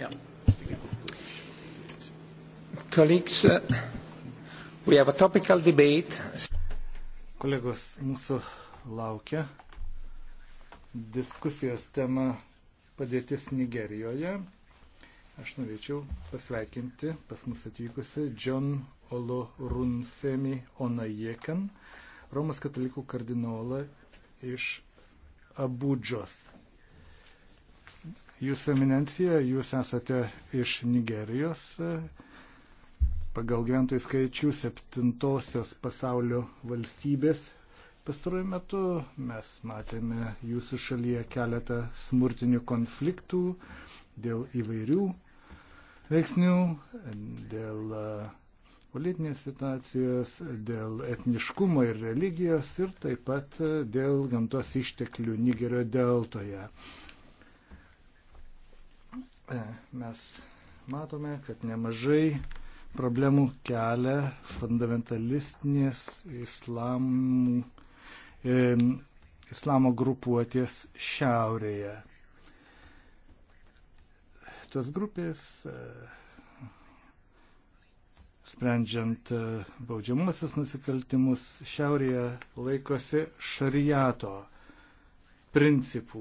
Yeah. Colleagues, uh, we have a topical debate. Kolegos, mūsų laukia diskusijos tema padėtis Nigerijoje. Aš norėčiau pasveikinti pas mus atvykusi John Olo Runfemi Onajekan, Romos katalikų kardinolą iš Abudžos. Jūsų eminencija, jūs esate iš Nigerijos, pagal gyventojų skaičių septintosios pasaulio valstybės. Pastaruoju metu mes matėme jūsų šalyje keletą smurtinių konfliktų dėl įvairių veiksnių, dėl politinės situacijos, dėl etniškumo ir religijos ir taip pat dėl gamtos išteklių Nigerio deltoje. E, mes matome, kad nemažai problemų kelia fundamentalistinės islamų, e, islamo grupuotės šiaurėje. Tos grupės, e, sprendžiant e, baudžiamasis nusikaltimus, šiaurėje laikosi šariato principų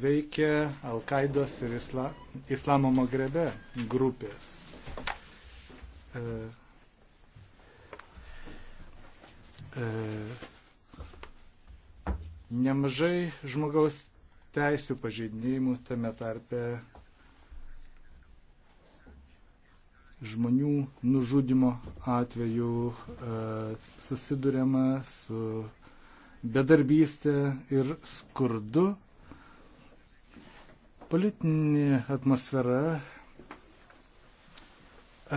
veikia Al-Qaidos ir Isla, Islamo Magrebe grupės. E, e, nemažai žmogaus teisų pažeidinėjimų tame tarpe žmonių nužudimo atveju e, susidurėma su bedarbystė ir skurdu. Politinė atmosfera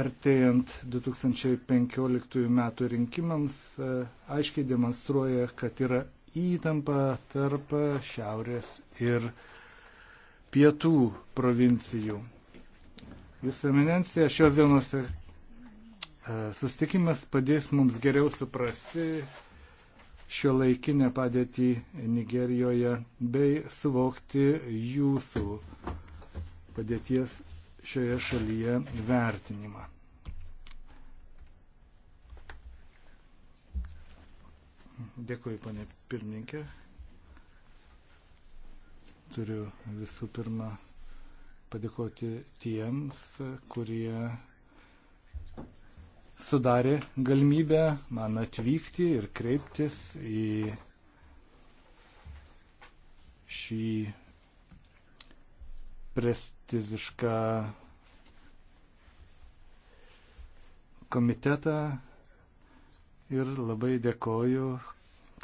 artėjant 2015 metų rinkimams e, aiškiai demonstruoja, kad yra įtampa tarp šiaurės ir pietų provincijų. Jūsų eminencija šios dienos e, susitikimas padės mums geriau suprasti šio laikinę padėtį Nigerijoje bei suvokti jūsų padėties šioje šalyje vertinimą. Dėkui, panė pirmininkė. Turiu visų pirma padėkoti tiems, kurie sudarė galimybę man atvykti ir kreiptis į šį prestizišką komitetą ir labai dėkoju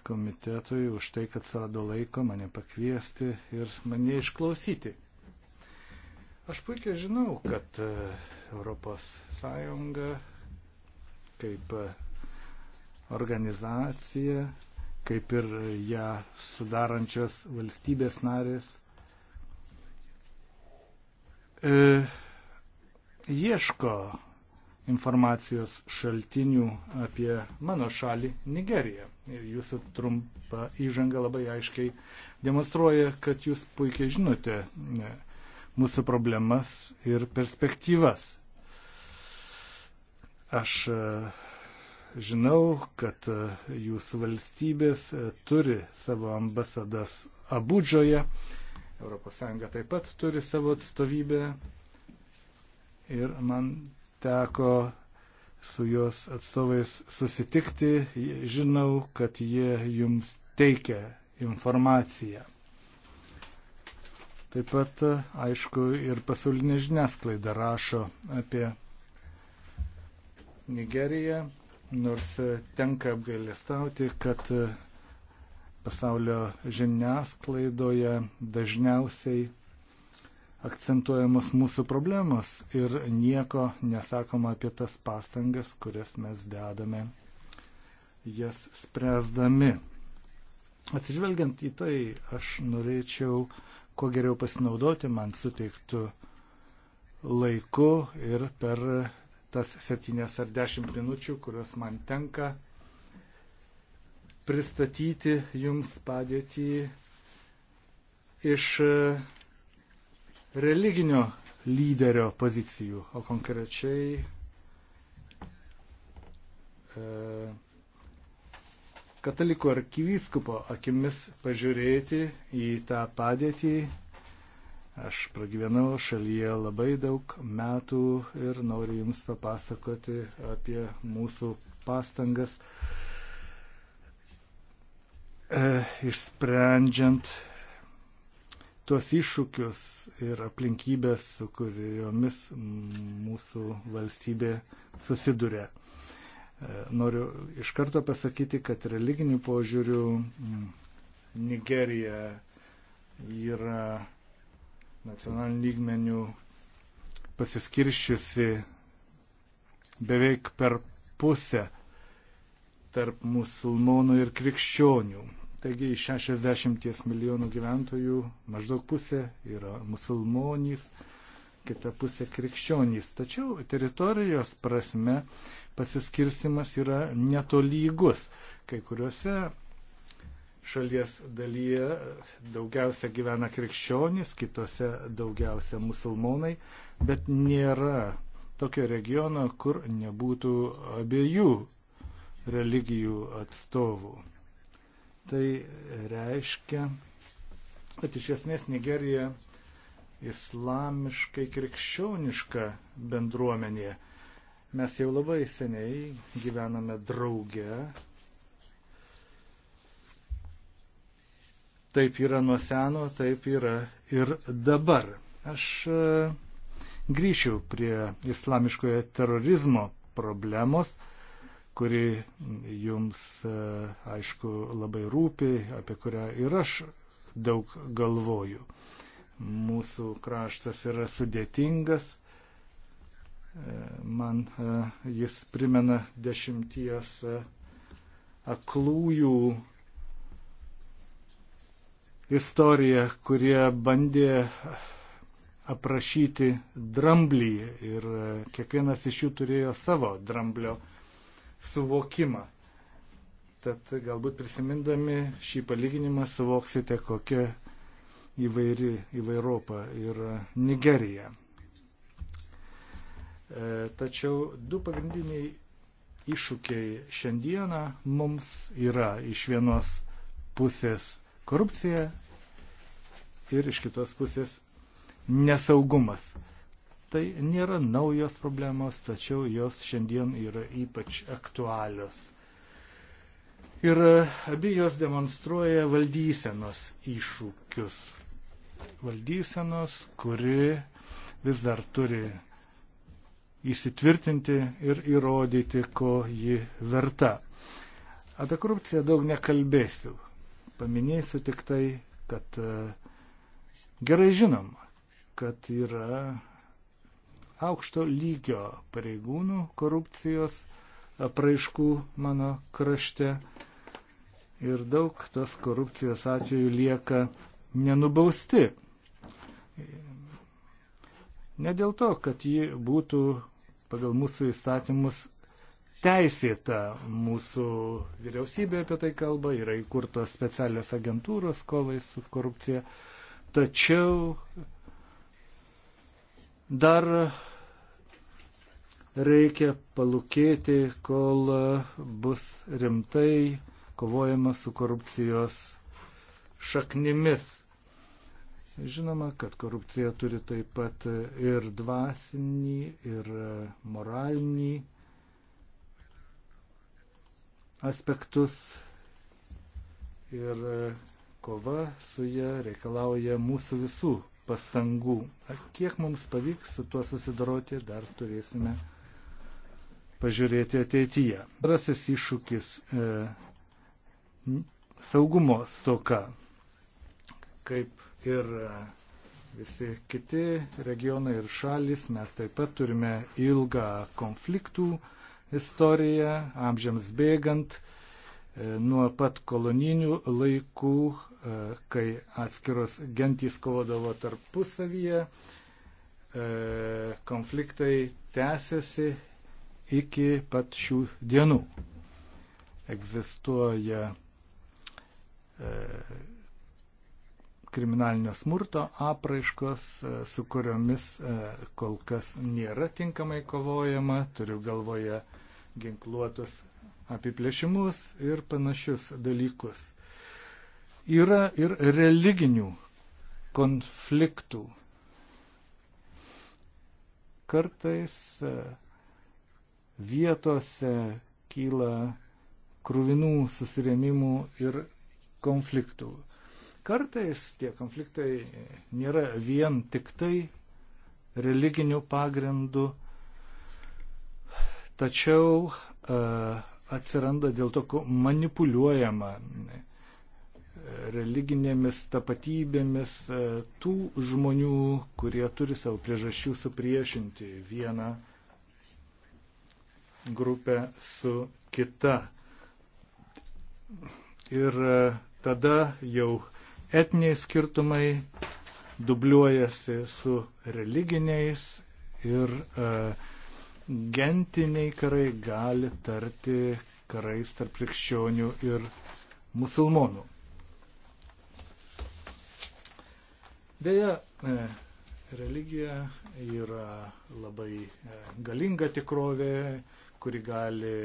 komitetui už tai, kad surado laiko mane pakviesti ir mane išklausyti. Aš puikiai žinau, kad e, Europos Sąjunga kaip e, organizacija, kaip ir ją sudarančios valstybės narės, e, ieško informacijos šaltinių apie mano šalį Nigeriją. Ir jūsų trumpa įžanga labai aiškiai demonstruoja, kad jūs puikiai žinote ne, mūsų problemas ir perspektyvas. Aš e, žinau, kad e, jūsų valstybės e, turi savo ambasadas Abudžoje, ES taip pat turi savo atstovybę ir man teko su jos atstovais susitikti, žinau, kad jie jums teikia informaciją. Taip pat, aišku, ir pasaulinė žiniasklaida rašo apie Nigeriją, nors tenka apgailestauti, kad pasaulio žiniasklaidoje dažniausiai akcentuojamos mūsų problemos ir nieko nesakoma apie tas pastangas, kurias mes dedame jas spręsdami. Atsižvelgiant į tai, aš norėčiau kuo geriau pasinaudoti man suteiktų laiku ir per tas septynias ar dešimt minučių, kurios man tenka pristatyti jums padėtį iš e, religinio lyderio pozicijų, o konkrečiai e, katalikų arkivyskupo akimis pažiūrėti į tą padėtį Aš pragyvenau šalyje labai daug metų ir noriu Jums papasakoti apie mūsų pastangas e, išsprendžiant tuos iššūkius ir aplinkybės, su kuriomis mūsų valstybė susiduria. E, noriu iš karto pasakyti, kad religinių požiūrių Nigerija yra nacionalinių lygmenių pasiskirščiusi beveik per pusę tarp musulmonų ir krikščionių. Taigi iš 60 milijonų gyventojų maždaug pusė yra musulmonys, kita pusė krikščionys. Tačiau teritorijos prasme pasiskirstimas yra netolygus. Kai kuriuose šalies dalyje daugiausia gyvena krikščionys, kitose daugiausia musulmonai, bet nėra tokio regiono, kur nebūtų abiejų religijų atstovų. Tai reiškia, kad iš esmės Nigerija islamiškai krikščioniška bendruomenė. Mes jau labai seniai gyvename drauge Taip yra nuo seno, taip yra ir dabar. Aš e, grįšiu prie islamiškojo terorizmo problemos, kuri jums, e, aišku, labai rūpi, apie kurią ir aš daug galvoju. Mūsų kraštas yra sudėtingas, e, man jis primena dešimties aklųjų istoriją, kurie bandė aprašyti dramblį ir e, kiekvienas iš jų turėjo savo dramblio suvokimą. Tad galbūt prisimindami šį palyginimą suvoksite, kokia įvairi įvairopa yra Nigerija. E, tačiau du pagrindiniai iššūkiai šiandieną mums yra iš vienos pusės korupcija ir iš kitos pusės nesaugumas. Tai nėra naujos problemos, tačiau jos šiandien yra ypač aktualios. Ir abi jos demonstruoja valdysenos iššūkius. Valdysenos, kuri vis dar turi įsitvirtinti ir įrodyti, ko ji verta. Apie korupciją daug nekalbėsiu. Paminėsiu tik tai, kad e, gerai žinoma, kad yra aukšto lygio pareigūnų korupcijos apraiškų mano krašte ir daug tos korupcijos atveju lieka nenubausti. Ne dėl to, kad ji būtų pagal mūsų įstatymus teisėta. Mūsų vyriausybė apie tai kalba, yra įkurtos specialios agentūros kovai su korupcija. Tačiau dar reikia palūkėti, kol bus rimtai kovojama su korupcijos šaknimis. Žinoma, kad korupcija turi taip pat ir dvasinį, ir moralinį aspektus ir e, kova su ją reikalauja mūsų visų pastangų. Kiek mums pavyks su tuo susidoroti, dar turėsime pažiūrėti ateityje. Antrasis iššūkis e, - saugumo stoka, kaip ir e, visi kiti regionai ir šalis, mes taip pat turime ilgą konfliktų istoriją, amžiams bėgant, e, nuo pat koloninių laikų, e, kai atskiros gentys kovodavo tarpusavyje, e, konfliktai tęsiasi iki pat šių dienų. Egzistuoja kriminalinio smurto apraiškos, su kuriomis kol kas nėra tinkamai kovojama, turiu galvoje ginkluotus apiplėšimus ir panašius dalykus. Yra ir religinių konfliktų. Kartais e, vietose kyla krūvinų susirėmimų ir konfliktų. Kartais tie konfliktai nėra vien tik tai religinių pagrindų Tačiau e, atsiranda dėl to manipuliuojama religinėmis tapatybėmis e, tų žmonių, kurie turi savo priežasčių supriešinti vieną grupę su kita. Ir e, tada jau etniai skirtumai dubliuojasi su religiniais ir uh, gentiniai karai gali tarti karais tarp krikščionių ir musulmonų. Deja, e, religija yra labai e, galinga tikrovė, kuri gali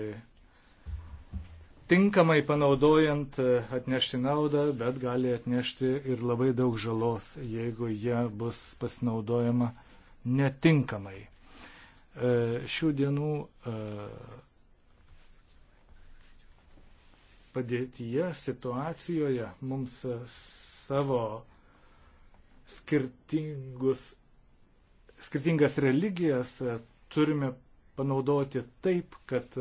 tinkamai panaudojant e, atnešti naudą, bet gali atnešti ir labai daug žalos, jeigu jie bus pasinaudojama netinkamai. E, šių dienų e, padėtyje, situacijoje mums savo skirtingus, skirtingas religijas e, turime panaudoti taip, kad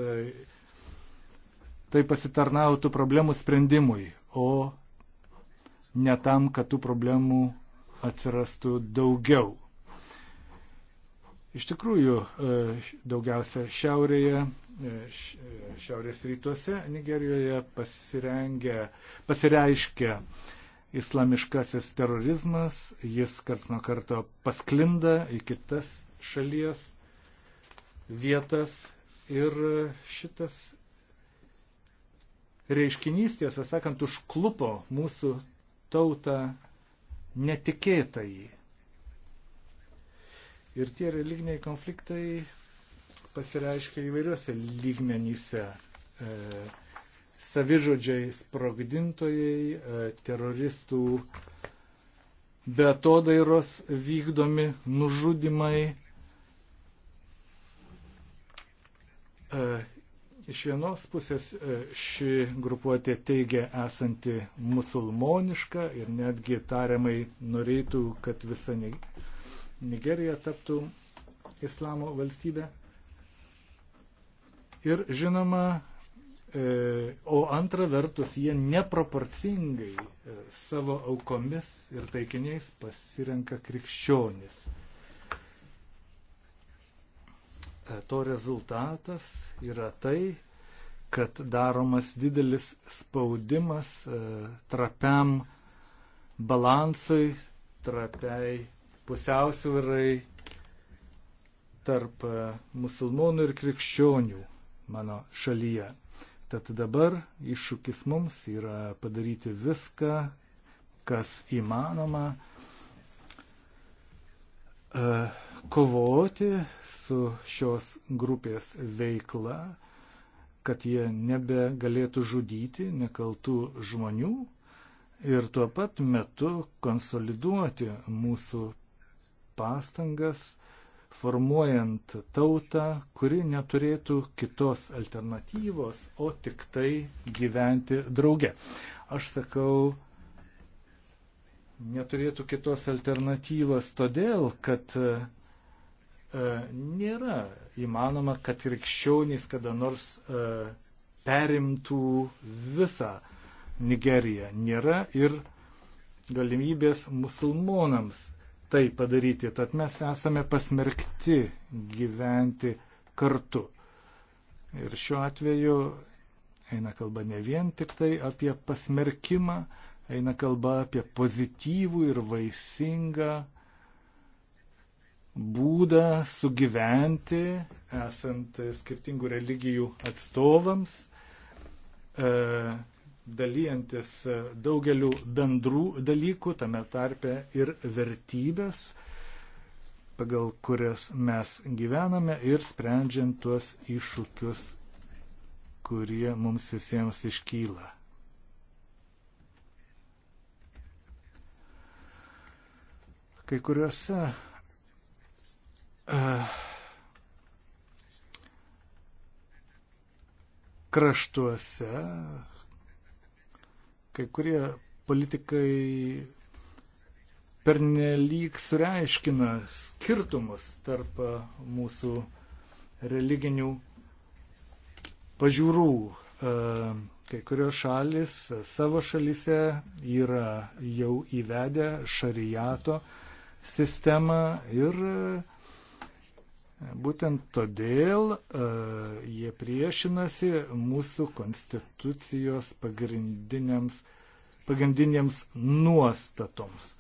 tai pasitarnautų problemų sprendimui, o ne tam, kad tų problemų atsirastų daugiau. Iš tikrųjų, e, daugiausia šiaurėje, e, e, šiaurės rytuose Nigerijoje pasireiškia islamiškasis terorizmas, jis karts nuo karto pasklinda į kitas šalies vietas ir šitas reiškinys, tiesą sakant, užklupo mūsų tautą netikėtai. Ir tie religiniai konfliktai pasireiškia įvairiuose lygmenyse. E, savižudžiai sprogdintojai, e, teroristų betodairos vykdomi nužudimai. E, Iš vienos pusės e, ši grupuotė teigia esanti musulmoniška ir netgi tariamai norėtų, kad visa Nigerija taptų islamo valstybė. Ir žinoma, e, o antra vertus, jie neproporcingai e, savo aukomis ir taikiniais pasirenka krikščionis. E, to rezultatas yra tai, kad daromas didelis spaudimas trapiam balansui, trapiai pusiausvirai tarp e, musulmonų ir krikščionių mano šalyje. Tad dabar iššūkis mums yra padaryti viską, kas įmanoma, e, kovoti su šios grupės veikla, kad jie nebegalėtų žudyti nekaltų žmonių ir tuo pat metu konsoliduoti mūsų pastangas, formuojant tautą, kuri neturėtų kitos alternatyvos, o tik tai gyventi drauge. Aš sakau, neturėtų kitos alternatyvos todėl, kad e, nėra įmanoma, kad krikščionys kada nors e, perimtų visą Nigeriją. Nėra ir galimybės musulmonams tai padaryti. Tad mes esame pasmerkti gyventi kartu. Ir šiuo atveju eina kalba ne vien tik tai apie pasmerkimą, eina kalba apie pozityvų ir vaisingą būdą sugyventi, esant skirtingų religijų atstovams. E, dalyjantis daugeliu bendrų dalykų, tame tarpe ir vertybės, pagal kurias mes gyvename ir sprendžiant tuos iššūkius, kurie mums visiems iškyla. Kai kuriuose uh, kraštuose Kai kurie politikai pernelyg sureiškina skirtumus tarp mūsų religinių pažiūrų. E, kai kurios šalis savo šalise yra jau įvedę šariato sistemą ir uh, Būtent todėl e, jie priešinasi mūsų konstitucijos pagrindiniams, pagrindiniams nuostatoms. E,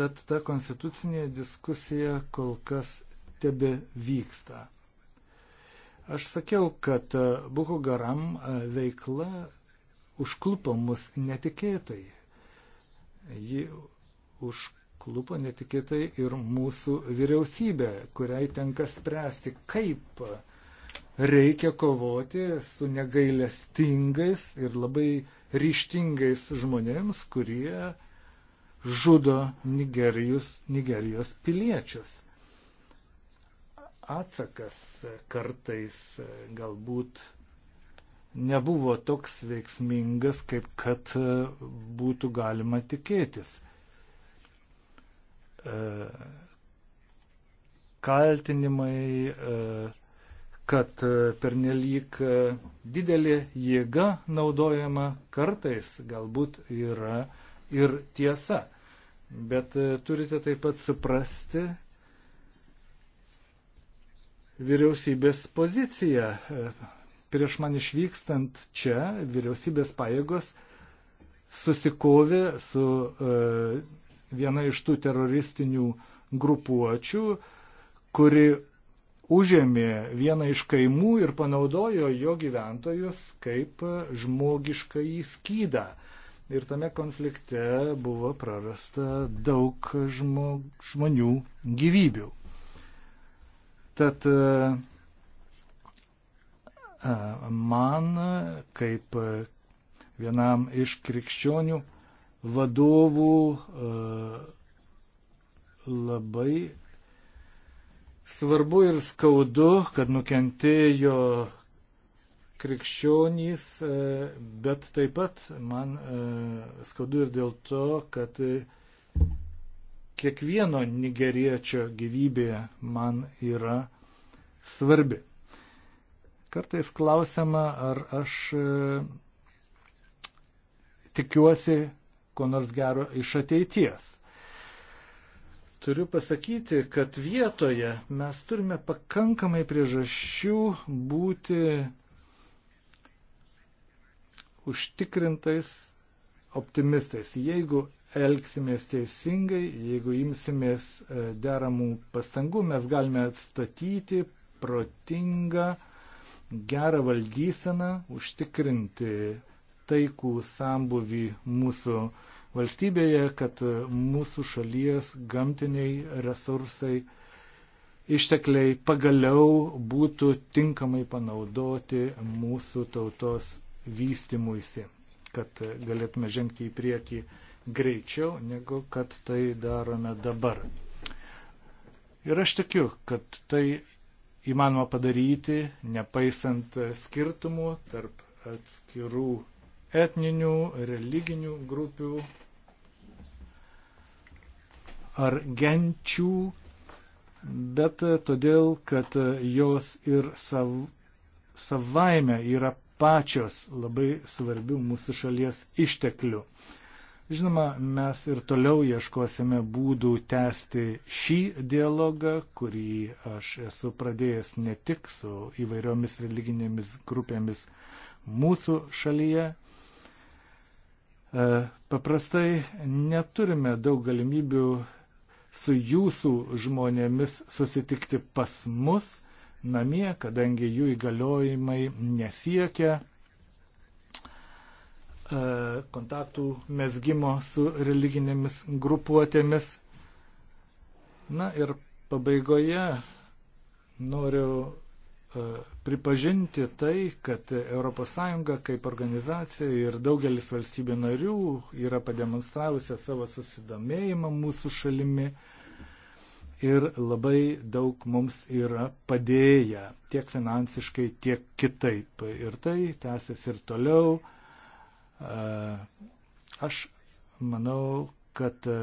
tad ta konstitucinė diskusija kol kas tebe vyksta. Aš sakiau, kad e, Buko Garam veikla užklupo mus netikėtai. Ji už suklupo netikėtai ir mūsų vyriausybė, kuriai tenka spręsti, kaip reikia kovoti su negailestingais ir labai ryštingais žmonėms, kurie žudo Nigerijus, Nigerijos piliečius. Atsakas kartais galbūt nebuvo toks veiksmingas, kaip kad būtų galima tikėtis. E, kaltinimai, e, kad e, pernelyg didelė jėga naudojama kartais galbūt yra ir tiesa. Bet turite taip pat suprasti vyriausybės poziciją. Prieš man išvykstant čia vyriausybės pajėgos susikovė su uh, viena iš tų teroristinių grupuočių, kuri užėmė vieną iš kaimų ir panaudojo jo gyventojus kaip žmogišką įskydą. Ir tame konflikte buvo prarasta daug žmo, žmonių gyvybių. Tad e, man kaip vienam iš krikščionių vadovų e, labai svarbu ir skaudu, kad nukentėjo krikščionys, e, bet taip pat man e, skaudu ir dėl to, kad kiekvieno nigeriečio gyvybė man yra svarbi. Kartais klausima, ar aš tikiuosi, ko nors gero iš ateities. Turiu pasakyti, kad vietoje mes turime pakankamai priežasčių būti užtikrintais optimistais. Jeigu elgsimės teisingai, jeigu imsimės e, deramų pastangų, mes galime atstatyti protingą, gerą valdyseną, užtikrinti taikų sambuvį mūsų valstybėje, kad mūsų šalies gamtiniai resursai, ištekliai pagaliau būtų tinkamai panaudoti mūsų tautos vystimuisi, kad galėtume žengti į priekį greičiau, negu kad tai darome dabar. Ir aš tikiu, kad tai įmanoma padaryti, nepaisant skirtumų tarp atskirų etninių, religinių grupių ar genčių, bet todėl, kad jos ir sav, savaime yra pačios labai svarbių mūsų šalies išteklių. Žinoma, mes ir toliau ieškosime būdų tęsti šį dialogą, kurį aš esu pradėjęs ne tik su įvairiomis religinėmis grupėmis mūsų šalyje, E, paprastai neturime daug galimybių su jūsų žmonėmis susitikti pas mus namie, kadangi jų įgaliojimai nesiekia e, kontaktų mesgymo su religinėmis grupuotėmis. Na ir pabaigoje noriu E, pripažinti tai, kad ES kaip organizacija ir daugelis valstybių narių yra pademonstravusią savo susidomėjimą mūsų šalimi ir labai daug mums yra padėję tiek finansiškai, tiek kitaip. Ir tai tęsis ir toliau. E, aš manau, kad e,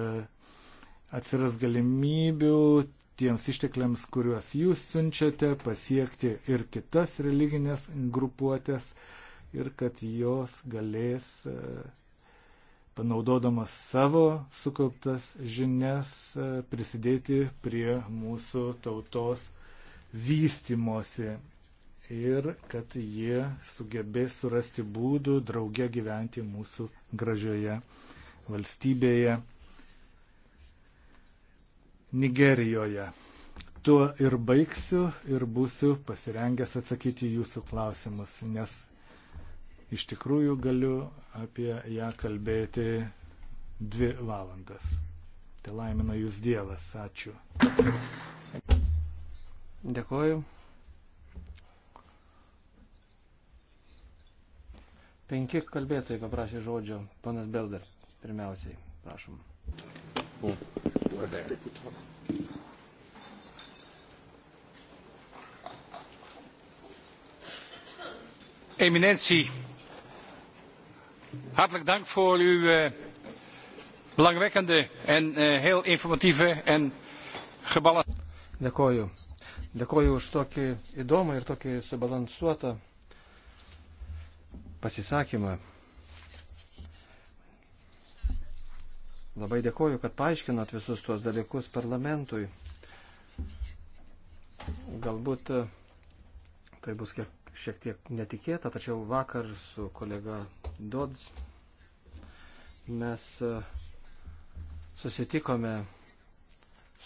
atsiras galimybių tiems ištekliams, kuriuos jūs siunčiate, pasiekti ir kitas religinės grupuotės ir kad jos galės, e, panaudodamas savo sukauptas žinias, e, prisidėti prie mūsų tautos vystimosi ir kad jie sugebės surasti būdų drauge gyventi mūsų gražioje valstybėje. Nigerijoje. Tuo ir baigsiu ir būsiu pasirengęs atsakyti jūsų klausimus, nes iš tikrųjų galiu apie ją kalbėti dvi valandas. Tai laimina jūs Dievas. Ačiū. Dėkuoju. Penki kalbėtojai paprašė žodžio. Panas Belder, pirmiausiai, prašom. O va bene. Eminentie, hartelijk dank voor uw uh, belangwekkende en uh, heel informatieve en gebalanceerde. Dėkoju. Dėkoju už tokį įdomų ir tokį subalansuotą pasisakymą. Labai dėkoju, kad paaiškinot visus tuos dalykus parlamentui. Galbūt e, tai bus kiek, šiek tiek netikėta, tačiau vakar su kolega Dodds mes e, susitikome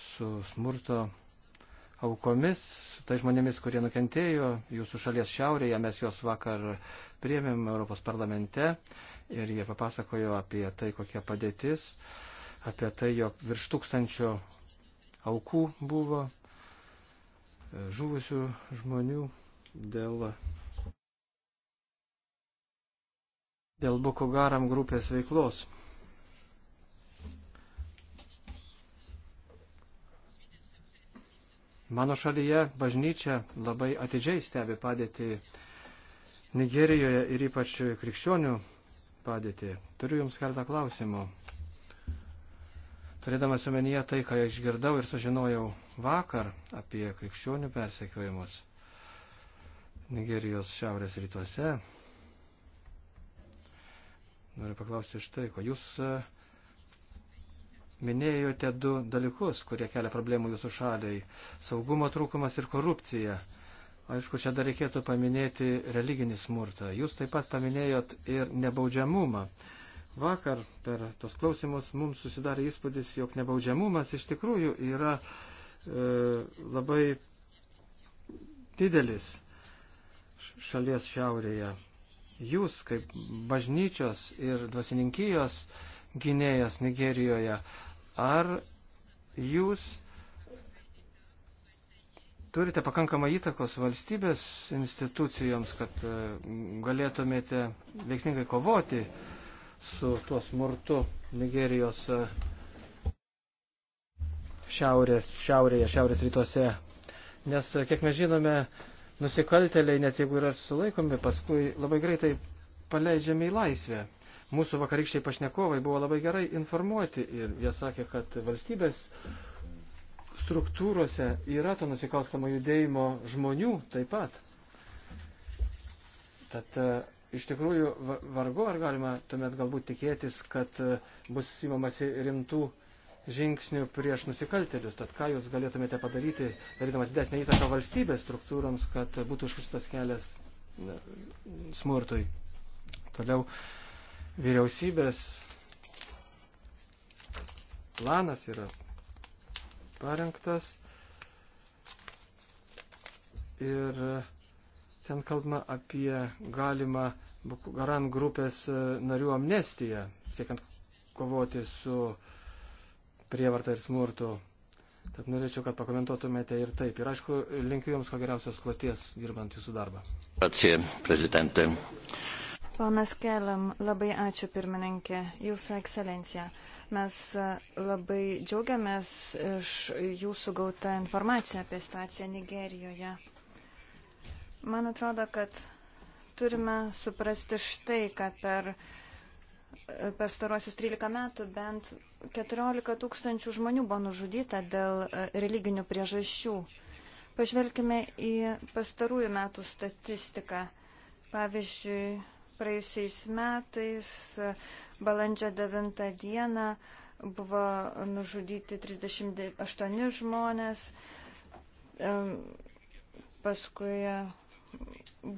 su smurto aukomis, su tai žmonėmis, kurie nukentėjo jūsų šalies šiaurėje. Mes juos vakar priemėm Europos parlamente ir jie papasakojo apie tai, kokia padėtis, apie tai, jog virš tūkstančio aukų buvo e, žuvusių žmonių dėl dėl Bokogaram grupės veiklos. Mano šalyje bažnyčia labai atidžiai stebi padėtį Nigerijoje ir ypač krikščionių padėtį. Turiu Jums keletą klausimų. Turėdamas omenyje tai, ką išgirdau ir sužinojau vakar apie krikščionių persekiojimus Nigerijos šiaurės rytuose, noriu paklausti štai, ko jūs uh, minėjote du dalykus, kurie kelia problemų jūsų šaliai - saugumo trūkumas ir korupcija. Aišku, čia dar reikėtų paminėti religinį smurtą. Jūs taip pat paminėjot ir nebaudžiamumą. Vakar per tos klausimus mums susidarė įspūdis, jog nebaudžiamumas iš tikrųjų yra e, labai didelis šalies šiaurėje. Jūs kaip bažnyčios ir dvasininkijos gynėjas Nigerijoje, Ar jūs turite pakankamą įtakos valstybės institucijoms, kad e, galėtumėte veiksmingai kovoti su tuo smurtu Nigerijos e, šiaurės, šiaurėje, šiaurės rytuose. Nes, e, kiek mes žinome, nusikalteliai, net jeigu yra sulaikomi, paskui labai greitai paleidžiami į laisvę. Mūsų vakarykščiai pašnekovai buvo labai gerai informuoti ir jie sakė, kad valstybės struktūrose yra to nusikalstamo judėjimo žmonių taip pat. Tad e, iš tikrųjų vargu ar galima tuomet galbūt tikėtis, kad e, bus įmamasi rimtų žingsnių prieš nusikaltelius. Tad ką jūs galėtumėte padaryti, darydamas didesnį įtaką valstybės struktūroms, kad būtų užkirstas kelias smurtui. Toliau Vyriausybės planas yra parengtas ir ten kalbama apie galimą Bukugaran grupės narių amnestiją, siekiant kovoti su prievarta ir smurtu. Tad norėčiau, kad pakomentuotumėte ir taip. Ir aišku, linkiu Jums ko geriausios kloties dirbant Jūsų darbą. Ačiū, prezidentė. Ponas Kelam, labai ačiū pirmininkė, Jūsų ekscelencija. Mes e, labai džiaugiamės iš Jūsų gautą informaciją apie situaciją Nigerijoje. Man atrodo, kad turime suprasti štai, kad per e, pastaruosius 13 metų bent 14 tūkstančių žmonių buvo nužudyta dėl e, religinių priežasčių. Pažvelkime į pastarųjų metų statistiką. Pavyzdžiui, praėjusiais metais balandžio 9 dieną buvo nužudyti 38 žmonės, paskui e,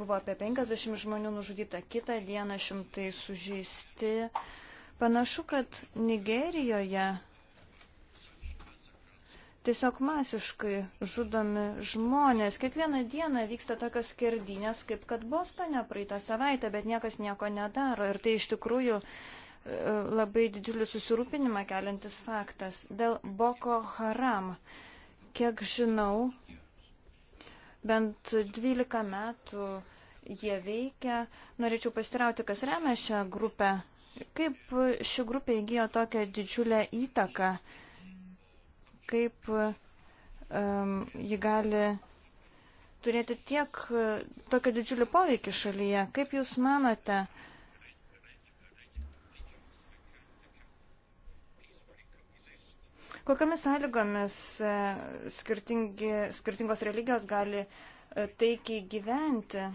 buvo apie 50 žmonių nužudyta kitą dieną, šimtai sužeisti. Panašu, kad Nigerijoje tiesiog masiškai žudomi žmonės. Kiekvieną dieną vyksta tokios skerdinės, kaip kad Bostone praeitą savaitę, bet niekas nieko nedaro. Ir tai iš tikrųjų e, labai didžiulį susirūpinimą keliantis faktas. Dėl Boko Haram, kiek žinau, bent 12 metų jie veikia. Norėčiau pastirauti, kas remia šią grupę. Kaip ši grupė įgyjo tokią didžiulę įtaką. Uh, kaip um, ji gali turėti tiek tokio didžiulį poveikį šalyje. Kaip Jūs manote, kokiamis sąlygomis e, skirtingos religijos gali e, taikiai gyventi?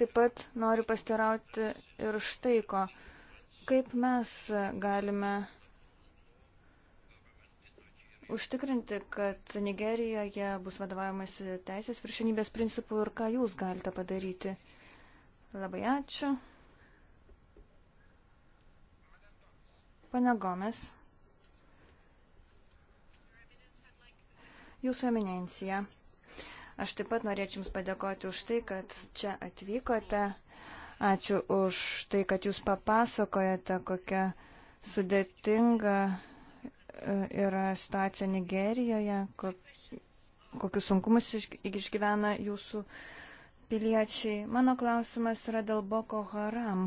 Taip pat noriu pastirauti ir štai ko. Kaip mes galime užtikrinti, kad Nigerijoje bus vadovaujamasi teisės viršinybės principų ir ką jūs galite padaryti? Labai ačiū. Pane Gomes. Jūsų eminencija. Aš taip pat norėčiau Jums padėkoti už tai, kad čia atvykote. Ačiū už tai, kad Jūs papasakojate, kokia sudėtinga yra situacija Nigerijoje, kokius sunkumus išgyvena jūsų piliečiai. Mano klausimas yra dėl Boko Haram.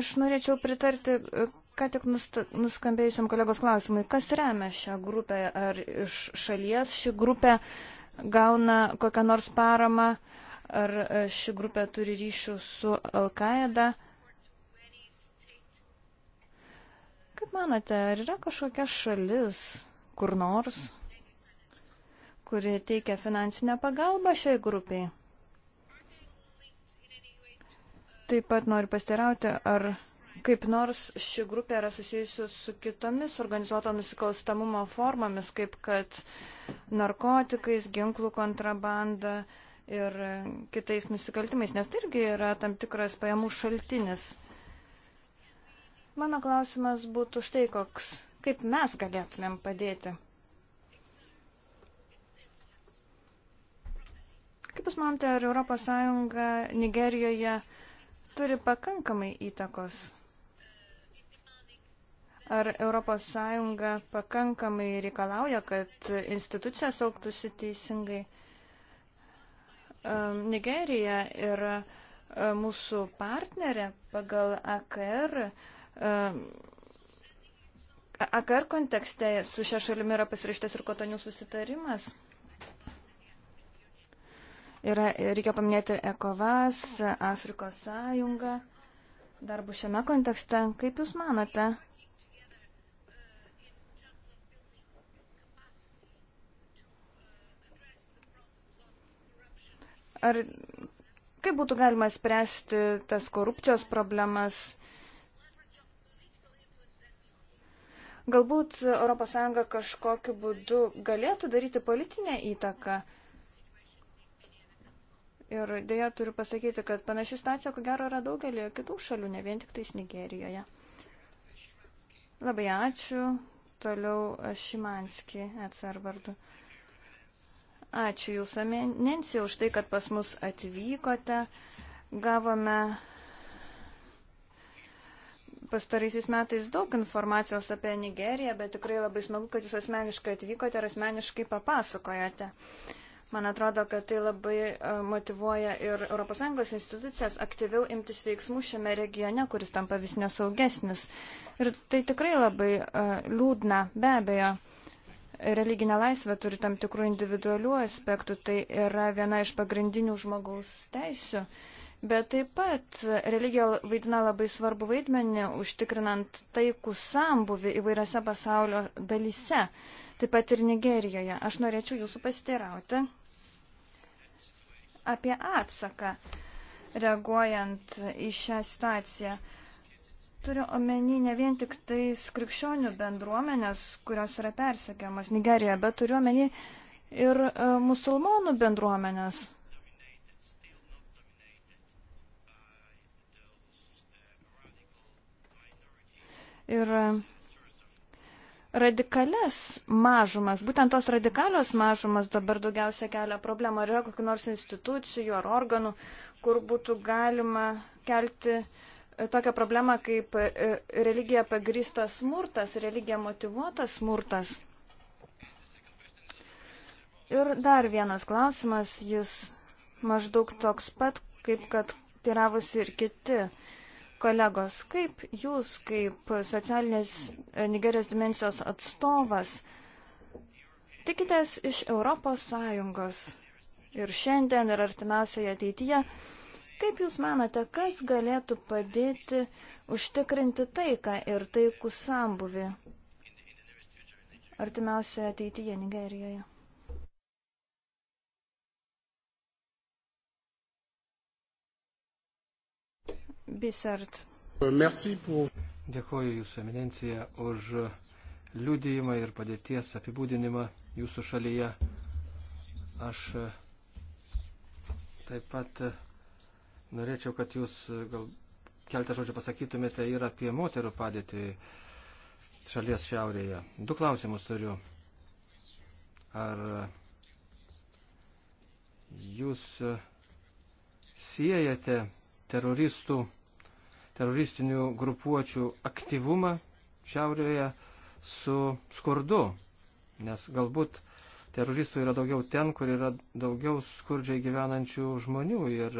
Aš norėčiau pritarti, ką tik nuskambėjusiam kolegos klausimui, kas remia šią grupę, ar iš šalies ši grupė gauna kokią nors paramą, ar ši grupė turi ryšių su Al-Qaeda. Kaip manote, ar yra kažkokia šalis kur nors, kuri teikia finansinę pagalbą šiai grupiai? Taip pat noriu pastirauti, ar kaip nors ši grupė yra susijusi su kitomis organizuoto nusikalstamumo formomis, kaip kad narkotikais, ginklų kontrabanda ir kitais nusikaltimais, nes tai irgi yra tam tikras pajamų šaltinis. Mano klausimas būtų štai koks. Kaip mes galėtumėm padėti? Kaip Jūs manote, ar ES Nigerijoje turi pakankamai įtakos? Ar ES pakankamai reikalauja, kad institucijos auktųsi teisingai? Ehm, Nigerija yra ehm, mūsų partnerė pagal AKR AKR kontekste su šia šalimi yra pasirašytas ir kotonių susitarimas. Yra, reikia paminėti ECOVAS, Afrikos sąjungą, darbų šiame kontekste. Kaip Jūs manote? Ar kaip būtų galima spręsti tas korupcijos problemas? Galbūt ES kažkokiu būdu galėtų daryti politinę įtaką. Ir dėja turiu pasakyti, kad panaši situacija, ko gero, yra daugelį kitų šalių, ne vien tik tais Nigerijoje. Labai ačiū. Toliau Šimanski, atsar vardu. Ačiū Jūs, Nencija, už tai, kad pas mus atvykote. Gavome pastaraisiais metais daug informacijos apie Nigeriją, bet tikrai labai smagu, kad jūs asmeniškai atvykote ir asmeniškai papasakojate. Man atrodo, kad tai labai e, motivuoja ir ES institucijas aktyviau imtis veiksmų šiame regione, kuris tampa vis nesaugesnis. Ir tai tikrai labai e, liūdna, be abejo religinė laisvė turi tam tikrų individualių aspektų, tai yra viena iš pagrindinių žmogaus teisių. Bet taip pat religija vaidina labai svarbu vaidmenį, užtikrinant taikų sambuvi įvairiose pasaulio dalyse, taip pat ir Nigerijoje. Aš norėčiau jūsų pasiteirauti apie atsaką, reaguojant į šią situaciją. Turiu omeny ne vien tik tais krikščionių bendruomenės, kurios yra persekiamas Nigerijoje, bet turiu omeny ir e, musulmonų bendruomenės ir radikales mažumas. Būtent tos radikalios mažumas dabar daugiausia kelia problemą. Ar yra kokiu nors institucijų ar organų, kur būtų galima kelti e, tokią problemą kaip e, e, religija pagristas smurtas, religija motivuotas smurtas. Ir dar vienas klausimas, jis maždaug toks pat, kaip kad tiravusi ir kiti. Uh, kolegos, kaip jūs, kaip socialinės Nigerijos dimensijos atstovas, tikitės iš ES ir šiandien ir artimiausioje ateityje, kaip jūs manote, kas galėtų padėti užtikrinti taiką ir taikų sambuvi artimiausioje ateityje Nigerijoje? Bisart. Dėkuoju Jūsų eminencija už liūdėjimą ir padėties apibūdinimą Jūsų šalyje. Aš e, taip pat e, norėčiau, kad Jūs e, gal keltą žodžių pasakytumėte ir apie moterų padėtį šalies šiaurėje. Du klausimus turiu. Ar Jūs siejate teroristų, teroristinių grupuočių aktyvumą šiaurėje su skurdu, nes galbūt teroristų yra daugiau ten, kur yra daugiau skurdžiai gyvenančių žmonių ir,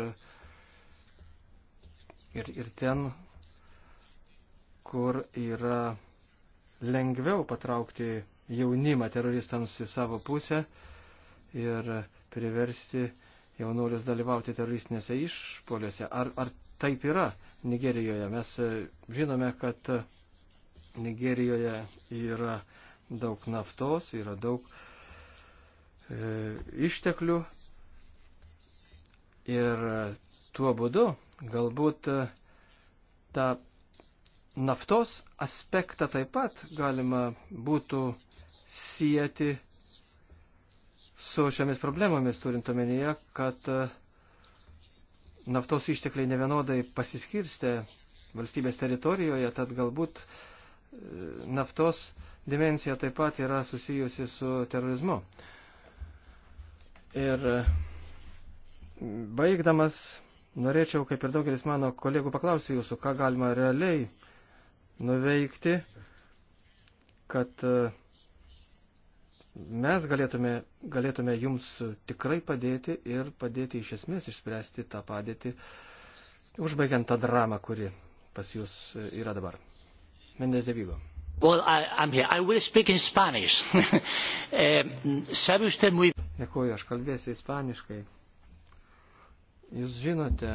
ir, ir ten, kur yra lengviau patraukti jaunimą teroristams į savo pusę ir priversti jaunuolius dalyvauti teroristinėse išpoliuose. Ar, ar taip yra Nigerijoje? Mes e, žinome, kad e, Nigerijoje yra daug naftos, yra daug e, išteklių ir e, tuo būdu galbūt tą naftos aspektą taip pat galima būtų sieti su šiomis problemomis, turint omenyje, kad e, naftos ištekliai nevienodai pasiskirstė valstybės teritorijoje, tad galbūt e, naftos dimensija taip pat yra susijusi su terorizmu. Ir e, baigdamas, norėčiau, kaip ir daugelis mano kolegų, paklausti jūsų, ką galima realiai nuveikti, kad uh, mes galėtume, galėtume jums tikrai padėti ir padėti iš esmės išspręsti tą padėtį, užbaigiant tą dramą, kuri pas jūs yra dabar. Mendez de Vigo. Well, I, I'm here. I will speak in Spanish. eh, sabe usted muy... Dėkuoju, aš kalbėsiu ispaniškai. Jūs žinote,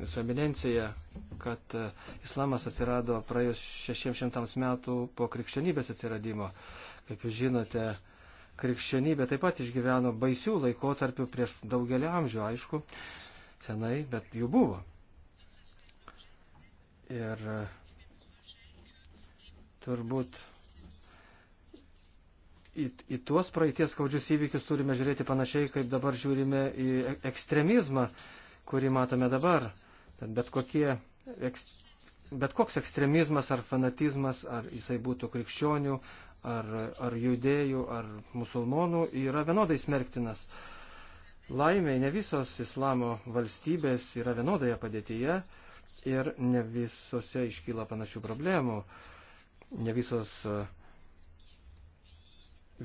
Jūsų eminencija, kad eh, islamas atsirado praėjus 600 metų po krikščionybės atsiradimo. Kaip jūs žinote, krikščionybė taip pat išgyveno baisių laikotarpių prieš daugelį amžių, aišku, senai, bet jų buvo. Ir turbūt į, į tuos praeities skaudžius įvykius turime žiūrėti panašiai, kaip dabar žiūrime į e, ekstremizmą, kurį matome dabar. Tad bet, kokie, ekst, bet koks ekstremizmas ar fanatizmas, ar jisai būtų krikščionių, ar, ar judėjų, ar musulmonų yra vienodai smerktinas. Laimiai ne visos islamo valstybės yra vienodoje padėtyje ir ne visose iškyla panašių problemų. Ne visos e,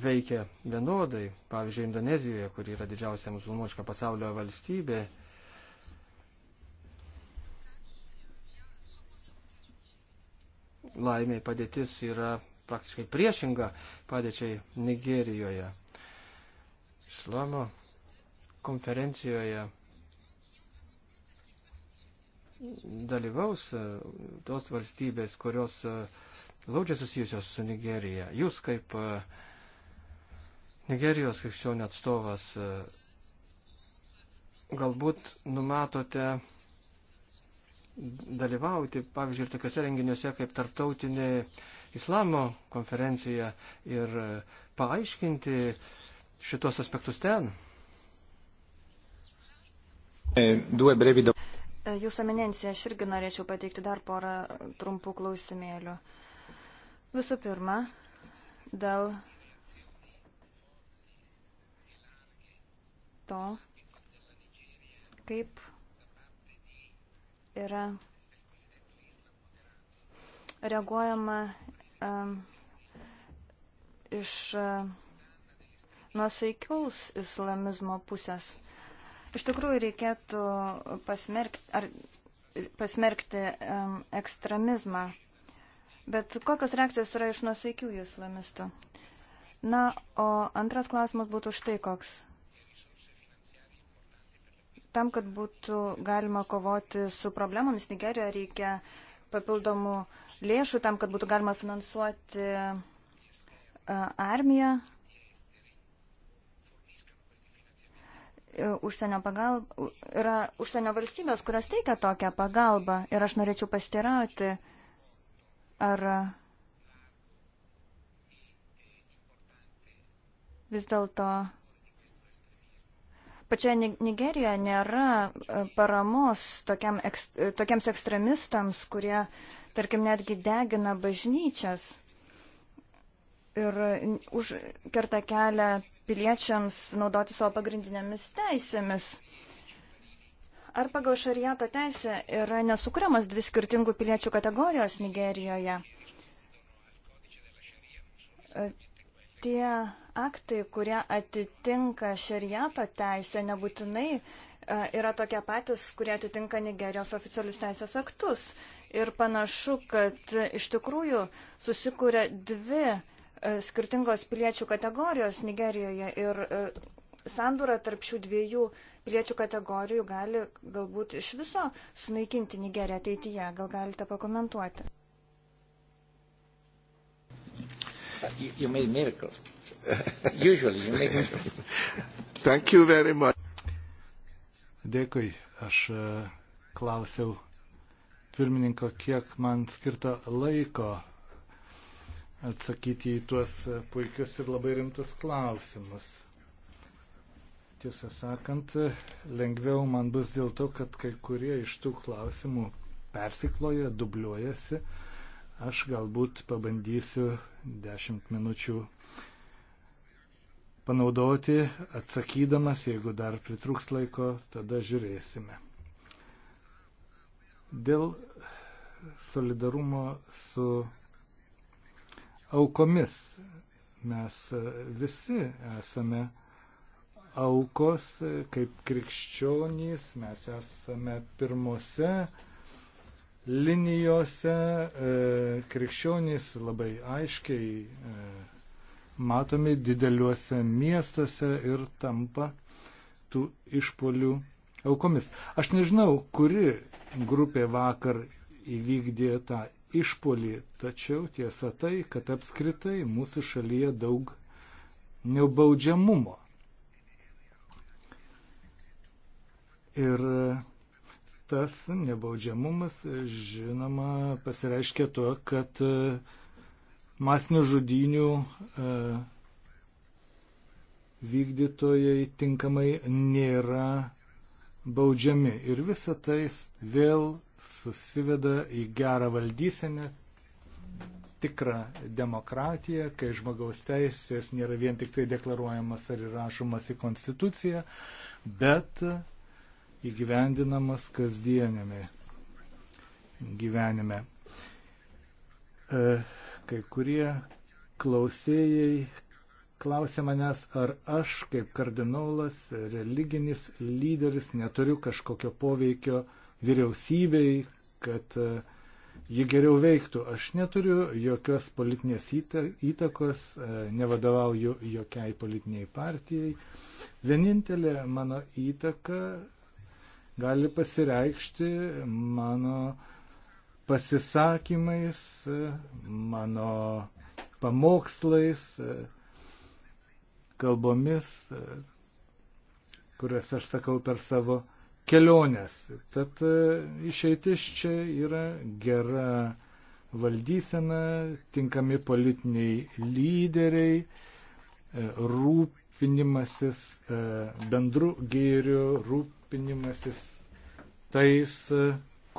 veikia vienodai. Pavyzdžiui, Indonezijoje, kur yra didžiausia musulmoniška pasaulio valstybė, laimiai padėtis yra praktiškai priešinga padėčiai Nigerijoje. Islamo konferencijoje dalyvaus e, tos valstybės, kurios e, glaudžiai susijusios su Nigerija. Jūs kaip e, Nigerijos krikščionių atstovas galbūt numatote dalyvauti, pavyzdžiui, ir tokiuose renginiuose kaip tarptautinė islamo konferenciją ir e, paaiškinti šitos aspektus ten. E, e, Jūsų eminencija, aš irgi norėčiau pateikti dar porą trumpų klausimėlių. Visų pirma, dėl to, kaip yra reaguojama iš e, nuosaikiaus islamizmo pusės. Iš tikrųjų reikėtų pasmerkti, ar, pasmerkti um, ekstremizmą. Bet kokios reakcijos yra iš nuosaikių islamistų? Na, o antras klausimas būtų štai koks. Tam, kad būtų galima kovoti su problemomis Nigerijoje, reikia uh, papildomų lėšų tam, kad būtų galima finansuoti e, armiją, e, užsienio pagalba, yra užsienio valstybės, kurios teikia tokią pagalbą. Ir aš norėčiau pastirauti, ar vis dėlto Pačioje Nigerijoje nėra e, paramos tokiam, ekst, tokiems ekstremistams, kurie, tarkim, netgi degina bažnyčias ir užkerta kelią piliečiams naudoti savo pagrindinėmis teisėmis. Ar pagal šariato teisę yra nesukuriamas dvi skirtingų piliečių kategorijos Nigerijoje? E, tie aktai, kurie atitinka šariato teisę, nebūtinai e, yra tokie patys, kurie atitinka Nigerijos oficialius teisės aktus. Ir panašu, kad iš tikrųjų susikūrė dvi e, skirtingos piliečių kategorijos Nigerijoje ir e, sandūra tarp šių dviejų piliečių kategorijų gali galbūt iš viso sunaikinti Nigeriją ateityje. Gal galite pakomentuoti? You, you made miracles. Usually you make miracles. Thank you very much. Dėkui. Aš e, klausiau pirmininko, kiek man skirta laiko atsakyti į tuos puikius ir labai rimtus klausimus. Tiesą sakant, lengviau man bus dėl to, kad kai kurie iš tų klausimų persikloja, dubliuojasi. Uh, Aš galbūt pabandysiu 10 minučių panaudoti, atsakydamas, jeigu dar pritruks laiko, tada žiūrėsime. Dėl solidarumo su aukomis mes visi esame aukos kaip krikščionys, mes esame pirmose linijose e, krikščionys labai aiškiai e, matomi dideliuose miestuose ir tampa tų išpolių aukomis. Aš nežinau, kuri grupė vakar įvykdė tą išpolį, tačiau tiesa tai, kad apskritai mūsų šalyje daug neubaudžiamumo. Ir tas nebaudžiamumas, žinoma, pasireiškia tuo, kad e, masinių žudynių e, vykdytojai tinkamai nėra baudžiami. Ir visa tai vėl susiveda į gerą valdysenę, tikrą demokratiją, kai žmogaus teisės nėra vien tik tai deklaruojamas ar įrašomas į konstituciją, bet įgyvendinamas kasdienėme gyvenime. E, kai kurie klausėjai klausė manęs, ar aš kaip kardinolas, religinis lyderis neturiu kažkokio poveikio vyriausybei, kad e, ji geriau veiktų. Aš neturiu jokios politinės įtakos, e, nevadovauju jokiai politiniai partijai. Vienintelė mano įtaka gali pasireikšti mano pasisakymais, mano pamokslais, kalbomis, kurias aš sakau per savo keliones. Tad e, išeitis čia yra gera valdysena, tinkami politiniai lyderiai, e, rūpinimasis e, bendru gėriu, rūp, rūpinimasis tais,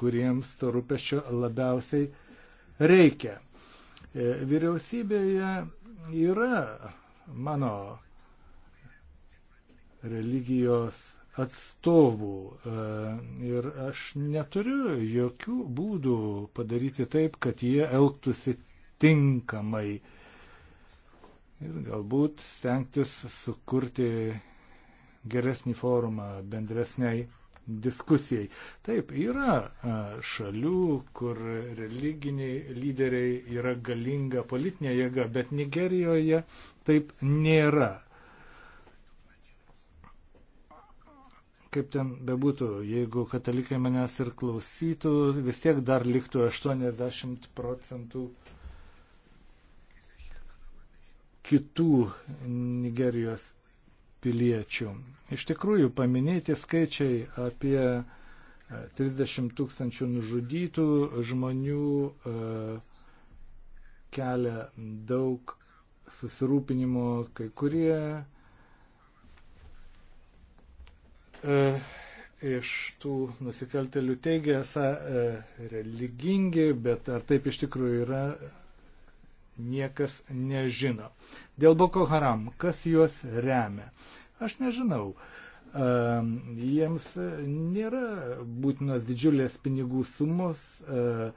kuriems to rūpešio labiausiai reikia. E, vyriausybėje yra mano religijos atstovų e, ir aš neturiu jokių būdų padaryti taip, kad jie elgtųsi tinkamai ir galbūt stengtis sukurti geresnį forumą bendresniai diskusijai. Taip, yra šalių, kur religiniai lyderiai yra galinga politinė jėga, bet Nigerijoje taip nėra. Kaip ten bebūtų, jeigu katalikai manęs ir klausytų, vis tiek dar liktų 80 procentų kitų Nigerijos piliečių. Iš tikrųjų, paminėti skaičiai apie 30 e, tūkstančių nužudytų žmonių e, kelia daug susirūpinimo, kai kurie e, iš tų nusikaltelių teigia esą religingi, bet ar taip iš tikrųjų yra, niekas nežino. Dėl Boko Haram, kas juos remia? Aš nežinau. Uh, jiems nėra būtinos didžiulės pinigų sumos, uh,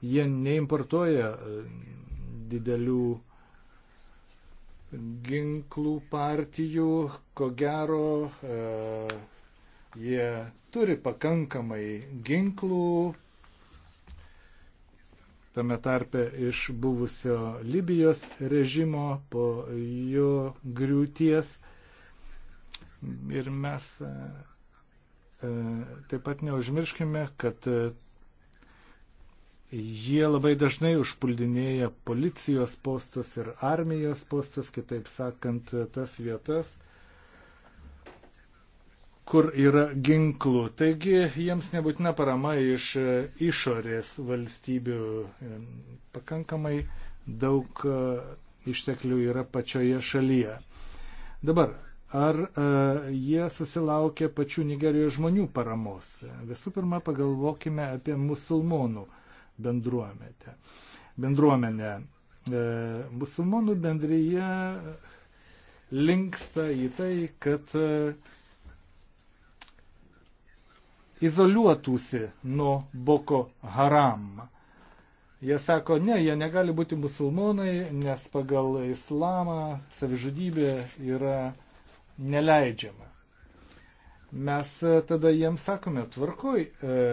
jie neimportuoja ehm, didelių ginklų partijų, ko gero uh, jie turi pakankamai ginklų, tame tarpe iš buvusio Libijos režimo po jo griūties. Ir mes e, e, taip pat neužmirškime, kad e, jie labai dažnai užpuldinėja policijos postus ir armijos postus, kitaip sakant, tas vietas, kur yra ginklų. Taigi jiems nebūtina parama iš e, išorės valstybių. E, pakankamai daug e, išteklių yra pačioje šalyje. Dabar, ar e, jie susilaukė pačių Nigerijos žmonių paramos? Visų pirma, pagalvokime apie musulmonų bendruomenę. bendruomenę. E, musulmonų bendryje linksta į tai, kad e, izoliuotųsi nuo Boko Haram. Jie sako, ne, jie negali būti musulmonai, nes pagal islamą savižudybė yra neleidžiama. Mes e, tada jiems sakome, tvarkoj, e,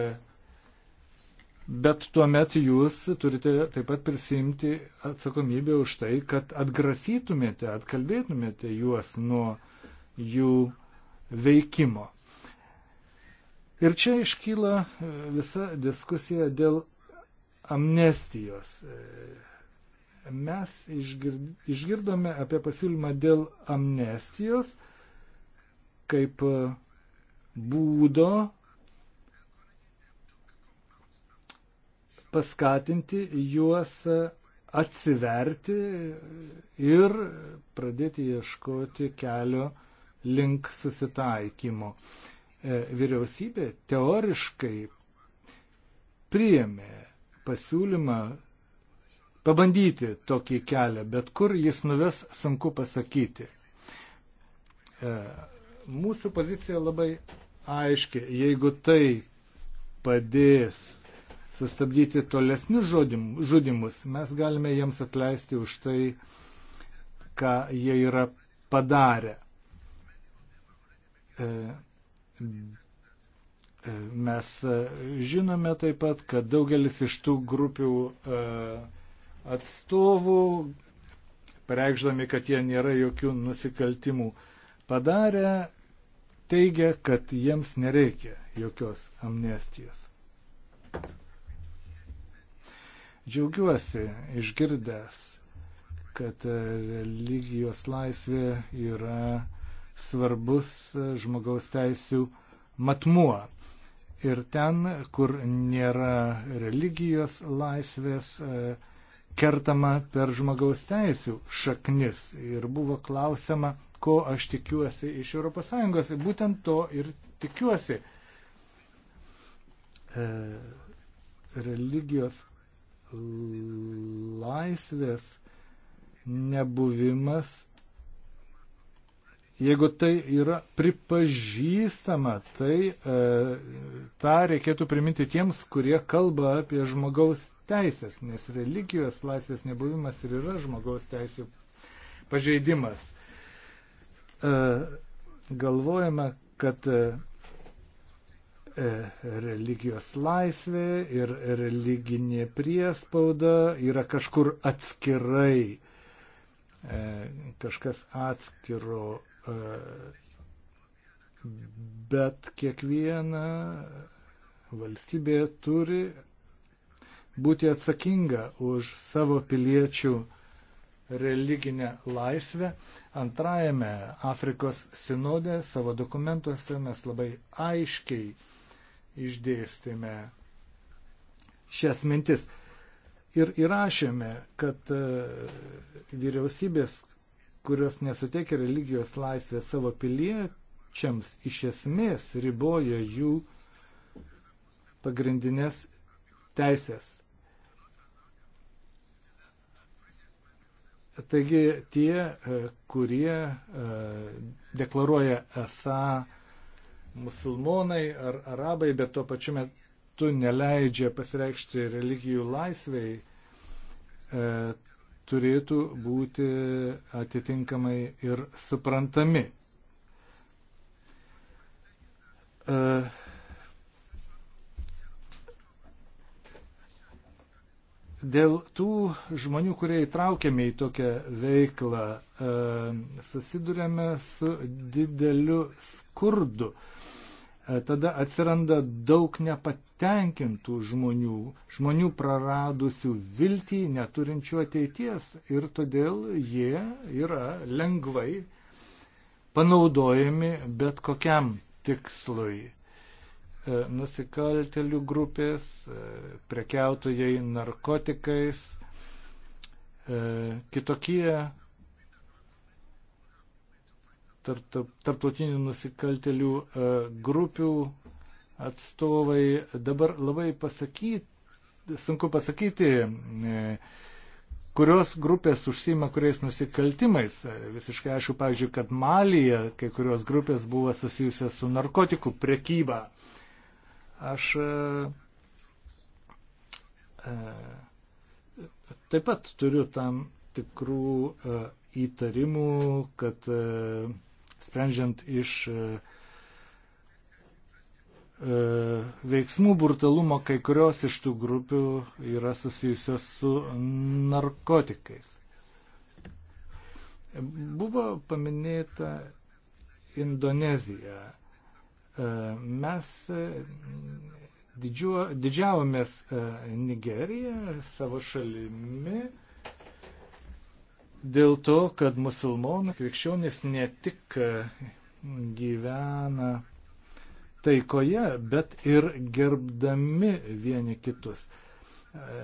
Bet tuomet jūs turite taip pat prisimti atsakomybę už tai, kad atgrasytumėte, atkalbėtumėte juos nuo jų veikimo. Ir čia iškyla e, visa diskusija dėl amnestijos. E, mes išgirdome apie pasiūlymą dėl amnestijos kaip e, būdo paskatinti juos atsiverti ir pradėti ieškoti kelio link susitaikymo. E, vyriausybė teoriškai priėmė pasiūlymą pabandyti tokį kelią, bet kur jis nuves, sunku pasakyti. E, mūsų pozicija labai aiški. Jeigu tai padės sustabdyti tolesnius žudimus, mes galime jiems atleisti už tai, ką jie yra padarę. E, E, mes e, žinome taip pat, kad daugelis iš tų grupių e, atstovų, pareikšdami, kad jie nėra jokių nusikaltimų padarę, teigia, kad jiems nereikia jokios amnestijos. Džiaugiuosi išgirdęs, kad religijos laisvė yra svarbus e, žmogaus teisų matmuo. Ir ten, kur nėra religijos laisvės, e, kertama per žmogaus teisų šaknis. Ir buvo klausima, ko aš tikiuosi iš ES. Būtent to ir tikiuosi. E, religijos laisvės nebuvimas Jeigu tai yra pripažįstama, tai e, tą reikėtų priminti tiems, kurie kalba apie žmogaus teisės, nes religijos laisvės nebuvimas ir yra žmogaus teisų pažeidimas. E, galvojame, kad e, e religijos laisvė ir religinė priespauda yra kažkur atskirai, e, kažkas atskiro bet kiekviena valstybė turi būti atsakinga už savo piliečių religinę laisvę. Antrajame Afrikos sinode savo dokumentuose mes labai aiškiai išdėstėme šias mintis ir įrašėme, kad e, vyriausybės kurios nesuteikia religijos laisvės savo piliečiams, iš esmės riboja jų pagrindinės teisės. Taigi tie, e, kurie e, deklaruoja esą musulmonai ar arabai, bet tuo pačiu metu neleidžia pasireikšti religijų laisviai, e, turėtų būti atitinkamai ir suprantami. E, dėl tų žmonių, kurie įtraukiame į tokią veiklą, e, susidurėme su dideliu skurdu. E, E, tada atsiranda daug nepatenkintų žmonių, žmonių praradusių viltį, neturinčių ateities ir todėl jie yra lengvai panaudojami bet kokiam tikslui. E, nusikaltelių grupės, e, prekiautojai narkotikais, kitokie tarptautinių nusikaltelių e, grupių atstovai. Dabar labai pasakyti, sunku pasakyti, e, kurios grupės užsima kuriais nusikaltimais. E, visiškai aišku, pavyzdžiui, kad Malyje kai kurios grupės buvo susijusios su narkotikų prekyba. Aš taip pat turiu tam tikrų įtarimų, kad sprendžiant iš e, e, veiksmų brutalumo kai kurios iš tų grupių yra susijusios su narkotikais. Buvo paminėta Indonezija. E, mes didžiuo, didžiavomės Nigeriją savo šalimi dėl to, kad musulmonai, krikščionys ne tik e, gyvena taikoje, bet ir gerbdami vieni kitus. E,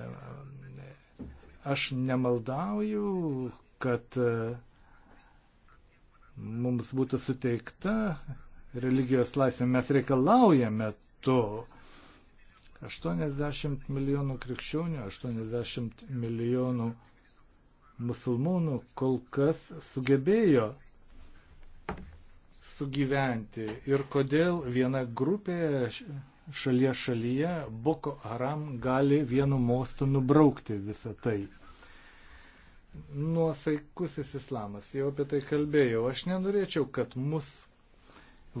aš nemaldauju, kad e, mums būtų suteikta religijos laisvė. Mes reikalaujame to. 80 milijonų krikščionių, 80 milijonų musulmonų kol kas sugebėjo sugyventi ir kodėl viena grupė šalia šalyje Boko Haram gali vienu mostu nubraukti visą tai. Nuosaikusis islamas, jau apie tai kalbėjau, aš nenorėčiau, kad mus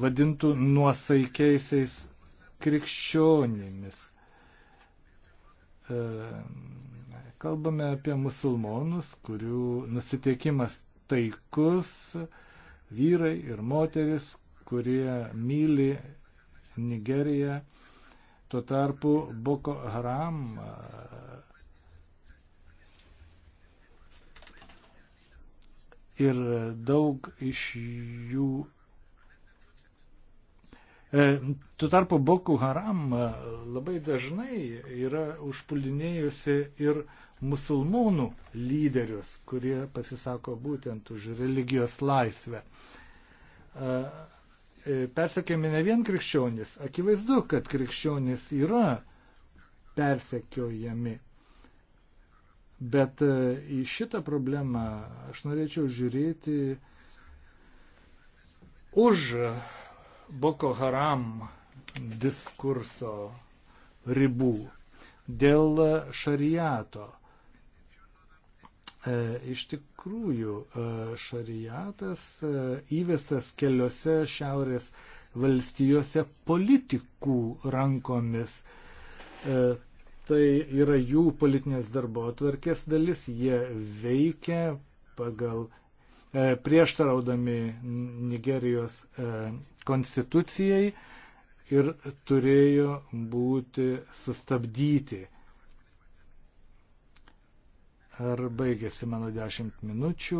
vadintų nuosaikiaisiais krikščionimis. E, Kalbame apie musulmonus, kurių nusiteikimas taikus, vyrai ir moteris, kurie myli Nigeriją. Tuo tarpu Boko Haram ir daug iš jų. E, tuo tarpu Boko Haram labai dažnai yra užpulinėjusi ir musulmonų lyderius, kurie pasisako būtent už religijos laisvę. E, Persekėmi ne vien krikščionis, akivaizdu, kad krikščionis yra persekiojami. Bet e, į šitą problemą aš norėčiau žiūrėti už Boko Haram diskurso ribų dėl šariato. E, iš tikrųjų, e, šariatas e, įvestas keliose šiaurės valstijose politikų rankomis. Tai yra jų politinės darbo atvarkės dalis, jie veikia pagal prieštaraudami Nigerijos konstitucijai ir turėjo būti sustabdyti Ar baigėsi mano 10 minučių,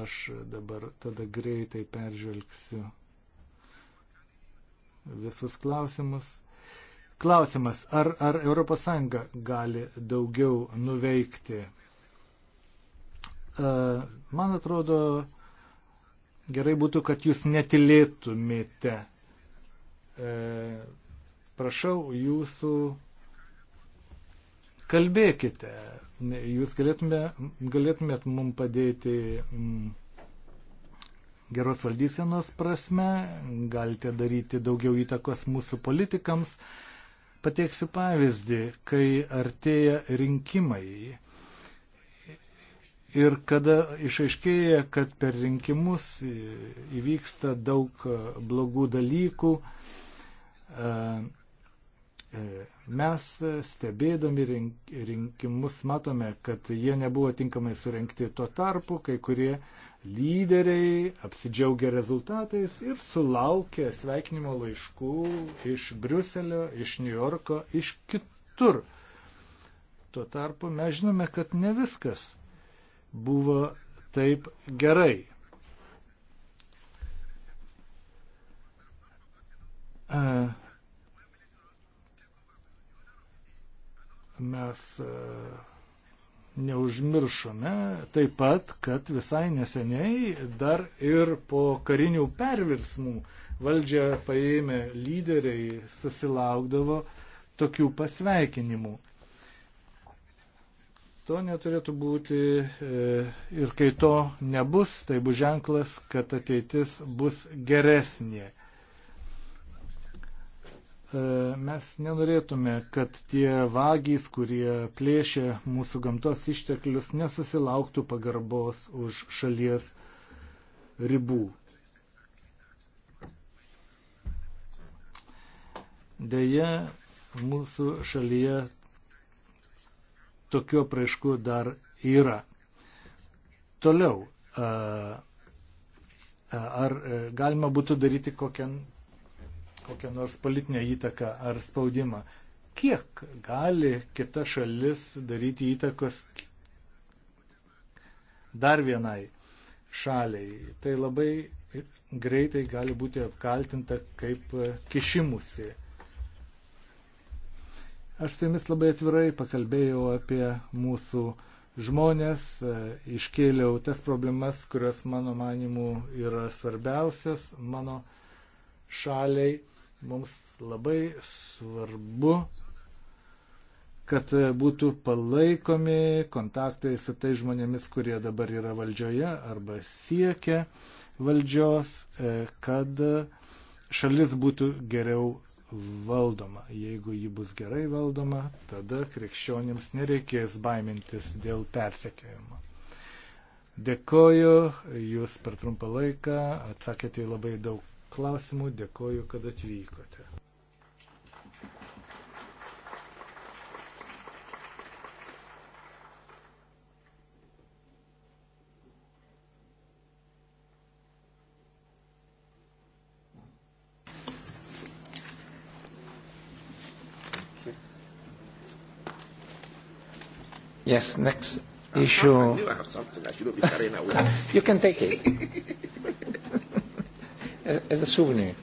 aš dabar tada greitai peržvelgsiu visus klausimus. Klausimas, ar, ar ES gali daugiau nuveikti? E, man atrodo, gerai būtų, kad jūs netilėtumėte. E, prašau jūsų kalbėkite. Jūs galėtume, galėtumėt mum padėti mm, geros valdysenos prasme, galite daryti daugiau įtakos mūsų politikams. Pateiksiu pavyzdį, kai artėja rinkimai ir kada išaiškėja, kad per rinkimus įvyksta daug blogų dalykų, e, E, mes stebėdami rinkimus matome, kad jie nebuvo tinkamai surenkti tuo tarpu, kai kurie lyderiai apsidžiaugia rezultatais ir sulaukia sveikinimo laiškų iš Briuselio, iš New Yorko, iš kitur. Tuo tarpu mes žinome, kad ne viskas buvo taip gerai. Uh mes e, neužmiršome taip pat, kad visai neseniai dar ir po karinių perversmų valdžią paėmę lyderiai susilaukdavo tokių pasveikinimų. To neturėtų būti e, ir kai to nebus, tai bus ženklas, kad ateitis bus geresnė. E, mes nenorėtume, kad tie vagys, kurie plėšia mūsų gamtos išteklius, nesusilauktų pagarbos už šalies ribų. Deja, mūsų šalyje tokių praaiškų dar yra. Toliau, e, e, ar galima būtų daryti kokią kokią nors politinę įtaką ar spaudimą. Kiek gali kita šalis daryti įtakos dar vienai šaliai? Tai labai greitai gali būti apkaltinta kaip kišimusi. Aš su jumis labai atvirai pakalbėjau apie mūsų žmonės, iškėliau tas problemas, kurios mano manimu yra svarbiausias mano šaliai. Mums labai svarbu, kad būtų palaikomi kontaktai su tai žmonėmis, kurie dabar yra valdžioje arba siekia valdžios, e, kad šalis būtų geriau valdoma. Jeigu ji bus gerai valdoma, tada krikščionims nereikės baimintis dėl persekiojimo. Dėkoju, jūs per trumpą laiką atsakėte į labai daug klausimų. Dėkoju, kad atvykote. Yes, next issue. I knew I have something I shouldn't be carrying away. you can take it. as, as a souvenir.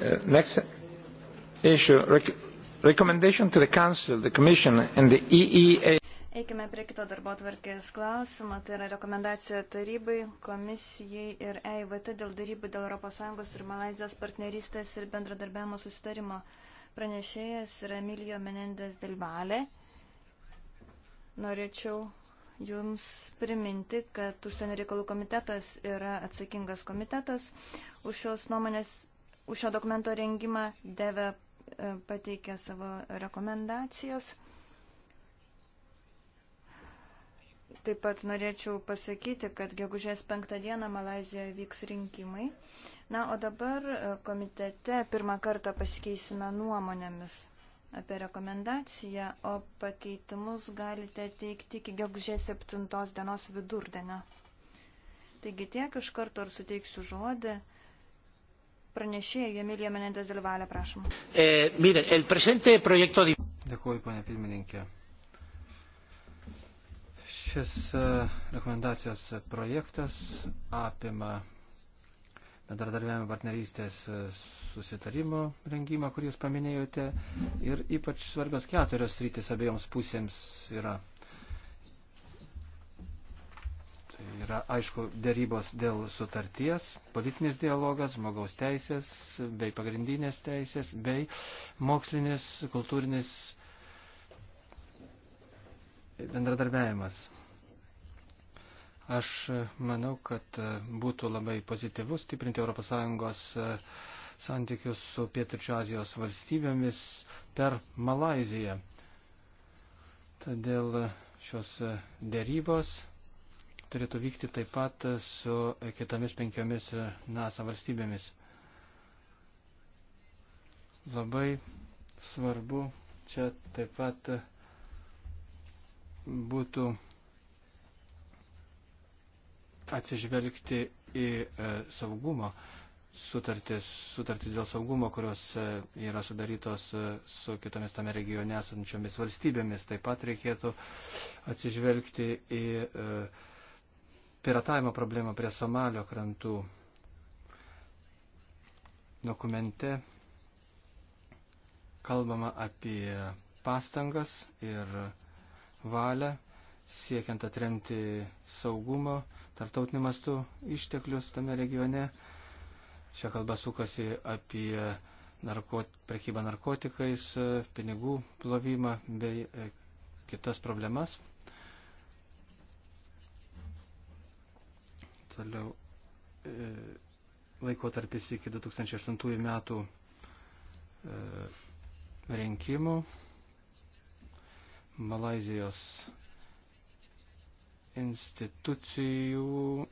Uh, next issue, rec recommendation to the Council, the Commission and the EEA. Eikime prie kito darbo tvarkės klausimą, tai yra rekomendacija tarybai, komisijai ir EIVT dėl darybų dėl ES ir Malazijos partnerystės ir bendradarbiavimo susitarimo. Pranešėjas yra Emilio Menendės Delvalė. Norėčiau Jums priminti, kad užsienio reikalų komitetas yra atsakingas komitetas už šios nuomonės, už šio dokumento rengimą, devė e, pateikė savo rekomendacijas. Taip pat norėčiau pasakyti, kad gegužės penktą dieną Malazijoje vyks rinkimai. Na, o dabar e, komitete pirmą kartą pasikeisime nuomonėmis apie rekomendaciją, o pakeitimus galite teikti iki gegužės 7 dienos vidurdienio. Taigi tiek iš karto ir suteiksiu žodį. Pranešėjai Emilija Menendės dalyvalė, prašom. E, mire, el presente proyecto... Dėkuoju, ponė pirmininkė. Šis eh, rekomendacijos projektas apima bendradarbiavimo partnerystės e, susitarimo rengimą, kurį jūs paminėjote. Ir ypač svarbios keturios rytis abiejoms pusėms yra. Tai yra, aišku, dėrybos dėl sutarties, politinis dialogas, žmogaus teisės bei pagrindinės teisės, bei mokslinis, kultūrinis bendradarbiavimas. Aš manau, kad būtų labai pozityvu stiprinti ES e, santykius su Pietričio Azijos valstybėmis per Malaziją. Todėl šios e, dėrybos turėtų vykti taip pat e, su kitomis penkiomis NASA valstybėmis. Labai svarbu čia taip pat būtų atsižvelgti į e, saugumo sutartis, sutartis dėl saugumo, kurios e, yra sudarytos e, su kitomis tame regione esančiomis valstybėmis. Taip pat reikėtų atsižvelgti į piratavimo problemą prie Somalio krantų. Dokumente kalbama apie pastangas ir valią siekiant atremti saugumo tarptautiniu mastu išteklius tame regione. Čia kalba sukasi apie narkot, prekybą narkotikais, pinigų plovimą bei e, kitas problemas. Toliau e, laikotarpis iki 2008 metų e, rinkimų. Malazijos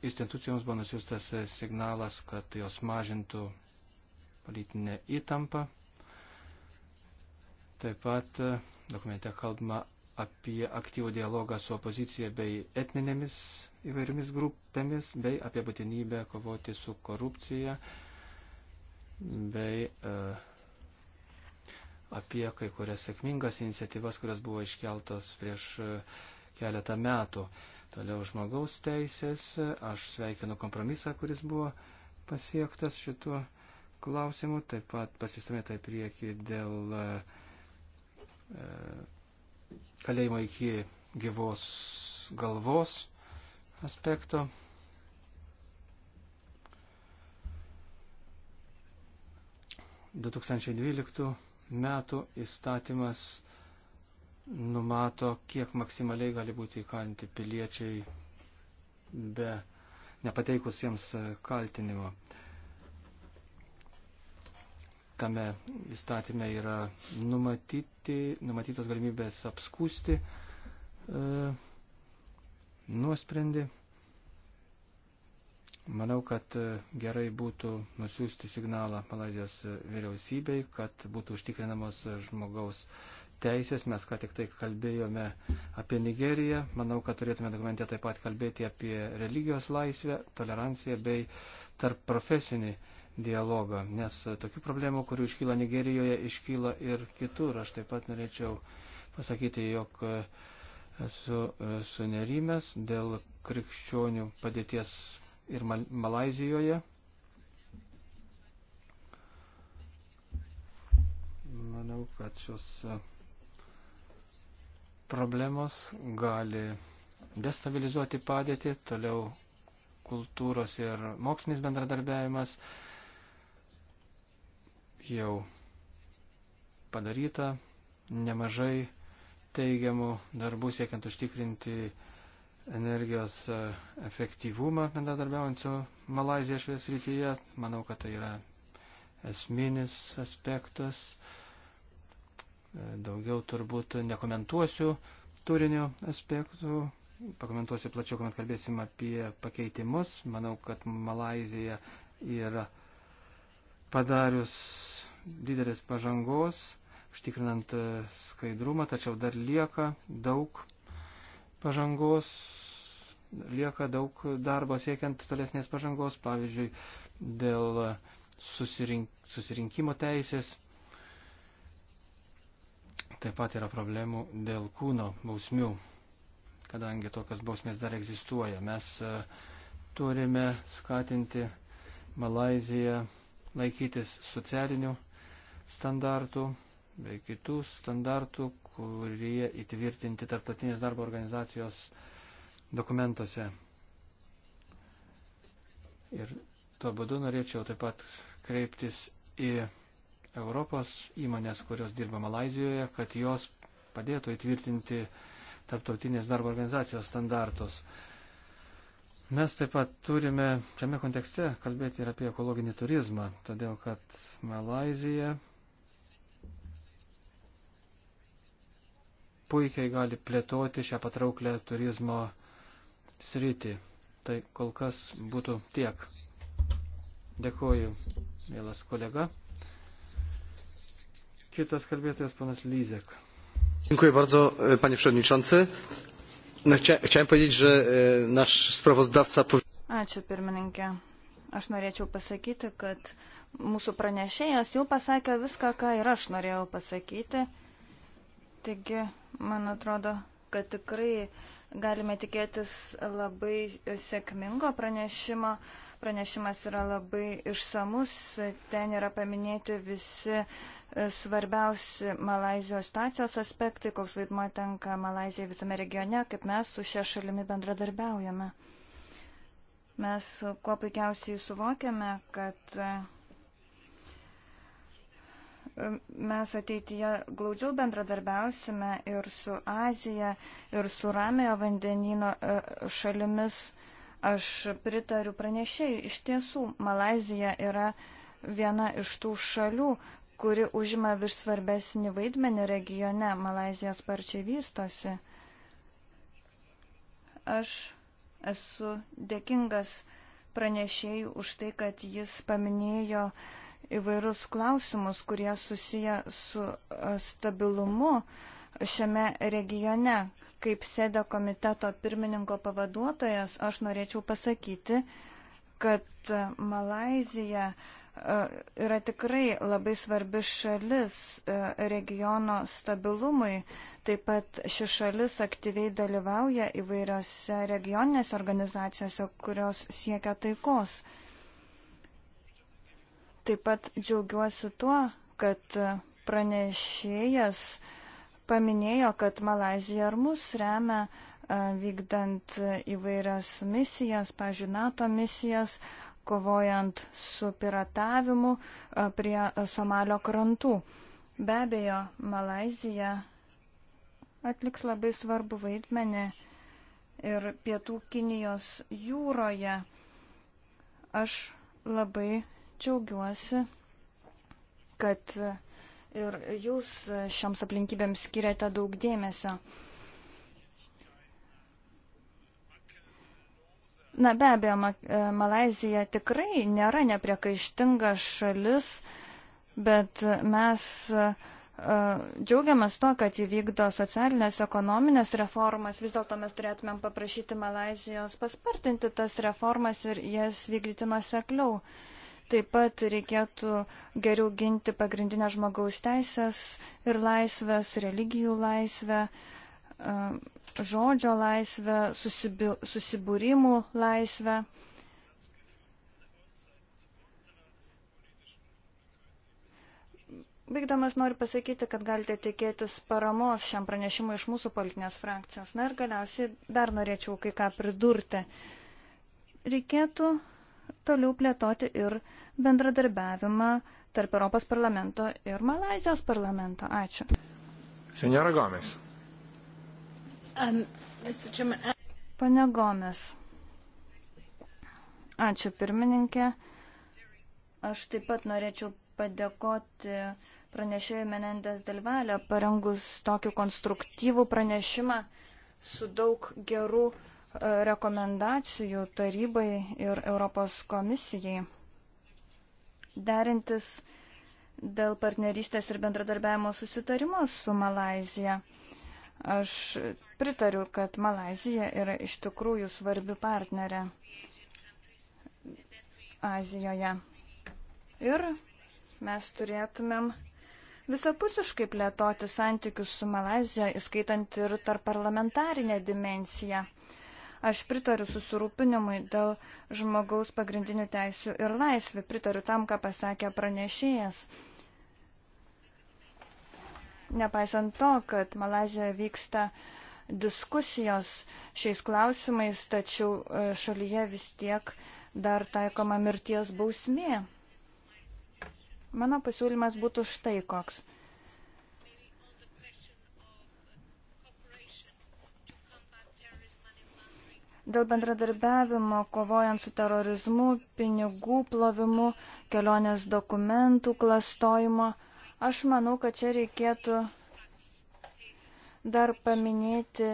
institucijoms buvo nusiustas signalas, kad jos mažintų politinę įtampą. Taip pat e, dokumente kalbama apie aktyvų dialogą su opozicija bei etninėmis įvairiomis grupėmis, bei apie būtinybę kovoti su korupcija, bei e, apie kai kurias sėkmingas iniciatyvas, kurios buvo iškeltos prieš e, keletą metų. E, Toliau žmogaus teisės. Aš sveikinu kompromisą, kuris buvo pasiektas šituo klausimu. Taip pat pasistumėta į priekį dėl e, e kalėjimo iki gyvos galvos aspekto. metų įstatymas numato, kiek maksimaliai gali būti įkalinti piliečiai be nepateikus jiems e, kaltinimo. Tame įstatymė yra numatyti, numatytos galimybės apskūsti e, nuosprendį. Manau, kad e, gerai būtų nusiųsti signalą Malazijos e, vyriausybei, kad būtų užtikrinamos žmogaus e, teisės. Mes ką tik tai kalbėjome apie Nigeriją. Manau, kad turėtume dokumente taip pat kalbėti apie religijos laisvę, toleranciją bei tarp profesinį dialogą. Nes tokių problemų, kurių iškyla Nigerijoje, iškyla ir kitur. Aš taip pat norėčiau pasakyti, jog esu sunerimęs dėl krikščionių padėties ir Mal Malazijoje. manau, kad šios problemos gali destabilizuoti padėtį, toliau kultūros ir mokslinis bendradarbiavimas jau padaryta nemažai teigiamų darbų siekiant užtikrinti energijos e, efektyvumą bendradarbiaujant su Malazija šioje srityje. Manau, kad tai yra esminis aspektas. E, daugiau turbūt nekomentuosiu turinio aspektų, pakomentuosiu plačiau, kuomet kalbėsim apie pakeitimus. Manau, kad Malazija yra padarius didelės pažangos, užtikrinant e, skaidrumą, tačiau dar lieka daug pažangos, lieka daug darbo siekiant tolesnės pažangos, pavyzdžiui, dėl susirink, susirinkimo teisės Taip pat yra problemų dėl kūno bausmių, kadangi tokios bausmės dar egzistuoja. Mes e, turime skatinti Malaziją laikytis socialinių standartų bei kitų standartų, kurie įtvirtinti tarptautinės darbo organizacijos dokumentuose. Ir tuo būdu norėčiau taip pat kreiptis į Europos įmonės, kurios dirba Malazijoje, kad jos padėtų įtvirtinti tarptautinės darbo organizacijos standartus. Mes taip pat turime šiame kontekste kalbėti ir apie ekologinį turizmą, todėl kad Malazija puikiai gali plėtoti šią patrauklę turizmo sritį. Tai kol kas būtų tiek. Dėkuoju, mielas kolega. Kitas kalbėtojas panas Lyzek. Dziękuję bardzo, e, panie przewodniczący. Chciałem powiedzieć, że e, nasz sprawozdawca... Ačiū, pirmininkė. Aš norėčiau pasakyti, kad mūsų pranešėjas jau pasakė viską, ką ir aš norėjau pasakyti. Taigi, man atrodo, kad tikrai galime tikėtis labai sėkmingo pranešimo. Uh, Pranešimas yra labai išsamus, ten yra paminėti visi e, svarbiausi Malazijos situacijos aspektai, koks vaidmo tenka Malazijai visame regione, kaip mes su šia šalimi bendradarbiaujame. Mes kuo puikiausiai suvokiame, kad e, mes ateityje glaudžiau bendradarbiausime ir su Azija, ir su Ramėjo vandenino e, šalimis. Aš pritariu pranešėjai, iš tiesų Malazija yra viena iš tų šalių, kuri užima vis svarbesnį vaidmenį regione. Malazija sparčiai vystosi. Aš esu dėkingas pranešėjai už tai, kad jis paminėjo įvairius klausimus, kurie susiję su stabilumu šiame regione. Kaip sėdė komiteto pirmininko pavaduotojas, aš norėčiau pasakyti, kad Malazija e, yra tikrai labai svarbi šalis e, regiono stabilumui. Taip pat ši šalis aktyviai dalyvauja įvairiose regioninėse organizacijose, kurios siekia taikos. Taip pat džiaugiuosi tuo, kad pranešėjas uh, paminėjo, kad Malazija ir mus remia e, vykdant įvairias misijas, pažiūrėjau, NATO misijas, kovojant su piratavimu e, prie e, Somalio krantų. Be abejo, Malazija atliks labai svarbu vaidmenį ir pietų Kinijos jūroje. Aš labai džiaugiuosi, kad uh, ir jūs šioms aplinkybėms skiriate daug dėmesio. Na be abejo, Ma Malazija tikrai nėra nepriekaištinga šalis, bet mes e, džiaugiamės tuo, kad įvykdo socialinės, ekonominės reformas. Vis dėlto mes turėtumėm paprašyti Malazijos paspartinti tas reformas ir jas vykdyti nusekliau. Uh, Taip pat reikėtų geriau ginti pagrindinę žmogaus teisės ir laisvės, religijų laisvę, žodžio laisvę, susibūrimų laisvę. Baigdamas noriu pasakyti, kad galite tikėtis paramos šiam pranešimui iš mūsų politinės frakcijos. Na ir galiausiai dar norėčiau kai ką pridurti. Reikėtų toliau plėtoti ir bendradarbiavimą tarp Europos parlamento ir Malazijos parlamento. Ačiū. Senjora Gomes. Um, Pane Gomes. Ačiū pirmininkė. Aš taip pat norėčiau padėkoti pranešėjui Menendės Delvelė, parengus tokį konstruktyvų pranešimą su daug gerų rekomendacijų tarybai ir Europos komisijai derintis dėl partnerystės ir bendradarbiavimo susitarimo su Malazija. Aš pritariu, kad Malazija yra iš tikrųjų svarbi partnerė Azijoje. Ir mes turėtumėm visapusiškai plėtoti santykius su Malazija, įskaitant ir tarp parlamentarinę dimenciją. Aš pritariu susirūpinimui dėl žmogaus pagrindinių teisių ir laisvių, pritariu tam, ką pasakė pranešėjas. Nepaisant to, kad Malazijoje vyksta diskusijos šiais klausimais, tačiau e, šalyje vis tiek dar taikoma mirties bausmė. Mano pasiūlymas būtų štai koks – dėl bendradarbiavimo kovojant su terorizmu, pinigų plovimu, kelionės dokumentų klastojimo. Aš manau, kad čia reikėtų dar paminėti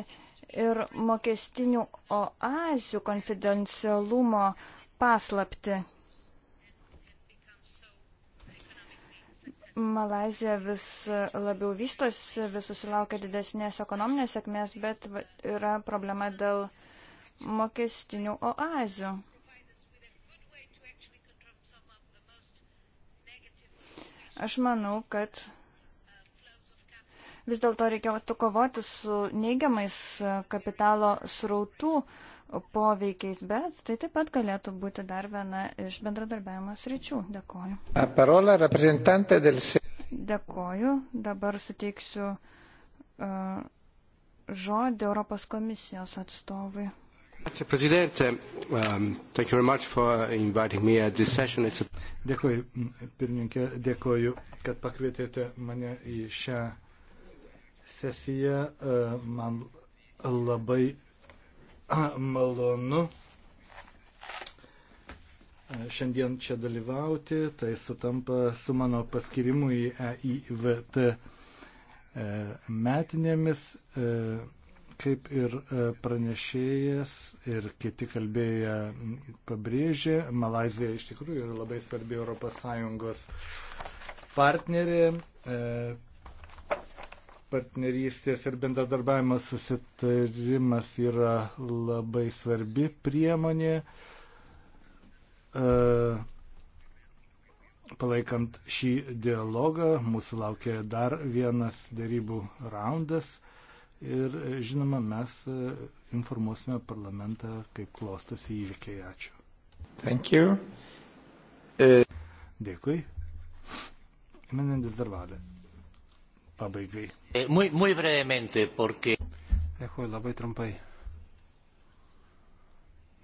ir mokestinių oazių konfidencialumo paslapti. Malazija vis labiau vystosi, vis susilaukia didesnės ekonominės sėkmės, bet yra problema dėl uh, mokestinių oazių. Aš manau, kad vis dėlto reikėtų kovoti su neigiamais kapitalo srautų poveikiais, bet tai taip pat galėtų būti dar viena iš bendradarbiavimo sričių. Dėkoju. Parola reprezentantė dėl. Dėkoju. Dabar suteiksiu uh, žodį Europos komisijos atstovui. Grazie, prezidente. Um, thank you very much for inviting me at this session. It's a... Dėkoju, pirmininkė, dėkoju, kad pakvietėte mane į šią sesiją. Uh, man labai ah, uh, malonu šiandien čia dalyvauti, tai sutampa su mano paskirimu į EIVT uh, metinėmis. Uh, Kaip ir e, pranešėjas ir kiti kalbėję pabrėžė, Malazija iš tikrųjų yra labai svarbi ES partnerė. E, partnerystės ir bendradarbiavimo susitarimas yra labai svarbi priemonė e, palaikant šį dialogą, mūsų laukia dar vienas dėrybų raundas ir e, žinoma, mes e, informuosime parlamentą, kaip klostosi įvykiai. Ačiū. Thank you. E... Dėkui. Menendis Darvalė. Pabaigai. E, muy, muy brevemente, porque... Dėkui, labai trumpai.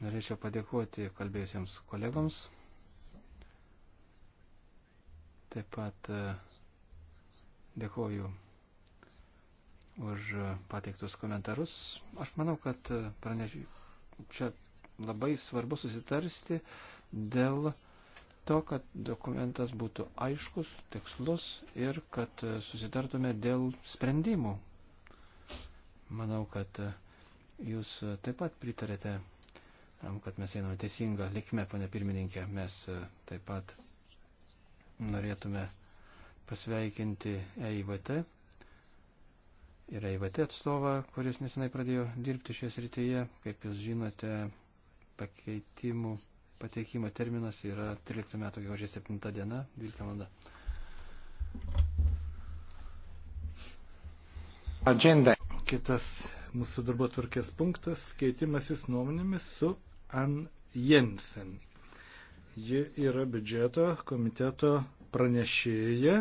Norėčiau padėkoti kalbėjusiems kolegoms. Taip pat dėkoju už e, pateiktus komentarus. Aš manau, kad e, pranešiu, čia labai svarbu susitarsti dėl to, kad dokumentas būtų aiškus, tikslus ir kad e, susitartume dėl sprendimų. Manau, kad jūs taip pat pritarėte tam, kad mes einame teisingą likmę, pane pirmininkė. Mes taip pat norėtume pasveikinti EIVT yra IVT atstovą, kuris nesenai pradėjo dirbti šioje srityje. Kaip jūs žinote, pakeitimų pateikimo terminas yra 13 metų gegužės 7 diena, 12 valanda. Agenda. Kitas mūsų darbo tvarkės punktas - keitimasis nuomonėmis su Ann Jensen. Ji yra biudžeto komiteto pranešėja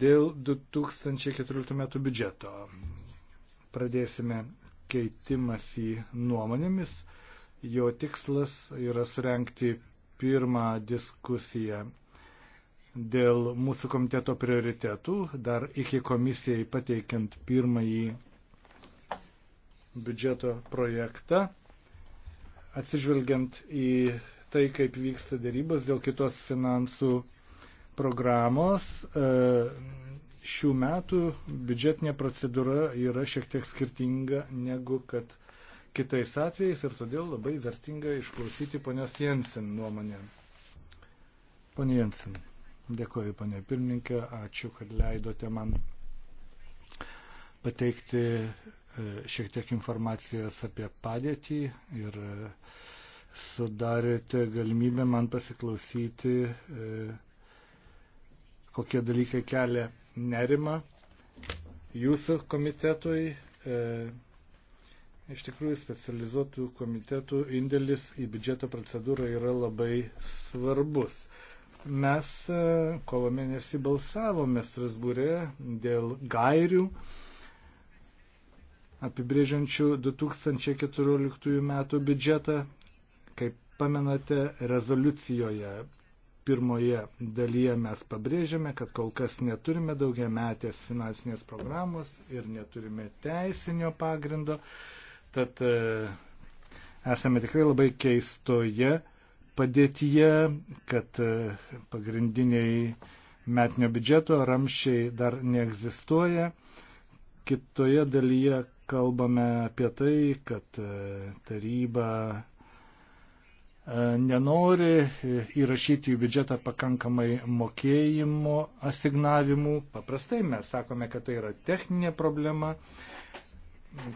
dėl 2014 metų biudžeto. Pradėsime keitimas į nuomonėmis. Jo tikslas yra surenkti pirmą diskusiją dėl mūsų komiteto prioritetų, dar iki komisijai pateikiant pirmąjį biudžeto projektą, atsižvelgiant į tai, kaip vyksta dėrybos dėl kitos finansų programos e, šių metų biudžetinė procedūra yra šiek tiek skirtinga negu kad kitais atvejais ir todėl labai vertinga išklausyti ponios Jensen nuomonę. Pone Jensen, dėkoju, ponė pirmininkė, ačiū, kad leidote man pateikti e, šiek tiek informacijos apie padėtį ir e, sudarėte galimybę man pasiklausyti kokie dalykai kelia nerima jūsų komitetui. E, iš tikrųjų, specializuotų komitetų indėlis į biudžeto procedūrą yra labai svarbus. Mes e, kovo mėnesį balsavome Strasbūrė dėl gairių apibrėžiančių 2014 m. biudžetą. Kaip pamenate, rezoliucijoje pirmoje dalyje mes pabrėžiame, kad kol kas neturime daugiametės finansinės programos ir neturime teisinio pagrindo, tad e, esame tikrai labai keistoje padėtyje, kad e, pagrindiniai metinio biudžeto ramščiai dar neegzistuoja. Kitoje dalyje kalbame apie tai, kad e, taryba E, nenori e, įrašyti į biudžetą pakankamai mokėjimo asignavimų. Paprastai mes sakome, kad tai yra techninė problema.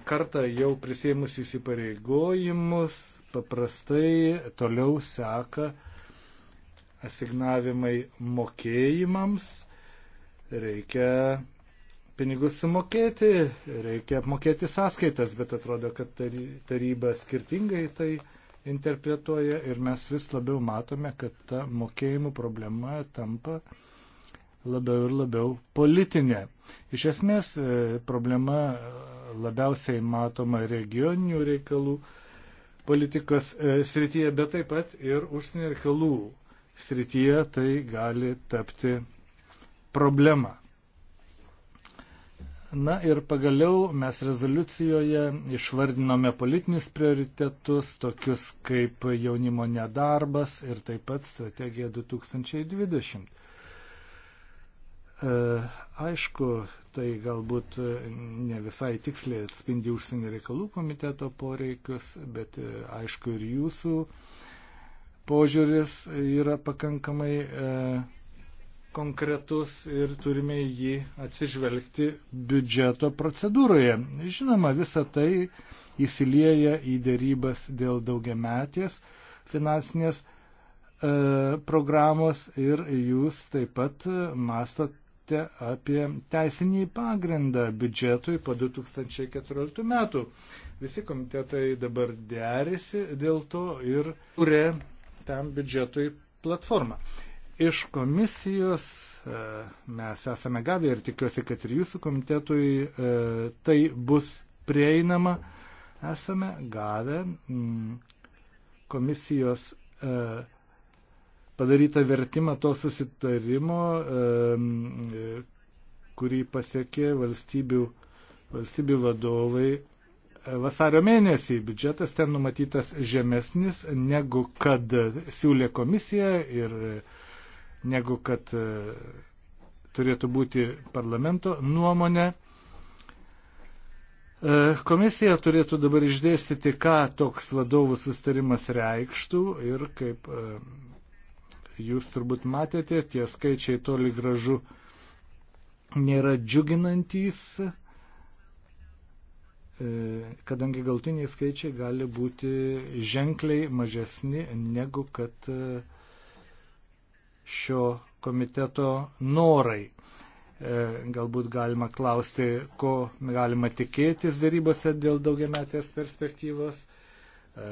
Kartą jau prisėmus įsipareigojimus, paprastai toliau seka asignavimai mokėjimams. Reikia pinigus sumokėti, reikia apmokėti sąskaitas, bet atrodo, kad taryba skirtingai tai interpretuoja ir mes vis labiau matome, kad ta mokėjimų problema tampa labiau ir labiau politinė. Iš esmės e, problema e, labiausiai matoma regioninių reikalų politikos e, srityje, bet taip pat ir užsienio reikalų srityje tai gali tapti problema. Na ir pagaliau mes rezoliucijoje išvardinome politinius prioritetus, tokius kaip jaunimo nedarbas ir taip pat strategija 2020. E, aišku, tai galbūt ne visai tiksliai atspindi užsienio reikalų komiteto poreikius, bet e, aišku ir jūsų požiūris yra pakankamai e, konkretus ir turime jį atsižvelgti biudžeto procedūroje. Žinoma, visa tai įsilieja į dėrybas dėl daugiametės finansinės e, programos ir jūs taip pat mastote apie teisinį pagrindą biudžetui po 2014 metų. Visi komitetai dabar derisi dėl to ir kuria tam biudžetui platformą. Iš komisijos e, mes esame gavę ir tikiuosi, kad ir jūsų komitetui e, tai bus prieinama. Esame gavę mm, komisijos e, padarytą vertimą to susitarimo, kurį pasiekė valstybių, valstybių vadovai vasario mėnesį biudžetas ten numatytas žemesnis negu kad siūlė komisija ir negu kad e, turėtų būti parlamento nuomonė. E, komisija turėtų dabar išdėstyti, ką toks vadovų sustarimas reikštų ir kaip e, jūs turbūt matėte, tie skaičiai toli gražu nėra džiuginantys, kadangi galtiniai skaičiai gali būti ženkliai mažesni negu kad uh, šio komiteto norai. E, galbūt galima klausti, ko galima tikėtis darybose dėl daugiametės perspektyvos. E,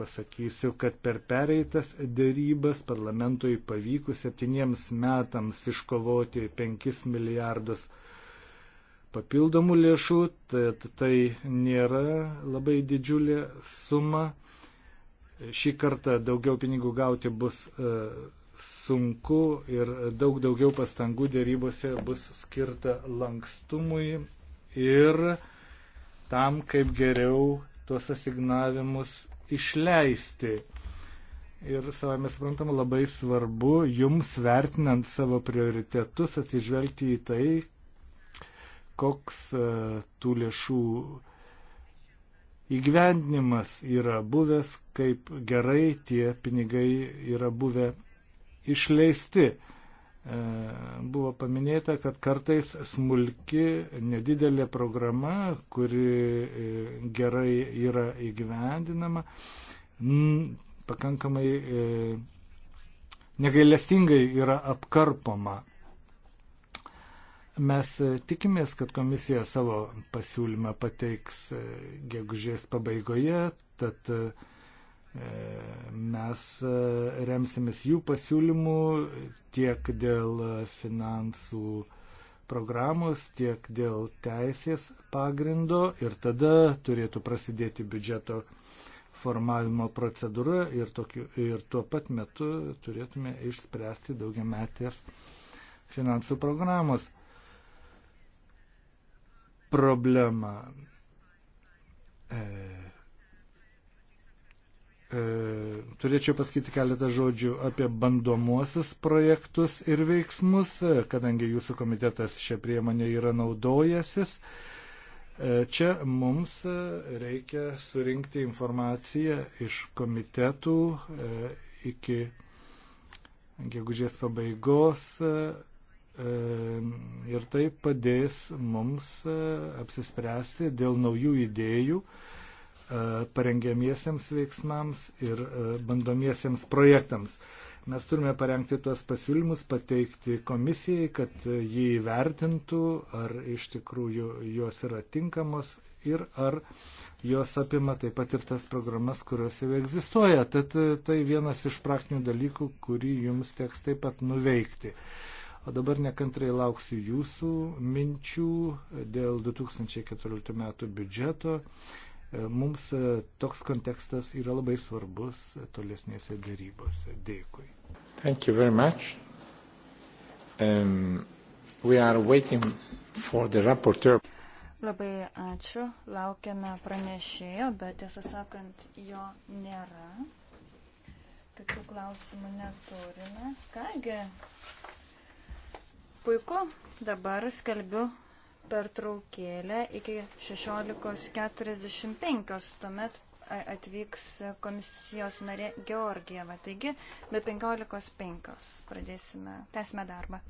pasakysiu, kad per pereitas darybas parlamentui pavykus septyniems metams iškovoti 5 milijardus papildomų lėšų, tad tai nėra labai didžiulė suma. Šį kartą daugiau pinigų gauti bus e, sunku ir daug daugiau pastangų dėrybose bus skirta lankstumui ir tam, kaip geriau tuos asignavimus išleisti. Ir savame suprantama, labai svarbu jums vertinant savo prioritetus atsižvelgti į tai, koks e, tų lėšų įgyvendinimas yra buvęs, kaip gerai tie pinigai yra buvę išleisti. E, buvo paminėta, kad kartais smulki, nedidelė programa, kuri e, gerai yra įgyvendinama, pakankamai e, negailestingai yra apkarpoma. Mes tikimės, kad komisija savo pasiūlymą pateiks gegužės pabaigoje, tad uh, E, mes e, remsimės jų pasiūlymų tiek dėl finansų programos, tiek dėl teisės pagrindo ir tada turėtų prasidėti biudžeto formavimo procedūra ir, tokiu, ir tuo pat metu turėtume išspręsti daugiametės finansų programos problemą. E, E, turėčiau pasakyti keletą žodžių apie bandomuosius projektus ir veiksmus, e, kadangi jūsų komitetas šią priemonę yra naudojasis. E, čia mums reikia surinkti informaciją iš komitetų iki gegužės pabaigos ir tai padės mums apsispręsti dėl naujų idėjų, E, parengiamiesiems veiksmams ir e, bandomiesiems projektams. Mes turime parengti tuos pasiūlymus, pateikti komisijai, kad jį įvertintų, ar iš tikrųjų jos yra tinkamos ir ar jos apima taip pat ir tas programas, kurios jau egzistuoja. Tad e, tai vienas iš praktinių dalykų, kurį jums teks taip pat nuveikti. O dabar nekantrai lauksiu jūsų minčių dėl 2014 metų biudžeto. Mums e, toks kontekstas yra labai svarbus tolesnėse dėrybose. Dėkui. Thank you very much. Um, we are waiting for the rapporteur. Labai ačiū, laukiame pranešėjo, bet tiesą sakant, jo nėra. Kitų klausimų neturime. Kągi, puiku, dabar skelbiu pertraukėlę iki 16.45, tuomet atvyks komisijos narė Georgieva. Taigi, be 15.05 pradėsime, tęsime darbą.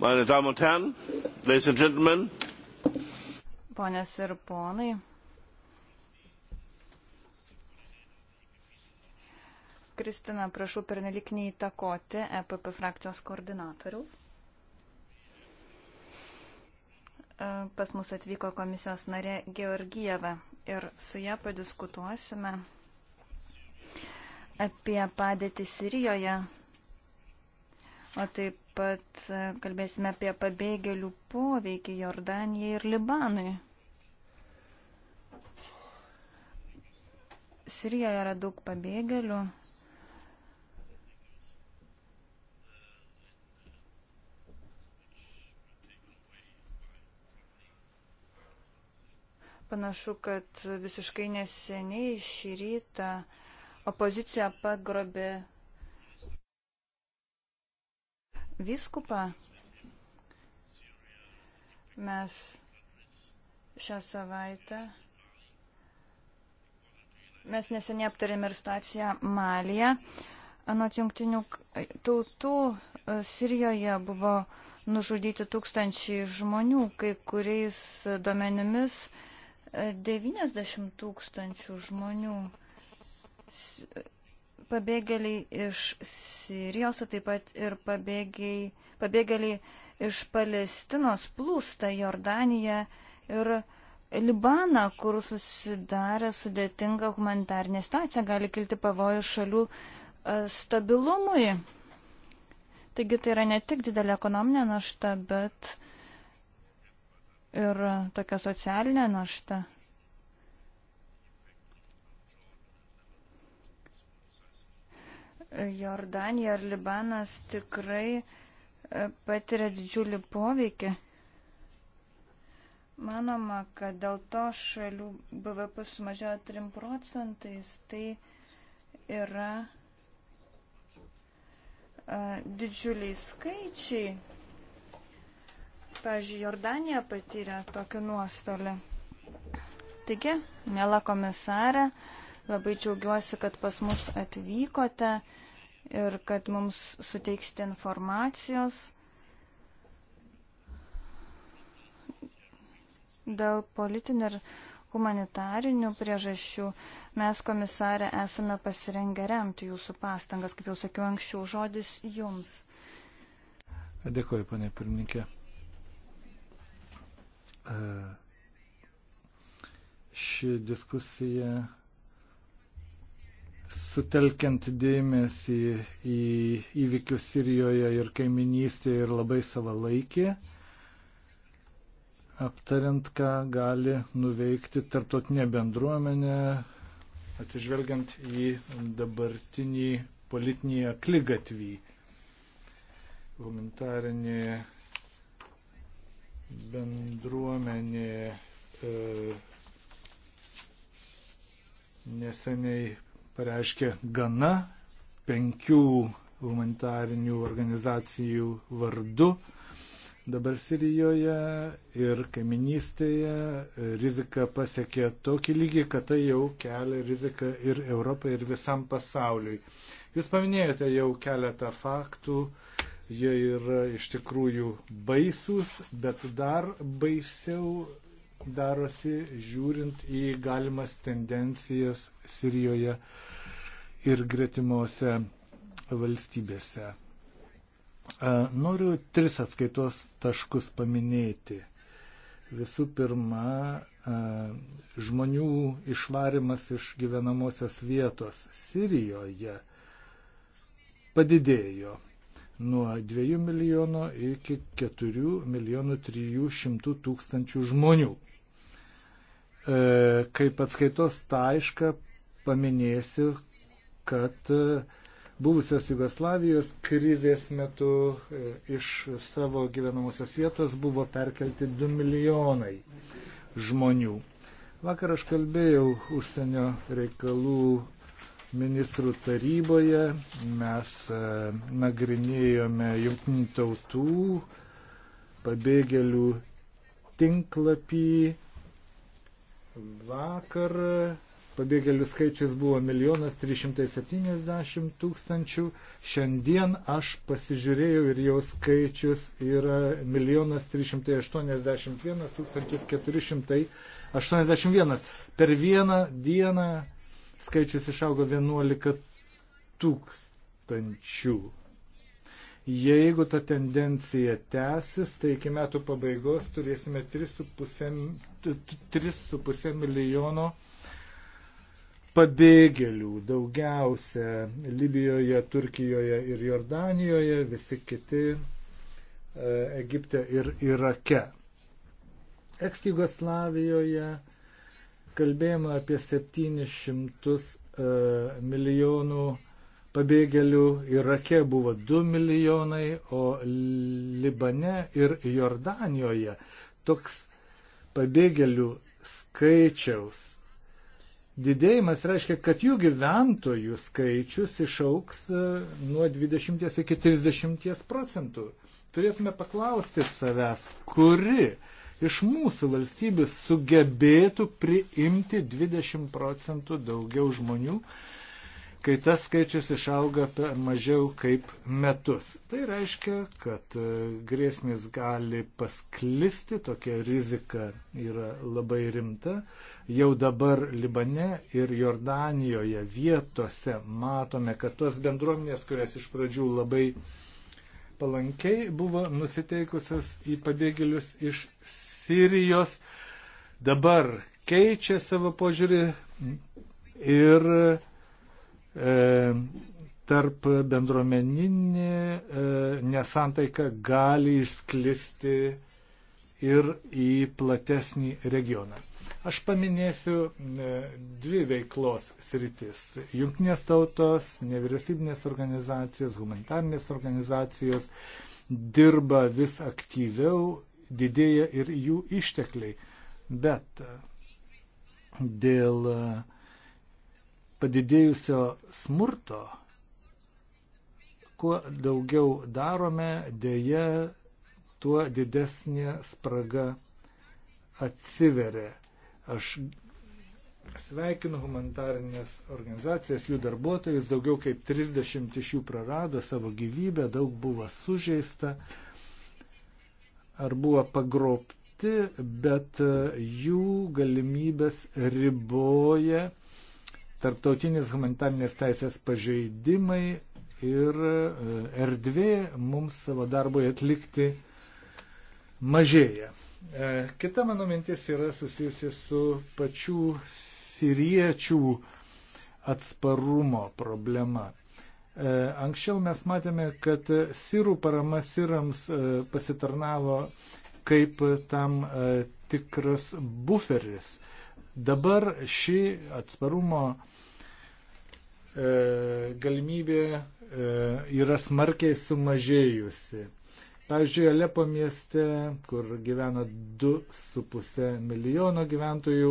Meine Damen und Herren, Ladies and Gentlemen. Ponios ir ponai. Kristina, prašau pernelik neįtakoti EPP frakcijos koordinatoriaus. E, pas mus atvyko komisijos narė Georgieva ir su ją padiskutuosime apie padėtį Sirijoje O taip pat e, kalbėsime apie pabėgėlių poveikį Jordanijai ir Libanui. Sirijoje yra daug pabėgėlių. Panašu, kad visiškai neseniai šį rytą opozicija pagrobė vyskupą. Mes šią savaitę. Mes neseniai aptarėme ir situaciją Malyje. Anot jungtinių tautų e, Sirijoje buvo nužudyti tūkstančiai žmonių, kai kuriais duomenimis 90 e, tūkstančių žmonių pabėgėliai iš Sirijos, taip pat ir pabėgiai, pabėgėliai iš Palestinos plūsta Jordaniją ir Libaną, kur susidarė sudėtinga humanitarnė situacija, gali kilti pavojų šalių e, stabilumui. Taigi tai yra ne tik didelė ekonominė našta, bet ir tokia socialinė našta. Jordanija ir Libanas tikrai e, patiria didžiulį poveikį. Manoma, kad dėl to šalių BVP sumažėjo 3 procentais, tai yra a, e, didžiuliai skaičiai. Pavyzdžiui, Jordanija patyrė tokį nuostolį. Taigi, mėla komisarė, a, Labai džiaugiuosi, kad pas mus atvykote ir kad mums suteiksite informacijos dėl politinių ir humanitarinių priežasčių. Mes, komisarė, esame pasirengę remti jūsų pastangas, kaip jau sakiau anksčiau, žodis jums. Dėkuoju, panė pirmininkė. Ši diskusija sutelkiant dėmesį į įvykius Sirijoje ir kaiminystėje ir labai savalaikė, aptariant, ką gali nuveikti tarptautinė bendruomenė, atsižvelgiant į dabartinį politinį aklygatvį. Humanitarinė bendruomenė e, neseniai pareiškė gana penkių humanitarinių organizacijų vardu dabar Sirijoje ir kaiminystėje rizika pasiekė tokį lygį, kad tai jau kelia riziką ir Europai, ir visam pasauliui. Jūs paminėjote jau keletą faktų, jie yra iš tikrųjų baisūs, bet dar baisiau darosi žiūrint į galimas tendencijas Sirijoje ir gretimose valstybėse. Noriu tris atskaitos taškus paminėti. Visų pirma, žmonių išvarimas iš gyvenamosios vietos Sirijoje padidėjo nuo 2 milijono iki 4 milijonų 300 tūkstančių žmonių. E, kaip atskaitos taišką paminėsiu, kad buvusios Jugoslavijos krizės metu e, iš savo gyvenamosios vietos buvo perkelti 2 milijonai žmonių. Vakar aš kalbėjau užsienio reikalų ministrų taryboje mes e, nagrinėjome jungtinių tautų pabėgėlių tinklapį. Vakar pabėgėlių skaičius buvo 1 370 tūkstančių. Šiandien aš pasižiūrėjau ir jau skaičius yra 1 381 481. Per vieną dieną skaičius išaugo 11 tūkstančių. Jeigu ta tendencija tęsis, tai iki metų pabaigos turėsime 3,5 milijono pabėgėlių. Daugiausia Libijoje, Turkijoje ir Jordanijoje, visi kiti e, Egipte ir Irake. Eks Jugoslavijoje kalbėjome apie 700 e, milijonų pabėgėlių, Irake buvo 2 milijonai, o Libane ir Jordanijoje toks pabėgėlių skaičiaus didėjimas reiškia, kad jų gyventojų skaičius išauks e, nuo 20 iki 30 procentų. Turėtume paklausti savęs, kuri uh, iš mūsų valstybių sugebėtų priimti 20 procentų daugiau žmonių, kai tas skaičius išauga per mažiau kaip metus. Tai reiškia, kad e, grėsmės gali pasklisti, tokia rizika yra labai rimta. Jau dabar Libane ir Jordanijoje vietose matome, kad tos bendruomenės, kurias iš pradžių labai palankiai buvo nusiteikusios į pabėgėlius iš Sirijos, dabar keičia savo požiūrį ir e, tarp bendruomeninė e, nesantaika gali išsklisti ir į platesnį regioną. Aš paminėsiu e, dvi veiklos sritis. Junktinės tautos, nevyriausybinės organizacijos, humanitarnės organizacijos dirba vis aktyviau, didėja ir jų ištekliai. Bet e, dėl e, padidėjusio smurto, kuo daugiau darome, dėja tuo didesnė spraga atsiveria. Aš sveikinu humanitarinės organizacijas, jų darbuotojus, daugiau kaip 30 iš jų prarado savo gyvybę, daug buvo sužeista ar buvo pagrobti, bet e, jų galimybės riboja tarptautinės humanitarnės teisės pažeidimai ir e, erdvė mums savo darbui atlikti mažėja. E, kita mano mintis yra susijusi su pačių siriečių atsparumo problema. E, anksčiau mes matėme, kad sirų parama sirams e, pasitarnavo kaip tam tikras buferis. Dabar ši atsparumo galimybė yra smarkiai sumažėjusi. Pavyzdžiui, Alepo mieste, kur gyvena 2,5 milijono gyventojų,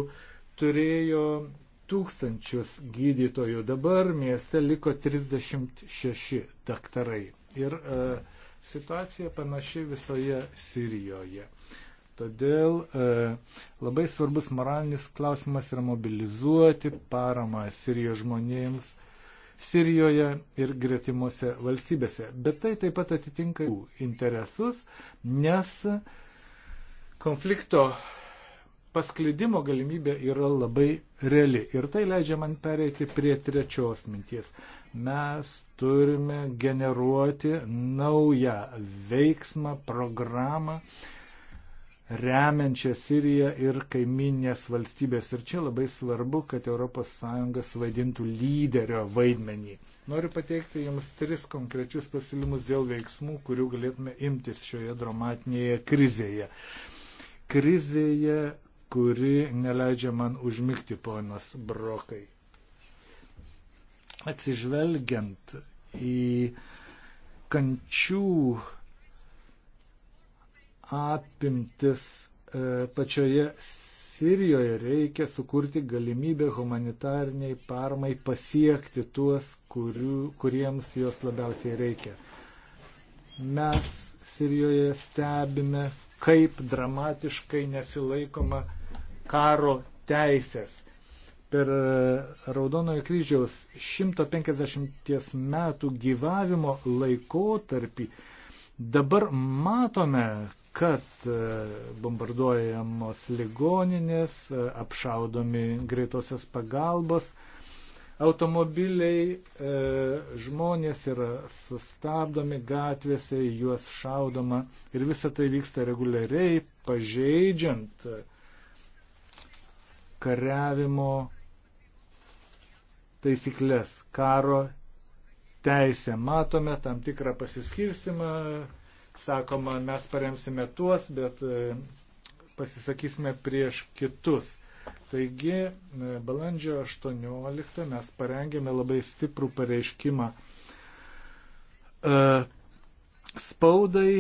turėjo tūkstančius gydytojų, dabar mieste liko 36 daktarai. Ir e, situacija panaši visoje Sirijoje. Todėl e, labai svarbus moralinis klausimas yra mobilizuoti paramą Sirijos žmonėms Sirijoje ir gretimuose valstybėse. Bet tai taip pat atitinka jų interesus, nes konflikto pasklidimo galimybė yra labai reali. Ir tai leidžia man pereiti prie trečios minties. Mes turime generuoti naują veiksmą, programą, uh, remiančią Siriją ir kaiminės valstybės. Ir čia labai svarbu, kad ES vaidintų lyderio vaidmenį. Noriu pateikti Jums tris konkrečius pasiūlymus dėl veiksmų, kurių galėtume imtis šioje dramatinėje krizėje. Krizėje, kuri neleidžia man užmigti, ponas Brokai. Atsižvelgiant į kančių apimtis e, pačioje Sirijoje reikia sukurti galimybę humanitarniai parmai pasiekti tuos, kurių, kuriems jos labiausiai reikia. Mes Sirijoje stebime, kaip dramatiškai nesilaikoma karo teisės. Per e, Raudonojo kryžiaus 150 metų gyvavimo laikotarpį Dabar matome, kad e, bombarduojamos ligoninės, e, apšaudomi greitosios pagalbos, automobiliai, e, žmonės yra sustabdomi gatvėse, juos šaudoma ir visa tai vyksta reguliariai, pažeidžiant kariavimo taisyklės, karo teisę. Matome tam tikrą pasiskirstimą, sakoma, mes paremsime tuos, bet e, pasisakysime prieš kitus. Taigi, e, balandžio 18 mes parengėme labai stiprų pareiškimą e, spaudai.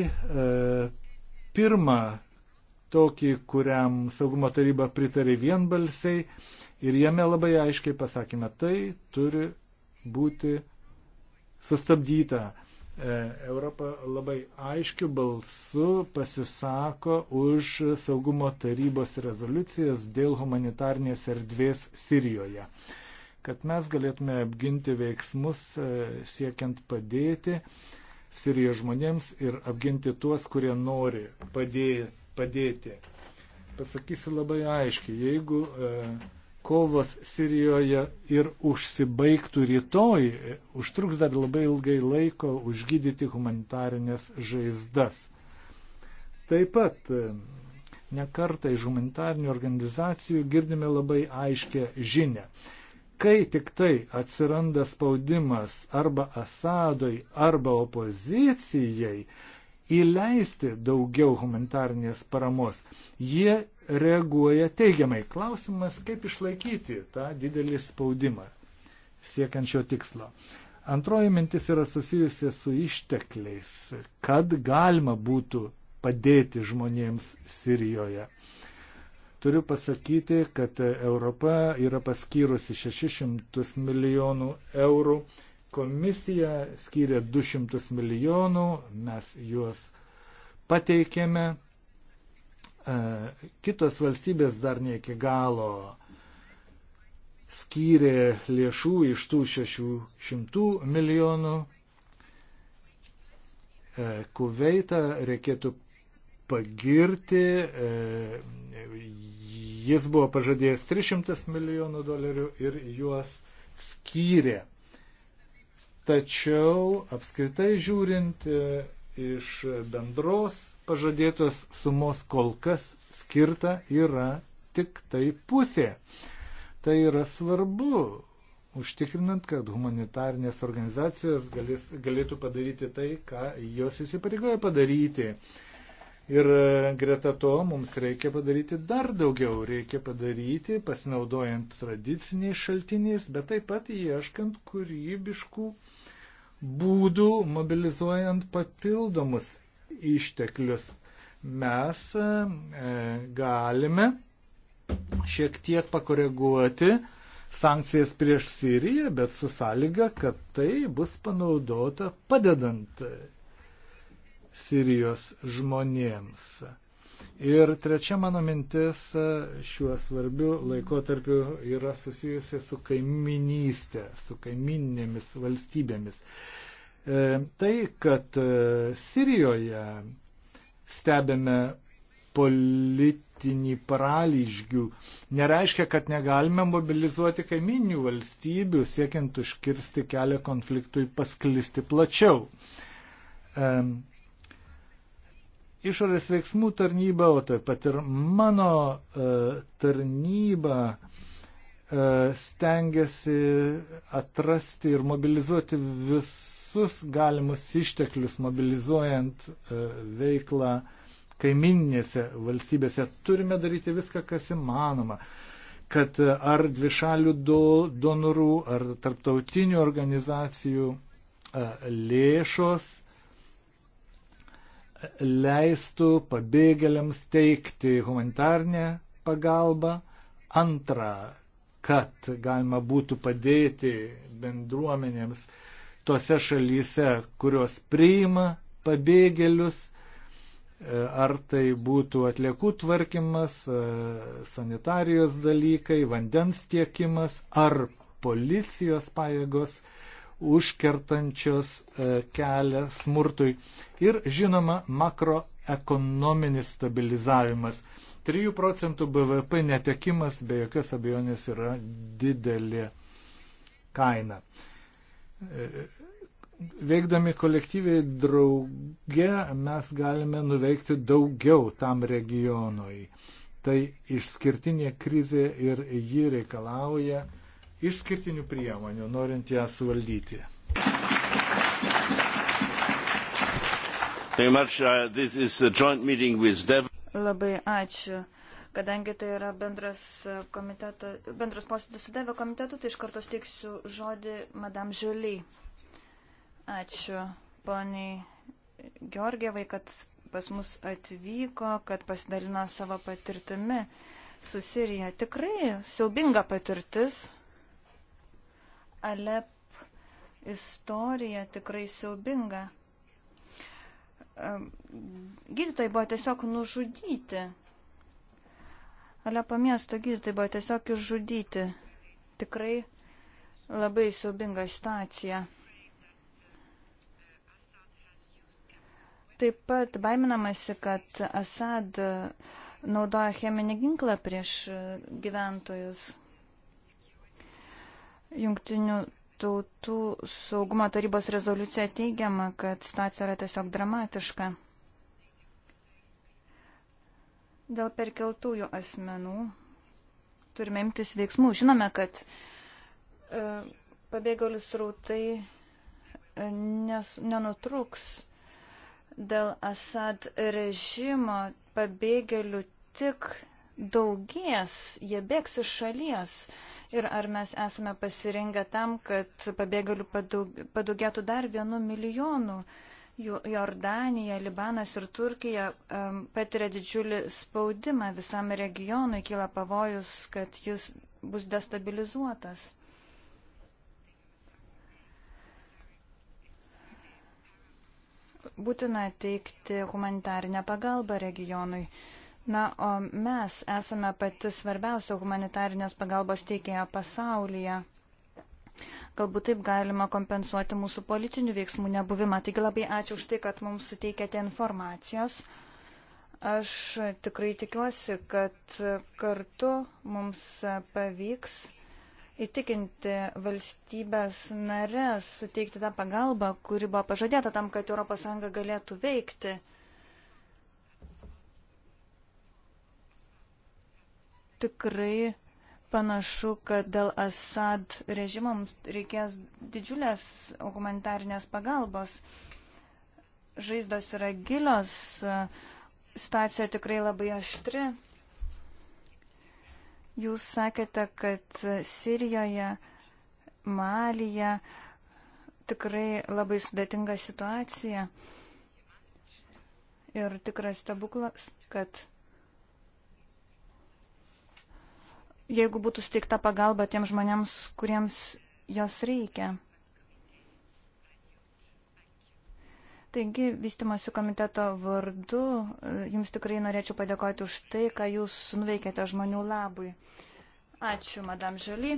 Pirmą tokį, kuriam saugumo taryba pritarė vienbalsiai ir jame labai aiškiai pasakėme, tai turi būti sustabdyta. E, Europa labai aiškiu balsu pasisako už saugumo tarybos rezoliucijas dėl humanitarnės erdvės Sirijoje, kad mes galėtume apginti veiksmus e, siekiant padėti Sirijos žmonėms ir apginti tuos, kurie nori padėti. Pasakysiu labai aiškiai, jeigu e, kovos Sirijoje ir užsibaigtų rytoj, užtruks dar labai ilgai laiko užgydyti humanitarinės žaizdas. Taip pat nekartą iš humanitarinių organizacijų girdime labai aiškę žinę. Kai tik tai atsiranda spaudimas arba Asadoj, arba opozicijai, įleisti daugiau humanitarnės paramos. Jie reaguoja teigiamai. Klausimas, kaip išlaikyti tą didelį spaudimą siekiant šio tikslo. Antroji mintis yra susijusi su ištekliais, kad galima būtų padėti žmonėms Sirijoje. Turiu pasakyti, kad Europa yra paskyrusi 600 milijonų eurų Komisija skyrė 200 milijonų, mes juos pateikėme. E, kitos valstybės dar ne iki galo skyrė lėšų iš tų 600 milijonų. E, Kuveitą reikėtų pagirti. E, jis buvo pažadėjęs 300 milijonų dolerių ir juos skyrė. Tačiau apskritai žiūrint e, iš bendros pažadėtos sumos kol kas skirta yra tik tai pusė. Tai yra svarbu, užtikrinant, kad humanitarnės organizacijos galės, galėtų padaryti tai, ką jos įsipareigoja padaryti. Ir e, greta to mums reikia padaryti dar daugiau. Reikia padaryti, pasinaudojant tradiciniais šaltiniais, bet taip pat ieškant kūrybiškų uh, būdų, mobilizuojant papildomus išteklius. Mes e, galime šiek tiek pakoreguoti sankcijas prieš Siriją, bet su sąlyga, kad tai bus panaudota padedant Sirijos žmonėms. Ir trečia mano mintis šiuo svarbiu laikotarpiu yra susijusi su kaiminystė, su kaiminėmis valstybėmis. E, tai, kad e, Sirijoje stebėme politinį paralyžgių, nereiškia, kad negalime mobilizuoti kaiminių valstybių, siekiant užkirsti kelią konfliktui pasklisti plačiau. E, išorės veiksmų tarnyba, o taip pat ir mano e, tarnyba e, stengiasi atrasti ir mobilizuoti visus galimus išteklius, mobilizuojant e, veiklą kaiminėse valstybėse. Turime daryti viską, kas įmanoma kad ar dvišalių donorų, ar tarptautinių organizacijų lėšos leistų pabėgėliams teikti humanitarnę pagalbą. Antra, kad galima būtų padėti bendruomenėms tose šalyse, kurios priima pabėgėlius, ar tai būtų atliekų tvarkymas, sanitarijos dalykai, vandens tiekimas, ar policijos pajėgos užkertančios e, kelią smurtui ir žinoma makroekonominis stabilizavimas. 3 procentų BVP netekimas be jokios abejonės yra didelė kaina. E, veikdami kolektyviai drauge mes galime nuveikti daugiau tam regionui. Tai išskirtinė krizė ir ji reikalauja uh, išskirtinių priemonių, norint ją suvaldyti. Uh, Labai ačiū. Kadangi tai yra bendras, uh, bendras posėdis su Deve komitetu, tai iš karto steiksiu žodį Madame Žiuly. Ačiū poniai Georgievai, kad pas mus atvyko, kad pasidalino savo patirtimi su Sirija. Tikrai siaubinga patirtis, Alep istorija tikrai siaubinga. Gydytojai buvo tiesiog nužudyti. Alepo miesto gydytojai buvo tiesiog išžudyti. Tikrai labai siaubinga situacija. Taip pat baiminamasi, kad Asad naudoja cheminį ginklą prieš gyventojus. Jungtinių tautų saugumo tarybos rezoliucija teigiama, kad situacija yra tiesiog dramatiška. Dėl perkeltųjų asmenų turime imtis veiksmų. Žinome, kad e, pabėgėlius rautai e, nes, nenutruks dėl Asad režimo pabėgėlių tik daugės, jie bėgs iš šalies. Ir ar mes esame pasirengę tam, kad pabėgalių padaugėtų dar vienu milijonu. Jordanija, Libanas ir Turkija um, patiria didžiulį spaudimą visam regionui, kyla pavojus, kad jis bus destabilizuotas. Būtina teikti humanitarinę pagalbą regionui. Uh, Na, o mes esame pati svarbiausia humanitarinės pagalbos teikėja pasaulyje. Galbūt taip galima kompensuoti mūsų politinių veiksmų nebuvimą. Taigi labai ačiū už tai, kad mums suteikėte informacijos. Aš tikrai tikiuosi, kad kartu mums pavyks įtikinti valstybės narės suteikti tą pagalbą, kuri buvo pažadėta tam, kad ES galėtų veikti. tikrai panašu, kad dėl Assad režimo mums reikės didžiulės humanitarinės pagalbos. Žaizdos yra gilios, situacija tikrai labai aštri. Jūs sakėte, kad Sirijoje, Malyje tikrai labai sudėtinga situacija. Ir tikras stebuklas, kad jeigu būtų steigta pagalba tiem žmonėms, kuriems jos reikia. Taigi, vystimosi komiteto vardu, e, jums tikrai norėčiau padėkoti už tai, ką jūs nuveikėte žmonių labui. Ačiū, madam Žaly.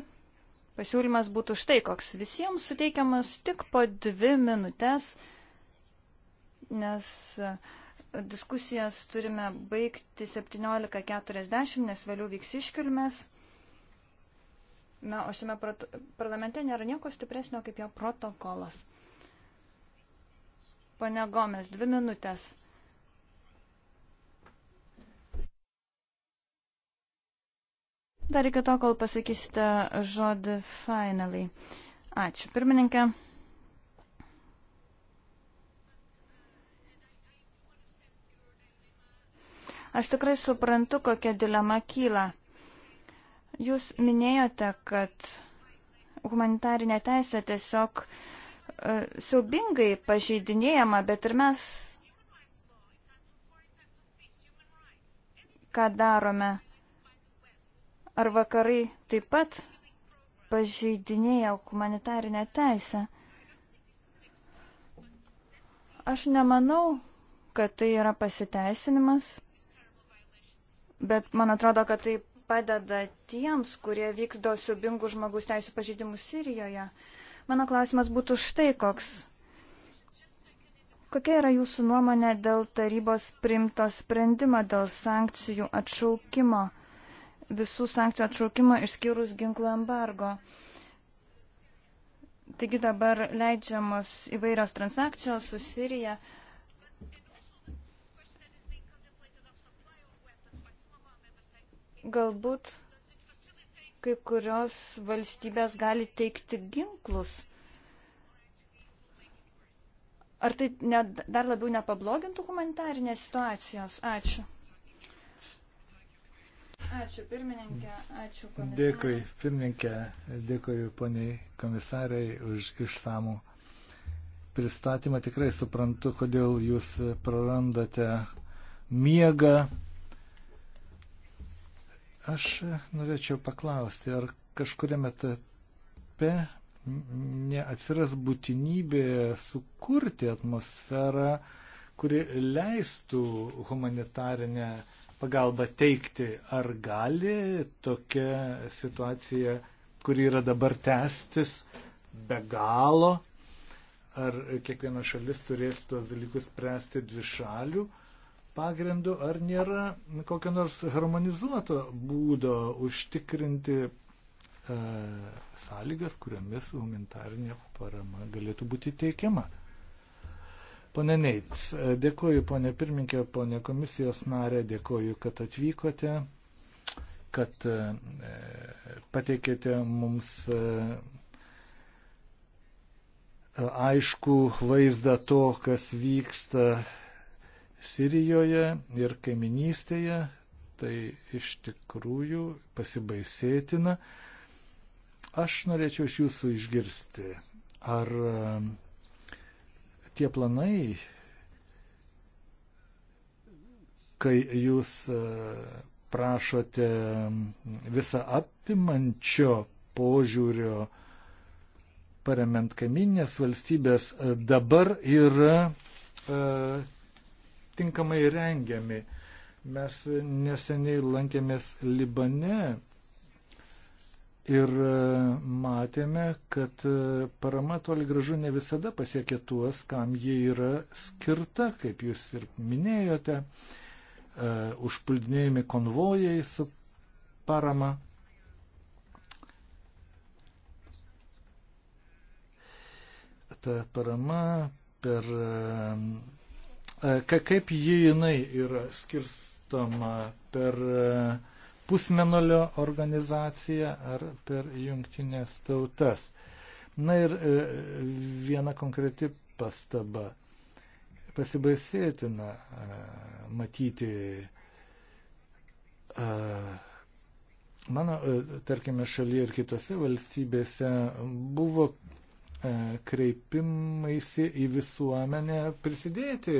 Pasiūlymas būtų štai koks. Visiems suteikiamas tik po dvi minutės, nes e, diskusijas turime baigti 17.40, nes vėliau vyks iškilmes. Na, o šiame parlamente nėra nieko stipresnio kaip jo protokolas. Pane Gomes, dvi minutės. Dar iki to, kol pasakysite žodį finally. Ačiū, pirmininkė. Aš tikrai suprantu, kokia dilema kyla. Jūs minėjote, kad humanitarinė teisė tiesiog e, siaubingai pažeidinėjama, bet ir mes ką darome. Ar vakarai taip pat pažeidinėja humanitarinę teisę? Aš nemanau, kad tai yra pasiteisinimas, bet man atrodo, kad tai padeda tiems, kurie vykdo siubingų žmogus teisų pažydimų Sirijoje. Mano klausimas būtų štai koks. Kokia yra jūsų nuomonė dėl tarybos primto sprendimo dėl sankcijų atšaukimo, visų sankcijų atšaukimo išskyrus ginklų embargo? Taigi dabar leidžiamos įvairios transakcijos su Sirija. Galbūt kai kurios valstybės gali teikti ginklus. Ar tai ne, dar labiau nepablogintų humanitarinės situacijos? Ačiū. Ačiū pirmininkė, ačiū komisarė. Dėkui pirmininkė, dėkui poniai komisarai už išsamų pristatymą. Tikrai suprantu, kodėl jūs prarandate miegą Aš norėčiau paklausti, ar kažkuriame etape neatsiras būtinybė sukurti atmosferą, kuri leistų humanitarinę pagalbą teikti, ar gali tokia situacija, kuri yra dabar tęstis be galo, ar kiekviena šalis turės tuos dalykus spręsti dvišalių pagrindu, ar nėra kokio nors harmonizuoto būdo užtikrinti e, sąlygas, kuriomis humanitarinė parama galėtų būti teikiama. Pone Neits, e, dėkoju ponė pirminkė, ponė komisijos narė, dėkoju, kad atvykote, kad e, pateikėte mums e, e aišku vaizdą to, kas vyksta Sirijoje ir kaiminystėje, tai iš tikrųjų pasibaisėtina. Aš norėčiau iš jūsų išgirsti, ar um, tie planai, kai jūs uh, prašote um, visą apimančio požiūrio paremant kaiminės valstybės, dabar yra uh, tinkamai rengiami. Mes neseniai lankėmės Libane ir e, matėme, kad e, parama toli gražu ne visada pasiekia tuos, kam ji yra skirta, kaip jūs ir minėjote, e, užpuldinėjami konvojai su parama. ta parama per E, kaip ji jinai yra skirstama per e, pusmenolio organizaciją ar per jungtinės tautas. Na ir e, viena konkreti pastaba. Pasibaisėtina matyti mano, tarkime, šalyje ir kitose valstybėse buvo E, kreipimaisi į visuomenę prisidėti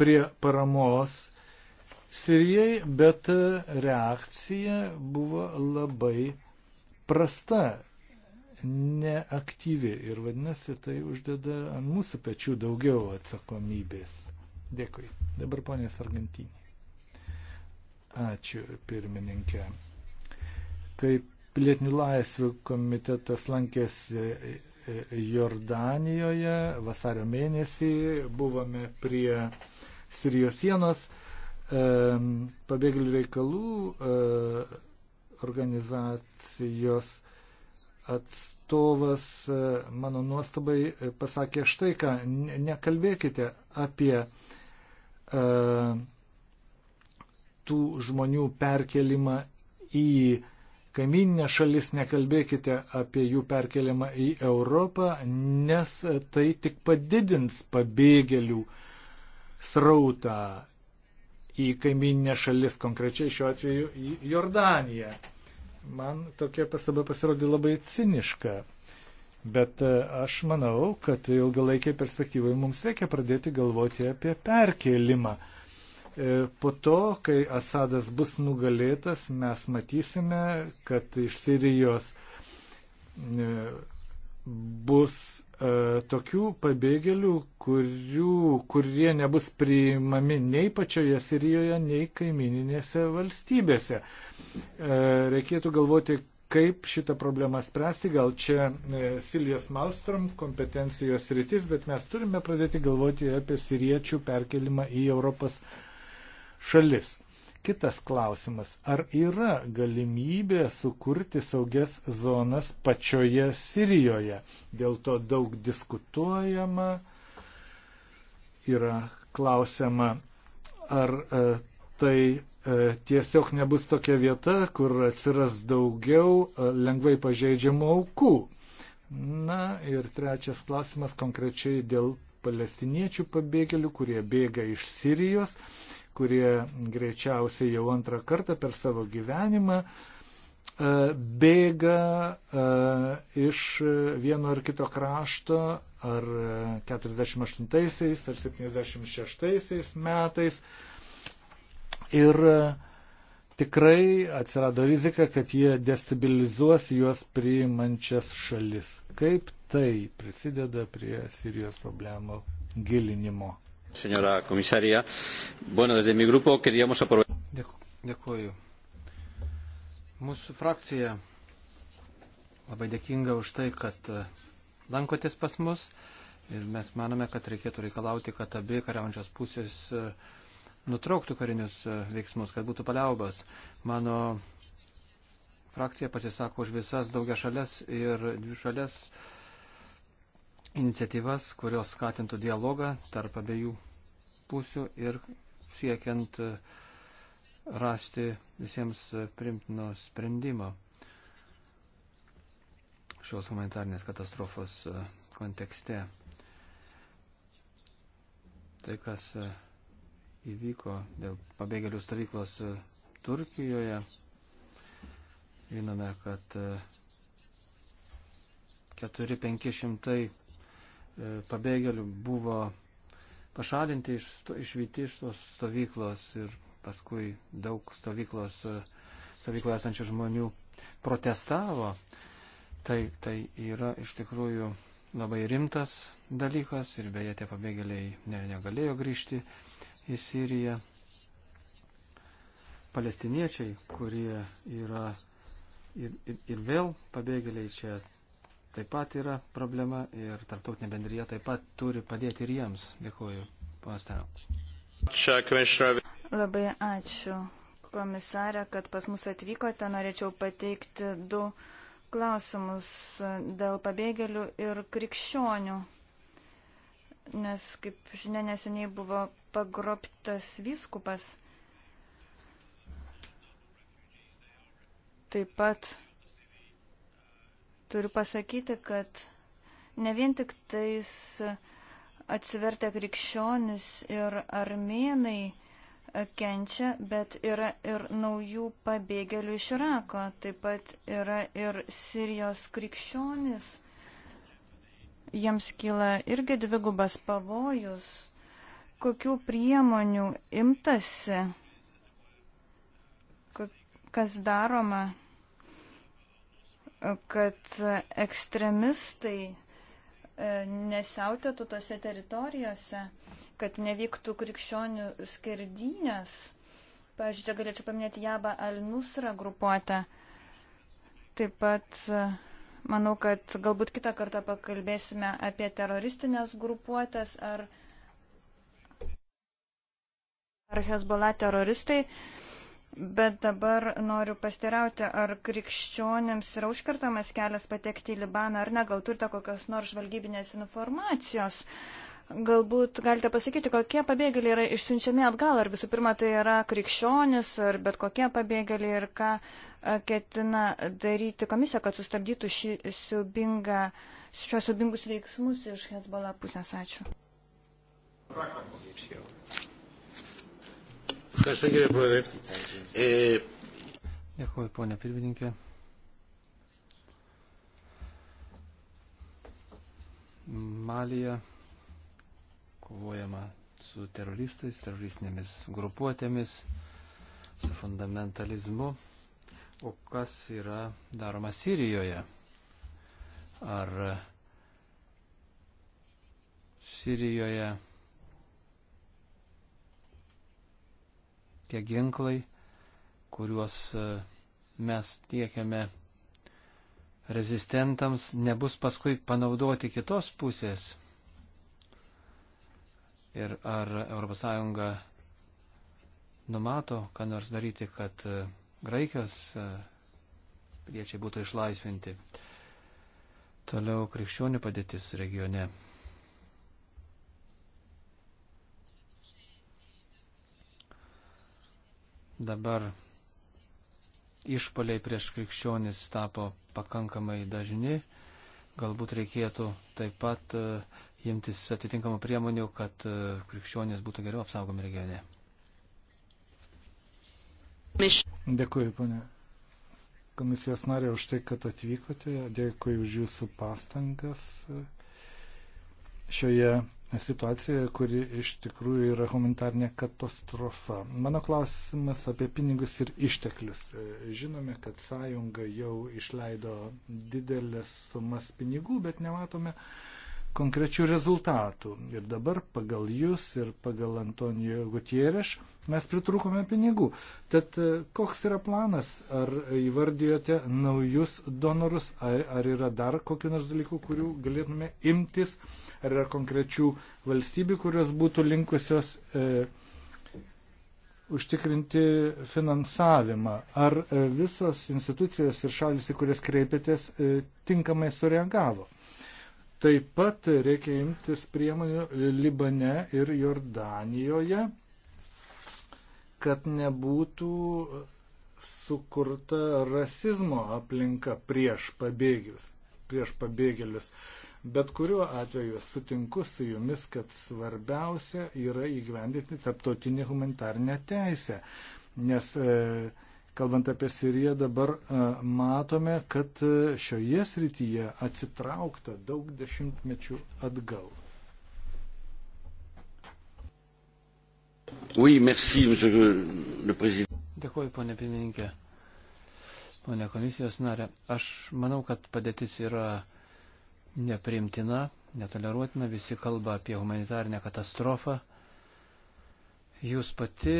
prie paramos Sirijai, bet reakcija buvo labai prasta, neaktyvi ir vadinasi, tai uždeda ant mūsų pečių daugiau atsakomybės. Dėkui. Dabar ponė Sargantinė. Ačiū, pirmininkė. Kaip pilietinių laisvių komitetas lankėsi Jordanijoje vasario mėnesį, buvome prie Sirijos sienos. E, pabėgėlių reikalų e, organizacijos atstovas e, mano nuostabai pasakė štai ką, nekalbėkite apie tų žmonių perkelimą į uh, kaiminė šalis, nekalbėkite apie jų perkeliamą į Europą, nes tai tik padidins pabėgėlių srautą į kaiminę šalis, konkrečiai šiuo atveju į Jordaniją. Man tokia pasaba pasirodė labai ciniška, bet e, aš manau, kad ilgalaikiai perspektyvai mums reikia pradėti galvoti apie perkelimą. E, po to, kai Asadas bus nugalėtas, mes matysime, kad iš Sirijos e, bus e, tokių pabėgėlių, kurių, kurie nebus priimami nei pačioje Sirijoje, nei kaimininėse valstybėse. Reikėtų galvoti, kaip šitą problemą spręsti. Gal čia Silijos Malstrom kompetencijos rytis, bet mes turime pradėti galvoti apie siriečių perkelimą į Europos Sąjungą šalis. Kitas klausimas, ar yra galimybė sukurti saugias zonas pačioje Sirijoje? Dėl to daug diskutuojama, yra klausiama, ar e, tai e, tiesiog nebus tokia vieta, kur atsiras daugiau e, lengvai pažeidžiamų aukų. Na ir trečias klausimas konkrečiai dėl palestiniečių pabėgėlių, kurie bėga iš Sirijos kurie greičiausiai jau antrą kartą per savo gyvenimą e, bėga e, iš vieno ar kito krašto ar 48-aisiais e, ar 76-aisiais metais. Ir tikrai atsirado rizika, kad jie destabilizuos juos priimančias šalis. Kaip tai prisideda prie Sirijos problemų gilinimo? Senora komisarija, bueno, desde mi grupo queríamos aprovechar. Dėkuoju. Mūsų frakcija labai dėkinga už tai, kad e, lankotės pas mus ir mes manome, kad reikėtų reikalauti, kad abi kariaujančios pusės e, nutrauktų karinius e, veiksmus, kad būtų paliaubas. Mano frakcija pasisako už visas daugia šalias ir dvi šalias iniciatyvas, kurios skatintų dialogą tarp abiejų pusių ir siekiant e, rasti visiems primtino sprendimo šios humanitarnės katastrofos e, kontekste. Tai, kas e, įvyko dėl pabėgėlių stovyklos Turkijoje, žinome, kad 4-500 E, pabėgėlių buvo pašalinti, iš, išvykti iš tos stovyklos ir paskui daug stovyklos, e, stovykloje esančių žmonių protestavo. Tai, tai yra iš tikrųjų labai rimtas dalykas ir beje tie pabėgėliai ne, negalėjo grįžti į Siriją. Palestiniečiai, kurie yra ir, ir, ir vėl pabėgėliai čia taip pat yra problema ir tarptautinė bendryje taip pat turi padėti ir jiems. Dėkuoju, ponas Teno. Labai ačiū, komisarė, kad pas mus atvykote. Norėčiau pateikti du klausimus dėl pabėgėlių ir krikščionių. Nes, kaip žinia, neseniai buvo pagrobtas vyskupas. Taip pat Turiu pasakyti, kad ne vien tik tais atsivertę krikščionis ir armėnai kenčia, bet yra ir naujų pabėgėlių iš Irako, taip pat yra ir Sirijos krikščionis. Jiems kyla irgi dvigubas pavojus, kokių priemonių imtasi, kas daroma kad ekstremistai e, nesiautėtų tose teritorijose, kad nevyktų krikščionių skerdynės. Pavyzdžiui, čia galėčiau paminėti Jabą Al-Nusra grupuotę. Taip pat e, manau, kad galbūt kitą kartą pakalbėsime apie teroristinės grupuotės ar, ar Hezbollah teroristai. Uh, Bet dabar noriu pastirauti, ar krikščionėms yra užkartamas kelias patekti į Libaną ar ne, gal turite kokios nors žvalgybinės informacijos. Galbūt galite pasakyti, kokie pabėgėliai yra išsiunčiami atgal, ar visų pirma tai yra krikščionis, ar bet kokie pabėgėliai ir ką e, ketina daryti komisija, kad sustabdytų šį siubingą, šios siubingus veiksmus iš Hezbollah pusės. Ačiū. Praktimus. Ευχαριστώ κύριε Πρόεδρε. Ε... Dėkuoju, ponia pirmininkė. Malija kovojama su teroristais, teroristinėmis grupuotėmis, su fundamentalizmu. O kas yra daroma Sirijoje? Ar Sirijoje tie ginklai, kuriuos e, mes tiekiame rezistentams, nebus paskui panaudoti kitos pusės. Ir ar ES numato, ką nors daryti, kad e, Graikijos e, piliečiai būtų išlaisvinti. Toliau krikščionių padėtis regione. Dabar išpoliai prieš krikščionis tapo pakankamai dažni. Galbūt reikėtų taip pat e, imtis atitinkamų priemonių, kad e, krikščionis būtų geriau apsaugomi regione. Dėkuoju, ponė komisijos narė, už tai, kad atvykote. Dėkui už jūsų pastangas e, šioje situacijoje, kuri iš tikrųjų yra humanitarnė katastrofa. Mano klausimas apie pinigus ir išteklius. Žinome, kad sąjunga jau išleido didelės sumas pinigų, bet nematome konkrečių rezultatų. Ir dabar pagal jūs ir pagal Antonijo Gutierreš mes pritrūkome pinigų. Tad e, koks yra planas? Ar įvardijote naujus donorus, ar, ar yra dar kokiu nors dalyku, kurių galėtume imtis? Ar yra konkrečių valstybių, kurios būtų linkusios e, užtikrinti finansavimą? Ar e, visos institucijos ir šalis, į kurias kreipėtės, e, tinkamai sureagavo? Taip pat reikia imtis priemonių Libane ir Jordanijoje, kad nebūtų sukurta rasizmo aplinka prieš pabėgius, prieš pabėgėlius. Bet kuriuo atveju sutinku su jumis, kad svarbiausia yra įgyvendinti tarptautinį humanitarnę teisę. Nes e, kalbant apie Siriją dabar e, matome, kad e, šioje srityje atsitraukta daug dešimtmečių atgal. Oui, merci, Dėkuoju, ponė pirmininkė. Pone komisijos narė, aš manau, kad padėtis yra neprimtina, netoleruotina, visi kalba apie humanitarnę katastrofą. Jūs pati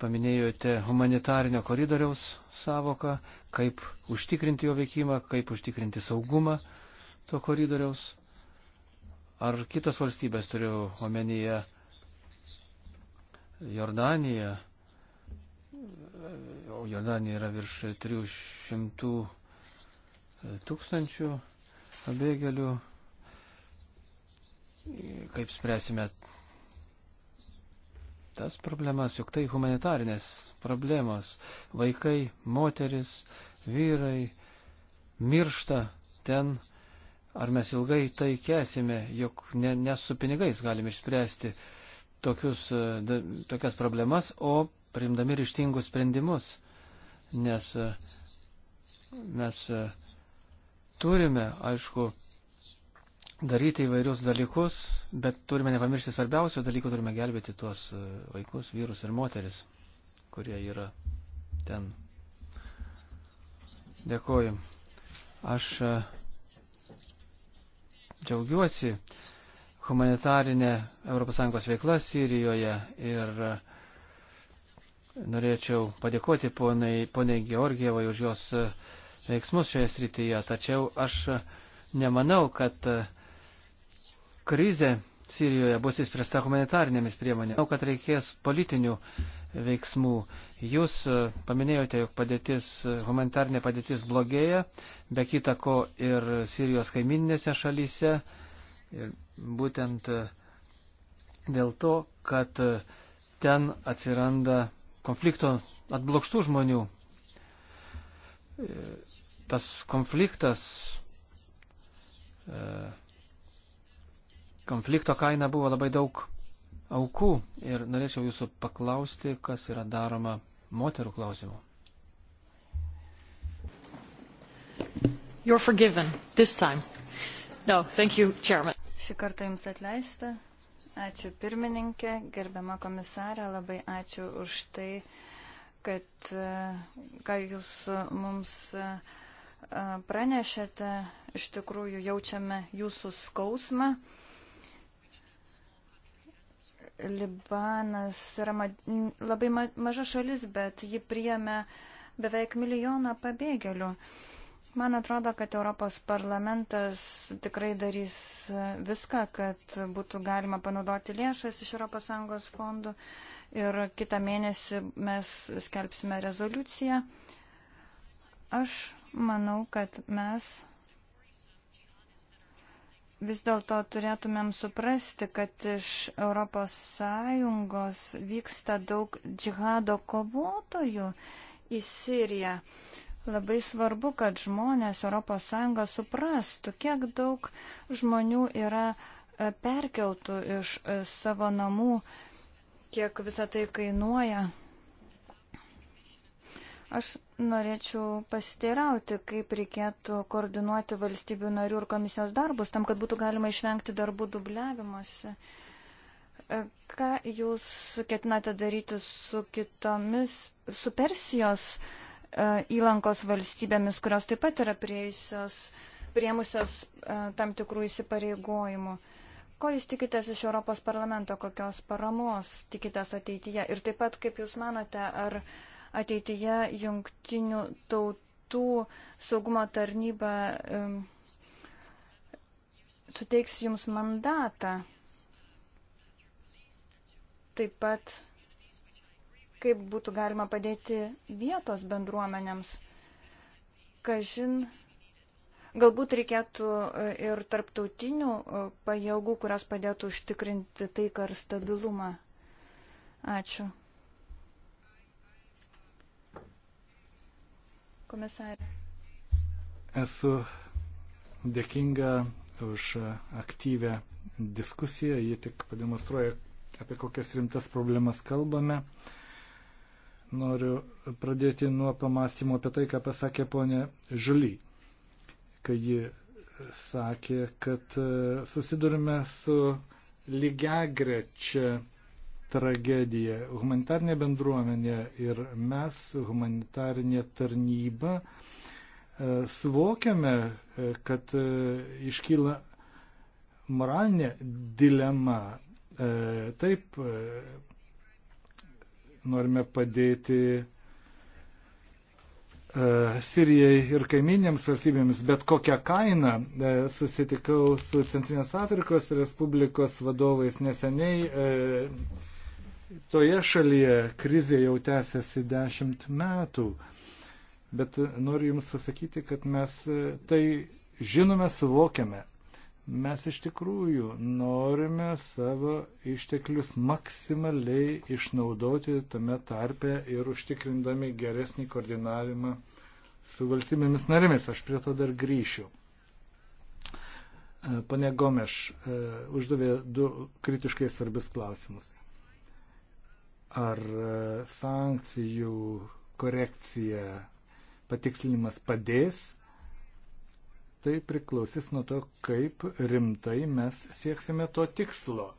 paminėjote humanitarinio koridoriaus savoką, kaip užtikrinti jo veikimą, kaip užtikrinti saugumą to koridoriaus. Ar kitos valstybės turiu omenyje Jordanija, o Jordanija yra virš 300 tūkstančių pabėgėlių, kaip spręsime tas problemas, juk tai humanitarinės problemos. Vaikai, moteris, vyrai miršta ten. Ar mes ilgai tai kesime, juk ne, ne su pinigais galime išspręsti tokius, e, da, tokias problemas, o primdami ryštingus sprendimus. Nes e, mes e, turime, aišku, daryti įvairius dalykus, bet turime nepamiršti svarbiausio dalyko, turime gelbėti tuos e, vaikus, vyrus ir moteris, kurie yra ten. Dėkoju. Aš e, džiaugiuosi humanitarinė ES veikla Sirijoje ir e, norėčiau padėkoti poniai, poniai Georgievai už jos uh, veiksmus šioje srityje. Tačiau aš nemanau, kad e, krizė Sirijoje bus įspręsta humanitarnėmis priemonėmis. Manau, kad reikės politinių veiksmų. Jūs e, paminėjote, jog padėtis, e, humanitarnė padėtis blogėja, be kita ko ir Sirijos kaiminėse šalyse. Ir būtent dėl to, kad ten atsiranda konflikto atblokštų žmonių tas konfliktas, e, konflikto kaina buvo labai daug aukų ir norėčiau jūsų paklausti, kas yra daroma moterų klausimu. You're forgiven this time. No, thank you, Chairman. Šį kartą jums atleista. Ačiū pirmininkė, gerbiama komisarė, labai ačiū už tai, uh, kad e, ką jūs e, mums e, pranešėte, iš tikrųjų jaučiame jūsų skausmą. Libanas yra ma labai ma maža šalis, bet ji priėmė beveik milijoną pabėgėlių. Man atrodo, kad Europos parlamentas tikrai darys viską, kad būtų galima panaudoti lėšas iš ES fondų. Uh, ir kitą mėnesį mes skelbsime rezoliuciją. Aš manau, kad mes vis dėlto turėtumėm suprasti, kad iš ES vyksta daug džihado kovotojų į Siriją. Labai svarbu, kad žmonės ES suprastų, kiek daug žmonių yra e, perkeltų iš e, savo namų kiek visą tai kainuoja. Aš norėčiau pasiteirauti, kaip reikėtų koordinuoti valstybių narių ir komisijos darbus, tam, kad būtų galima išvengti darbų dubliavimuose. E, ką jūs ketinate daryti su kitomis, su Persijos e, įlankos valstybėmis, kurios taip pat yra prieimusios prie tam tikrų įsipareigojimų? Ko jūs tikitės iš Europos parlamento, kokios paramos tikitės ateityje? Ir taip pat, kaip jūs manote, ar ateityje jungtinių tautų saugumo tarnyba um, suteiks jums mandatą? Taip pat, kaip būtų galima padėti vietos bendruomenėms? Kažin, Galbūt reikėtų e, ir tarptautinių e, pajėgų, kurios padėtų užtikrinti taiką ir stabilumą. Ačiū. Komisarė. Esu dėkinga už aktyvę diskusiją. Ji tik pademonstruoja, apie kokias rimtas problemas kalbame. Noriu pradėti nuo pamastymo apie tai, ką pasakė ponė Žuly kai ji sakė, kad e, susidurime su lygiagrečia tragedija. Humanitarinė bendruomenė ir mes, humanitarinė tarnyba, e, suvokiame, e, kad iškyla moralinė dilema. Taip, norime padėti E, Sirijai ir kaiminėms valstybėms, bet kokią kainą e, susitikau su Centrinės Afrikos Respublikos vadovais neseniai. E, toje šalyje krizė jau tęsiasi dešimt metų, bet noriu Jums pasakyti, kad mes tai žinome, suvokiame. Mes iš tikrųjų norime savo išteklius maksimaliai išnaudoti tame tarpe ir užtikrindami geresnį koordinavimą su valstybėmis narėmis. Aš prie to dar grįšiu. E, pane Gomeš e, uždavė du kritiškai svarbius klausimus. Ar e, sankcijų korekcija patikslinimas padės tai priklausys nuo to, kaip rimtai mes sieksime to tikslo.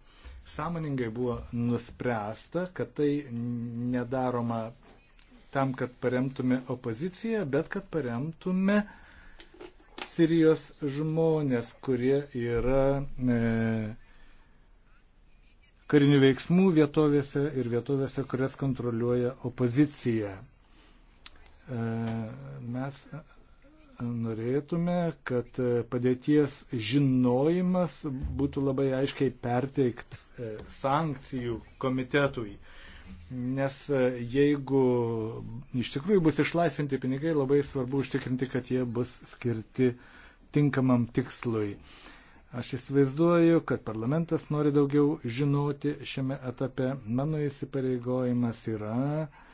Samoningai buvo nuspręsta, kad tai nedaroma tam, kad paremtume opoziciją, bet kad paremtume Sirijos žmonės, kurie yra e, karinių veiksmų vietovėse ir vietovėse, kurias kontroliuoja opozicija. E, mes norėtume, kad e, padėties žinojimas būtų labai aiškiai perteiktas e, sankcijų komitetui. Nes e, jeigu iš tikrųjų bus išlaisvinti pinigai, labai svarbu užtikrinti, kad jie bus skirti tinkamam tikslui. Aš įsivaizduoju, kad parlamentas nori daugiau žinoti šiame etape. Mano įsipareigojimas yra uh,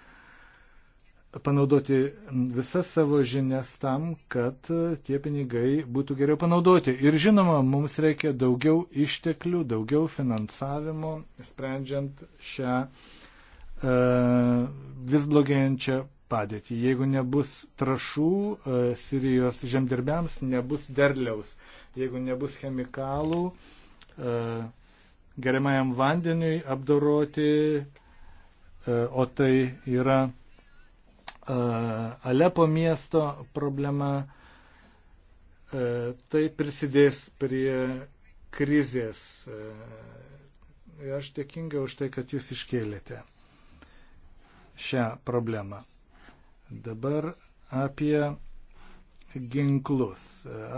panaudoti visas savo žinias tam, kad tie pinigai būtų geriau panaudoti. Ir žinoma, mums reikia daugiau išteklių, daugiau finansavimo, sprendžiant šią e, vis blogėjančią padėtį. Jeigu nebus trašų e, Sirijos žemdirbiams, nebus derliaus. Jeigu nebus chemikalų e, geriamajam vandeniui apdoroti, o tai yra E, Alepo miesto problema, e, tai prisidės prie krizės. E, aš dėkinga už tai, kad jūs iškėlėte šią problemą. Dabar apie ginklus.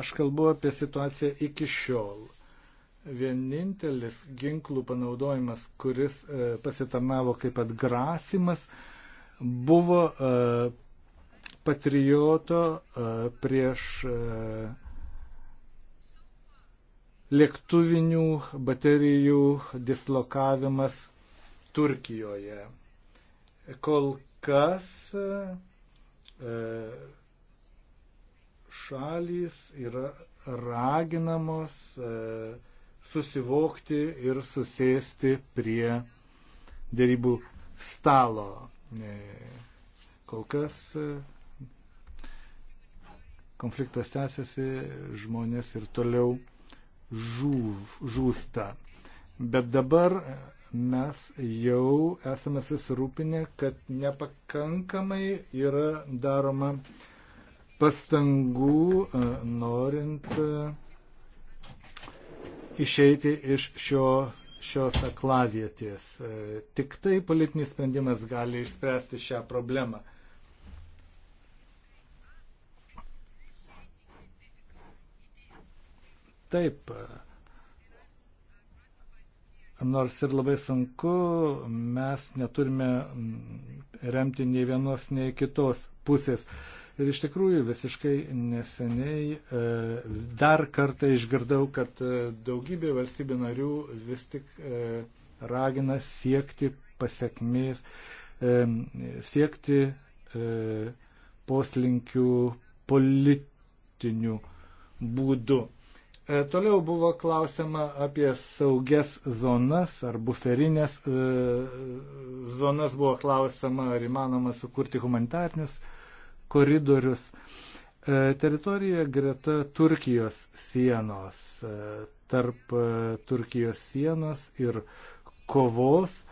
Aš kalbu apie situaciją iki šiol. Vienintelis ginklų panaudojimas, kuris pasitarnavo kaip atgrasimas, buvo e, patrioto e, prieš e, lėktuvinių baterijų dislokavimas Turkijoje. Kol kas šalys yra raginamos susivokti ir susėsti prie dėrybų stalo. Kol kas e, konfliktas tęsiasi, žmonės ir toliau žūv, žūsta. Bet dabar mes jau esame susirūpinę, kad nepakankamai yra daroma pastangų e, norint e, išeiti iš šio šios aklavietės. E, tik tai politinis sprendimas gali išspręsti šią problemą. Taip, e, nors ir labai sunku, mes neturime mm, remti nei vienos, nei kitos pusės. Ir iš tikrųjų visiškai neseniai e, dar kartą išgirdau, kad e, daugybė valstybių narių vis tik e, ragina siekti pasiekmės, siekti poslinkių politinių būdų. Toliau buvo klausima apie saugias zonas ar buferinės zonas, buvo klausima, ar įmanoma sukurti humanitarnius koridorius e, teritorija greta Turkijos sienos, e, tarp e, Turkijos sienos ir kovos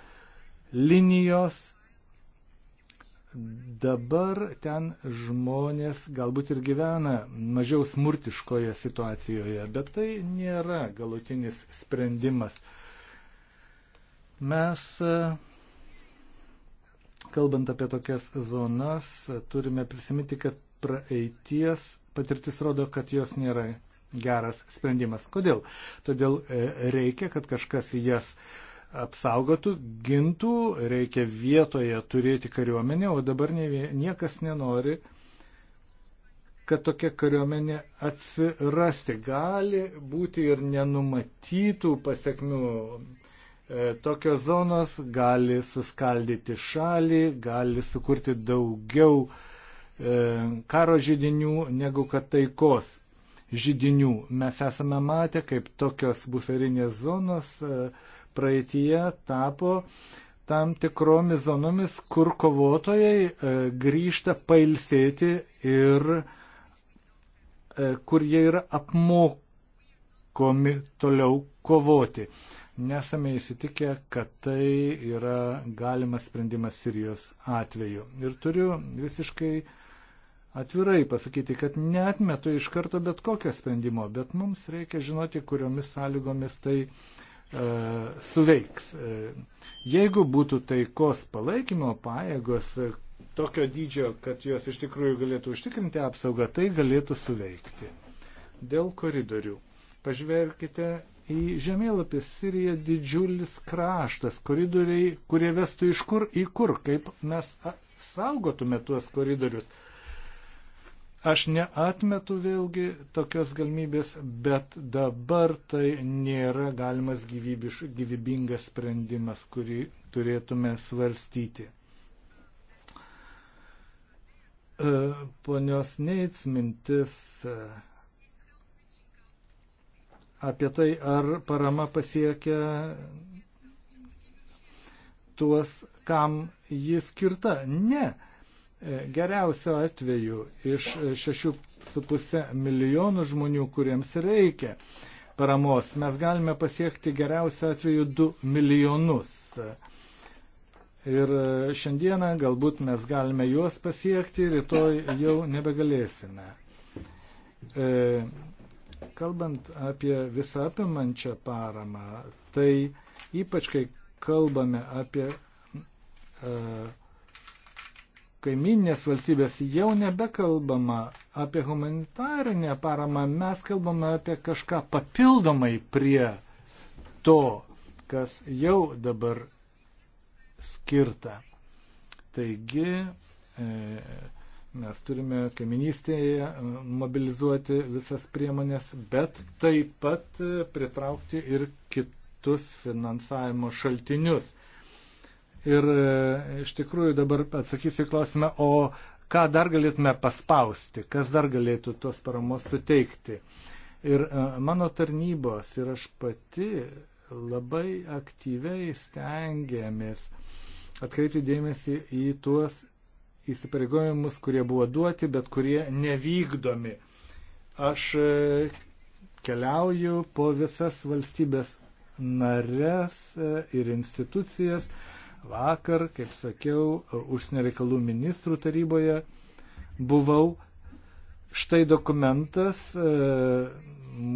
linijos. Dabar ten žmonės galbūt ir gyvena mažiau smurtiškoje situacijoje, bet tai nėra galutinis sprendimas. Mes uh, kalbant apie tokias zonas, turime prisiminti, kad praeities patirtis rodo, kad jos nėra geras sprendimas. Kodėl? Todėl e, reikia, kad kažkas jas apsaugotų, gintų, reikia vietoje turėti kariuomenę, o dabar niekas nenori, kad tokia kariuomenė atsirasti. Gali būti ir nenumatytų pasiekmių E, tokios zonos gali suskaldyti šalį, gali sukurti daugiau e, karo žydinių negu kad taikos žydinių. Mes esame matę, kaip tokios buferinės zonos e, praeitie tapo tam tikromis zonomis, kur kovotojai grįžta pailsėti ir kur jie yra apmokomi toliau kovoti nesame įsitikę, kad tai yra galimas sprendimas Sirijos atveju. Ir turiu visiškai atvirai pasakyti, kad neatmetu iš karto bet kokio sprendimo, bet mums reikia žinoti, kuriomis sąlygomis tai e, suveiks. E, jeigu būtų taikos palaikymo pajėgos e, tokio dydžio, kad jos iš tikrųjų galėtų užtikrinti apsaugą, tai galėtų suveikti. Dėl koridorių. Pažvelkite į žemėlapį Sirija didžiulis kraštas, koridoriai, kurie vestų iš kur į kur, kaip mes saugotume tuos koridorius. Aš neatmetu vėlgi tokios galimybės, bet dabar tai nėra galimas gyvybiš, gyvybingas sprendimas, kurį turėtume svarstyti. E, ponios Neits mintis e, apie tai, ar parama pasiekia tuos, kam ji skirta. Ne. E, geriausio atveju iš 6,5 milijonų žmonių, kuriems reikia paramos, mes galime pasiekti geriausio atveju 2 milijonus. Ir šiandieną galbūt mes galime juos pasiekti, rytoj jau nebegalėsime. E, Kalbant apie visą apimančią paramą, tai ypač kai kalbame apie uh, kaiminės valstybės jau nebekalbama apie humanitarinę paramą, mes kalbame apie kažką papildomai prie to, kas jau dabar skirta. Taigi, e, Mes turime kaiminystėje e, mobilizuoti visas priemonės, bet taip pat e, pritraukti ir kitus finansavimo šaltinius. Ir e, iš tikrųjų dabar atsakysiu į klausimą, o ką dar galėtume paspausti, kas dar galėtų tos paramos suteikti. Ir mano tarnybos ir aš pati labai aktyviai stengiamės atkreipti dėmesį į tuos įsipareigojimus, kurie buvo duoti, bet kurie nevykdomi. Aš e, keliauju po visas valstybės nares e, ir institucijas. Vakar, kaip sakiau, e, užsienio reikalų ministrų taryboje buvau. Štai dokumentas,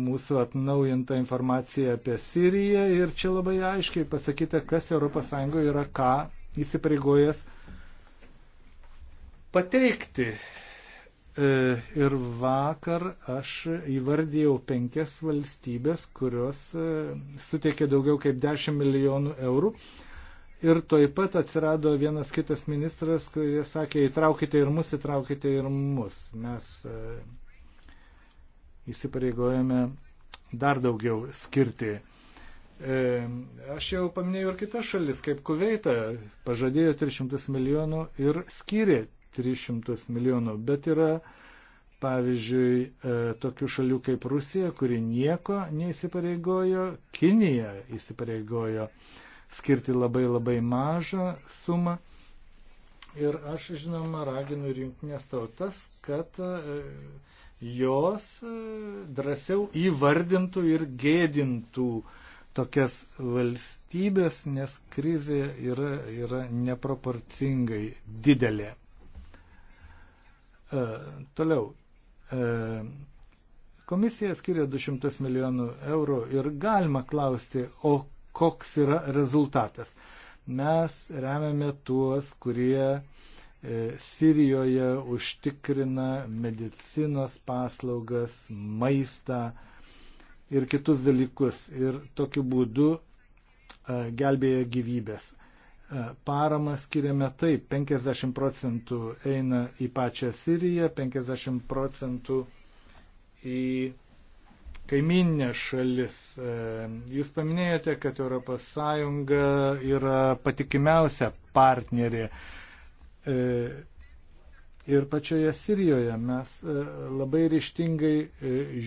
mūsų atnaujinta informacija apie Siriją ir čia labai aiškiai pasakyta, kas ES yra ką įsipareigojęs pateikti. E, ir vakar aš įvardėjau penkias valstybės, kurios e, suteikė daugiau kaip 10 milijonų eurų. Ir toj pat atsirado vienas kitas ministras, kurie sakė, įtraukite ir mus, įtraukite ir mus. Mes e, įsipareigojame dar daugiau skirti. Aš jau paminėjau ir kitas šalis, kaip Kuveita, pažadėjo 300 milijonų ir skyrė 300 milijonų, bet yra pavyzdžiui e, tokių šalių kaip Rusija, kuri nieko neįsipareigojo, Kinija įsipareigojo skirti labai labai mažą sumą. Ir aš, žinoma, raginu ir jungtinės tautas, kad e, jos e, drąsiau įvardintų ir gėdintų tokias valstybės, nes krizė yra, yra neproporcingai didelė. E, toliau. E, komisija skiria 200 milijonų eurų ir galima klausti, o koks yra rezultatas. Mes remiame tuos, kurie e, Sirijoje užtikrina medicinos paslaugas, maistą ir kitus dalykus. Ir tokiu būdu gelbėja gyvybės. E, paramą skiriame taip, 50 procentų eina į pačią Siriją, 50 procentų į kaiminę šalis. E, jūs paminėjote, kad ES yra patikimiausia partnerė. E, ir pačioje Sirijoje mes labai ryštingai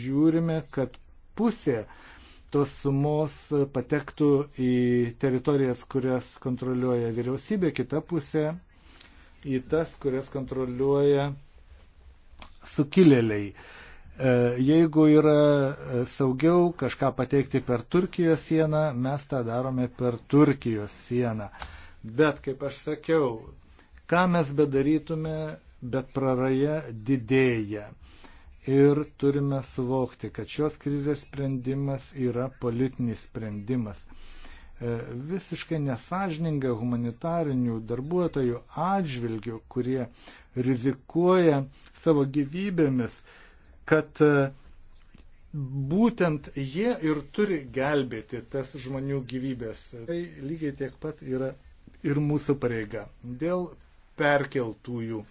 žiūrime, kad pusė uh, tos sumos patektų į teritorijas, kurias kontroliuoja vyriausybė, kita pusė į tas, kurias kontroliuoja sukilėliai. E, jeigu yra saugiau kažką pateikti per Turkijos sieną, mes tą darome per Turkijos sieną. Bet, kaip aš sakiau, ką mes bedarytume, bet praraja didėja ir turime suvokti, kad šios krizės sprendimas yra politinis sprendimas. E, visiškai nesažininga humanitarinių darbuotojų atžvilgių, kurie rizikuoja savo gyvybėmis, kad e, būtent jie ir turi gelbėti tas žmonių gyvybės. Tai lygiai tiek pat yra ir mūsų pareiga dėl perkeltųjų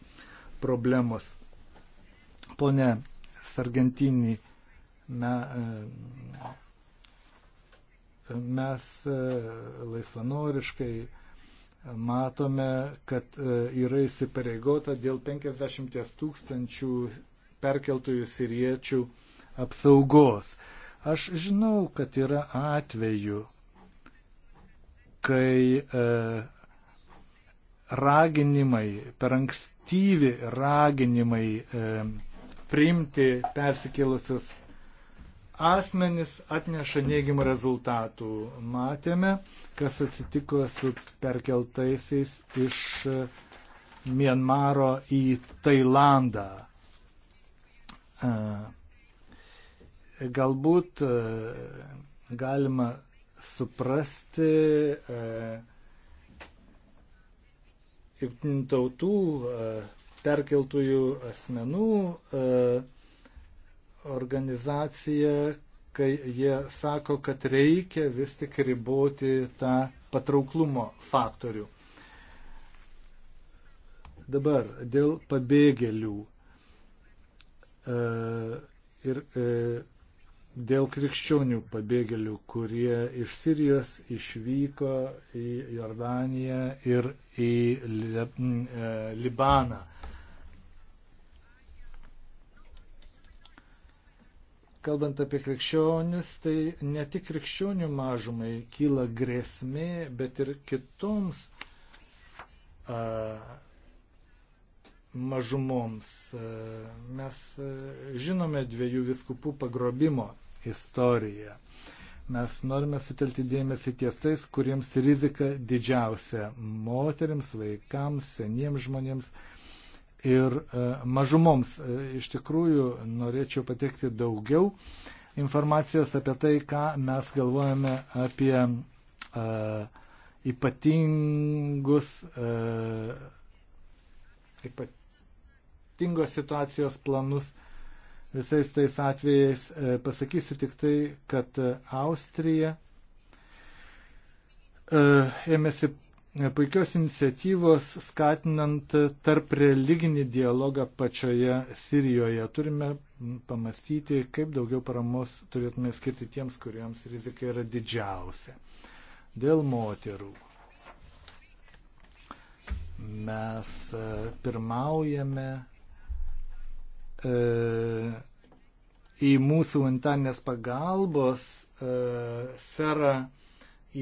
problemos. Pone Sargentinį. Me, mes e, laisvanoriškai matome, kad e, yra įsipareigota dėl 50 tūkstančių perkeltųjų siriečių apsaugos. Aš žinau, kad yra atvejų, kai e, raginimai, per ankstyvi raginimai e, priimti persikėlusius asmenis atneša neigiamų rezultatų. Matėme, kas atsitiko su perkeltaisiais iš Mienmaro į Tailandą. Galbūt galima suprasti jungtinių tautų perkeltųjų asmenų e, organizacija, kai jie sako, kad reikia vis tik riboti tą patrauklumo faktorių. Dabar dėl pabėgėlių e, ir e, dėl krikščionių pabėgėlių, kurie iš Sirijos išvyko į Jordaniją ir į Libaną. Kalbant apie krikščionis, tai ne tik krikščionių mažumai kyla grėsmė, bet ir kitoms a, mažumoms. A, mes a, žinome dviejų viskupų pagrobimo istoriją. Mes norime sutelti dėmesį ties tais, kuriems rizika didžiausia - moteriams, vaikams, seniems žmonėms. A, ir e, mažumoms. E, iš tikrųjų, norėčiau pateikti daugiau informacijos apie tai, ką mes galvojame apie a, e, ypatingus, a, ypatingos situacijos planus. Visais tais atvejais a, pasakysiu tik tai, kad Austrija ėmėsi puikios iniciatyvos skatinant tarp religinį dialogą pačioje Sirijoje. Turime pamastyti, kaip daugiau paramos turėtume skirti tiems, kuriems rizika yra didžiausia. Dėl moterų. Mes e, pirmaujame e, į mūsų humanitarnės pagalbos e, sferą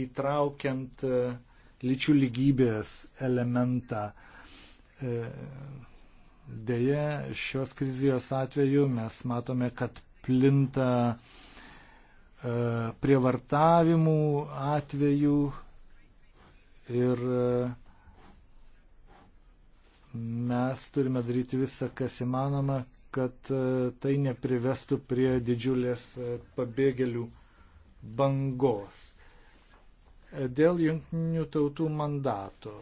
įtraukiant e, lyčių lygybės elementą. E, Deja, šios krizijos atveju mes matome, kad plinta e, prievartavimų atvejų ir e, mes turime daryti visą, kas įmanoma, kad tai neprivestų prie didžiulės pabėgėlių bangos. Dėl jungtinių tautų mandato.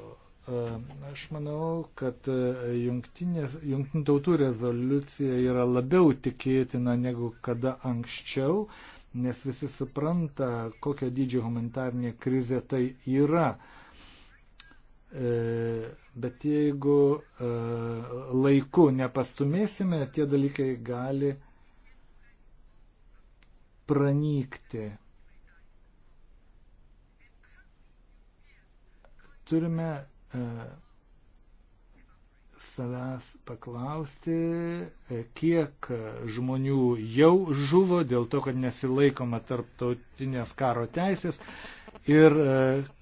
E, aš manau, kad e, jungtinių tautų rezoliucija yra labiau tikėtina negu kada anksčiau, nes visi supranta, kokio dydžio humanitarnė krizė tai yra. E, bet jeigu laiku nepastumėsime, tie dalykai gali pranykti. Turime e, savęs paklausti, e, kiek žmonių jau žuvo dėl to, kad nesilaikoma tarptautinės karo teisės ir e,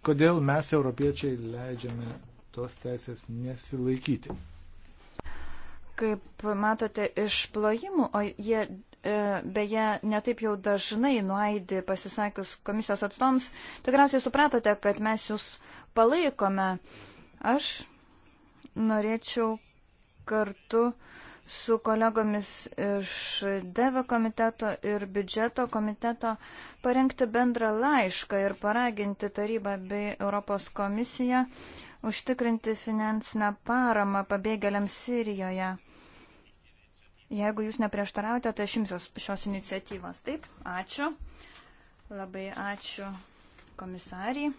kodėl mes, europiečiai, leidžiame tos teisės nesilaikyti. Kaip matote, iš plojimų, o jie E, beje, netaip jau dažnai nuaidi pasisakius komisijos atstoms, tikriausiai supratote, kad mes jūs palaikome. Aš norėčiau kartu su kolegomis iš DEVE komiteto ir biudžeto komiteto parengti bendrą laišką ir paraginti tarybą bei Europos komisiją užtikrinti finansinę paramą pabėgėliams Sirijoje. Jeigu jūs neprieštaraujate, tai aš imsiuos šios iniciatyvos. Taip, ačiū. Labai ačiū komisarijai.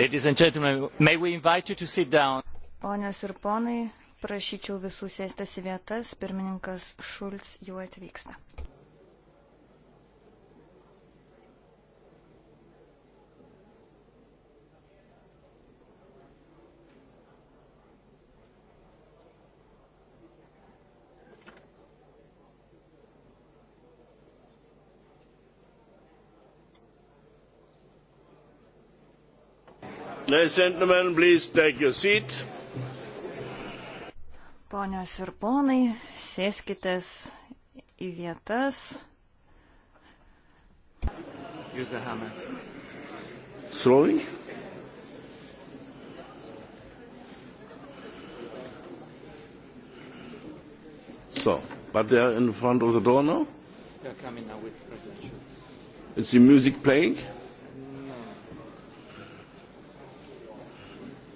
Ladies and gentlemen, may we invite you to sit down? Ponios ir ponai, prašyčiau visų sėstis į vietas, pirmininkas Šulc jau atvyksta. Ladies and gentlemen, please take your seat. Ponios ir ponai, sėskitės į vietas. Use the hammer. Slowly. So, but they are in front of the door now? They are coming now with presidential. Is the music playing? Yeah.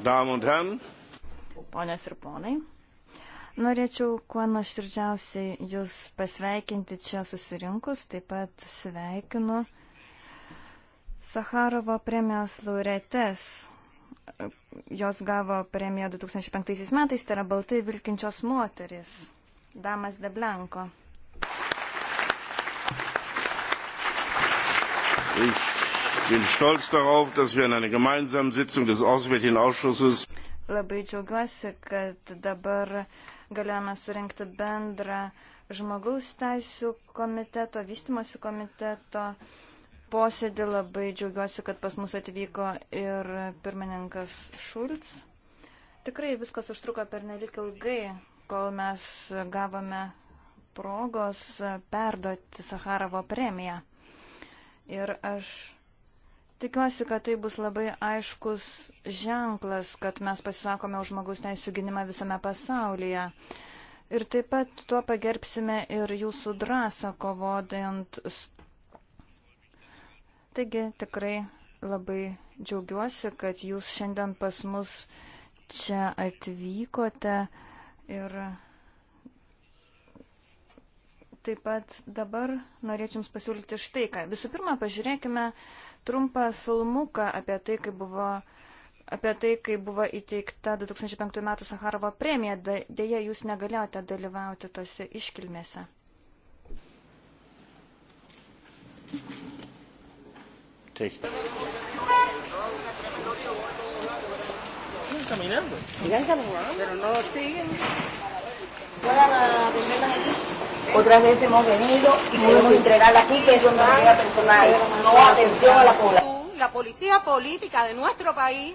Damen und Herren. Ponės ir ponai. Norėčiau kuo nuoširdžiausiai Jūs pasveikinti čia susirinkus, taip pat sveikinu Sakarovo premijos laureates. Jos gavo premiją 2005 metais, tai yra baltai vilkinčios moteris, Damas de Blanco. Ich bin stolz darauf, dass wir in einer gemeinsamen Sitzung des Auswärtigen Ausschusses Labai džiaugiuosi, kad dabar galėjome surinkti bendrą žmogaus teisų komiteto, vystimosi komiteto posėdį. Labai džiaugiuosi, kad pas mus atvyko ir pirmininkas Šulc. Tikrai viskas užtruko per nelik ilgai, kol mes gavome progos perduoti Sakarovo premiją. Ir aš Tikiuosi, kad tai bus labai aiškus ženklas, kad mes pasisakome už žmogaus teisų gynimą visame pasaulyje. Ir taip pat tuo pagerbsime ir jūsų drąsą kovodant. Taigi tikrai labai džiaugiuosi, kad jūs šiandien pas mus čia atvykote ir taip pat dabar norėčiau Jums pasiūlyti štai ką. Visų pirma, pažiūrėkime, uh, trumpą filmuką apie tai, kaip buvo, apie tai, kaip buvo įteikta 2005 m. Sakarovo premija. Deja, jūs negalėjote dalyvauti tose iškilmėse. Take. Caminando. Sigan caminando. Pero no siguen. Puedan atender la gente. Otras veces hemos venido y queremos entregar aquí, que eso no llega personal, no atención a la población. La policía política de nuestro país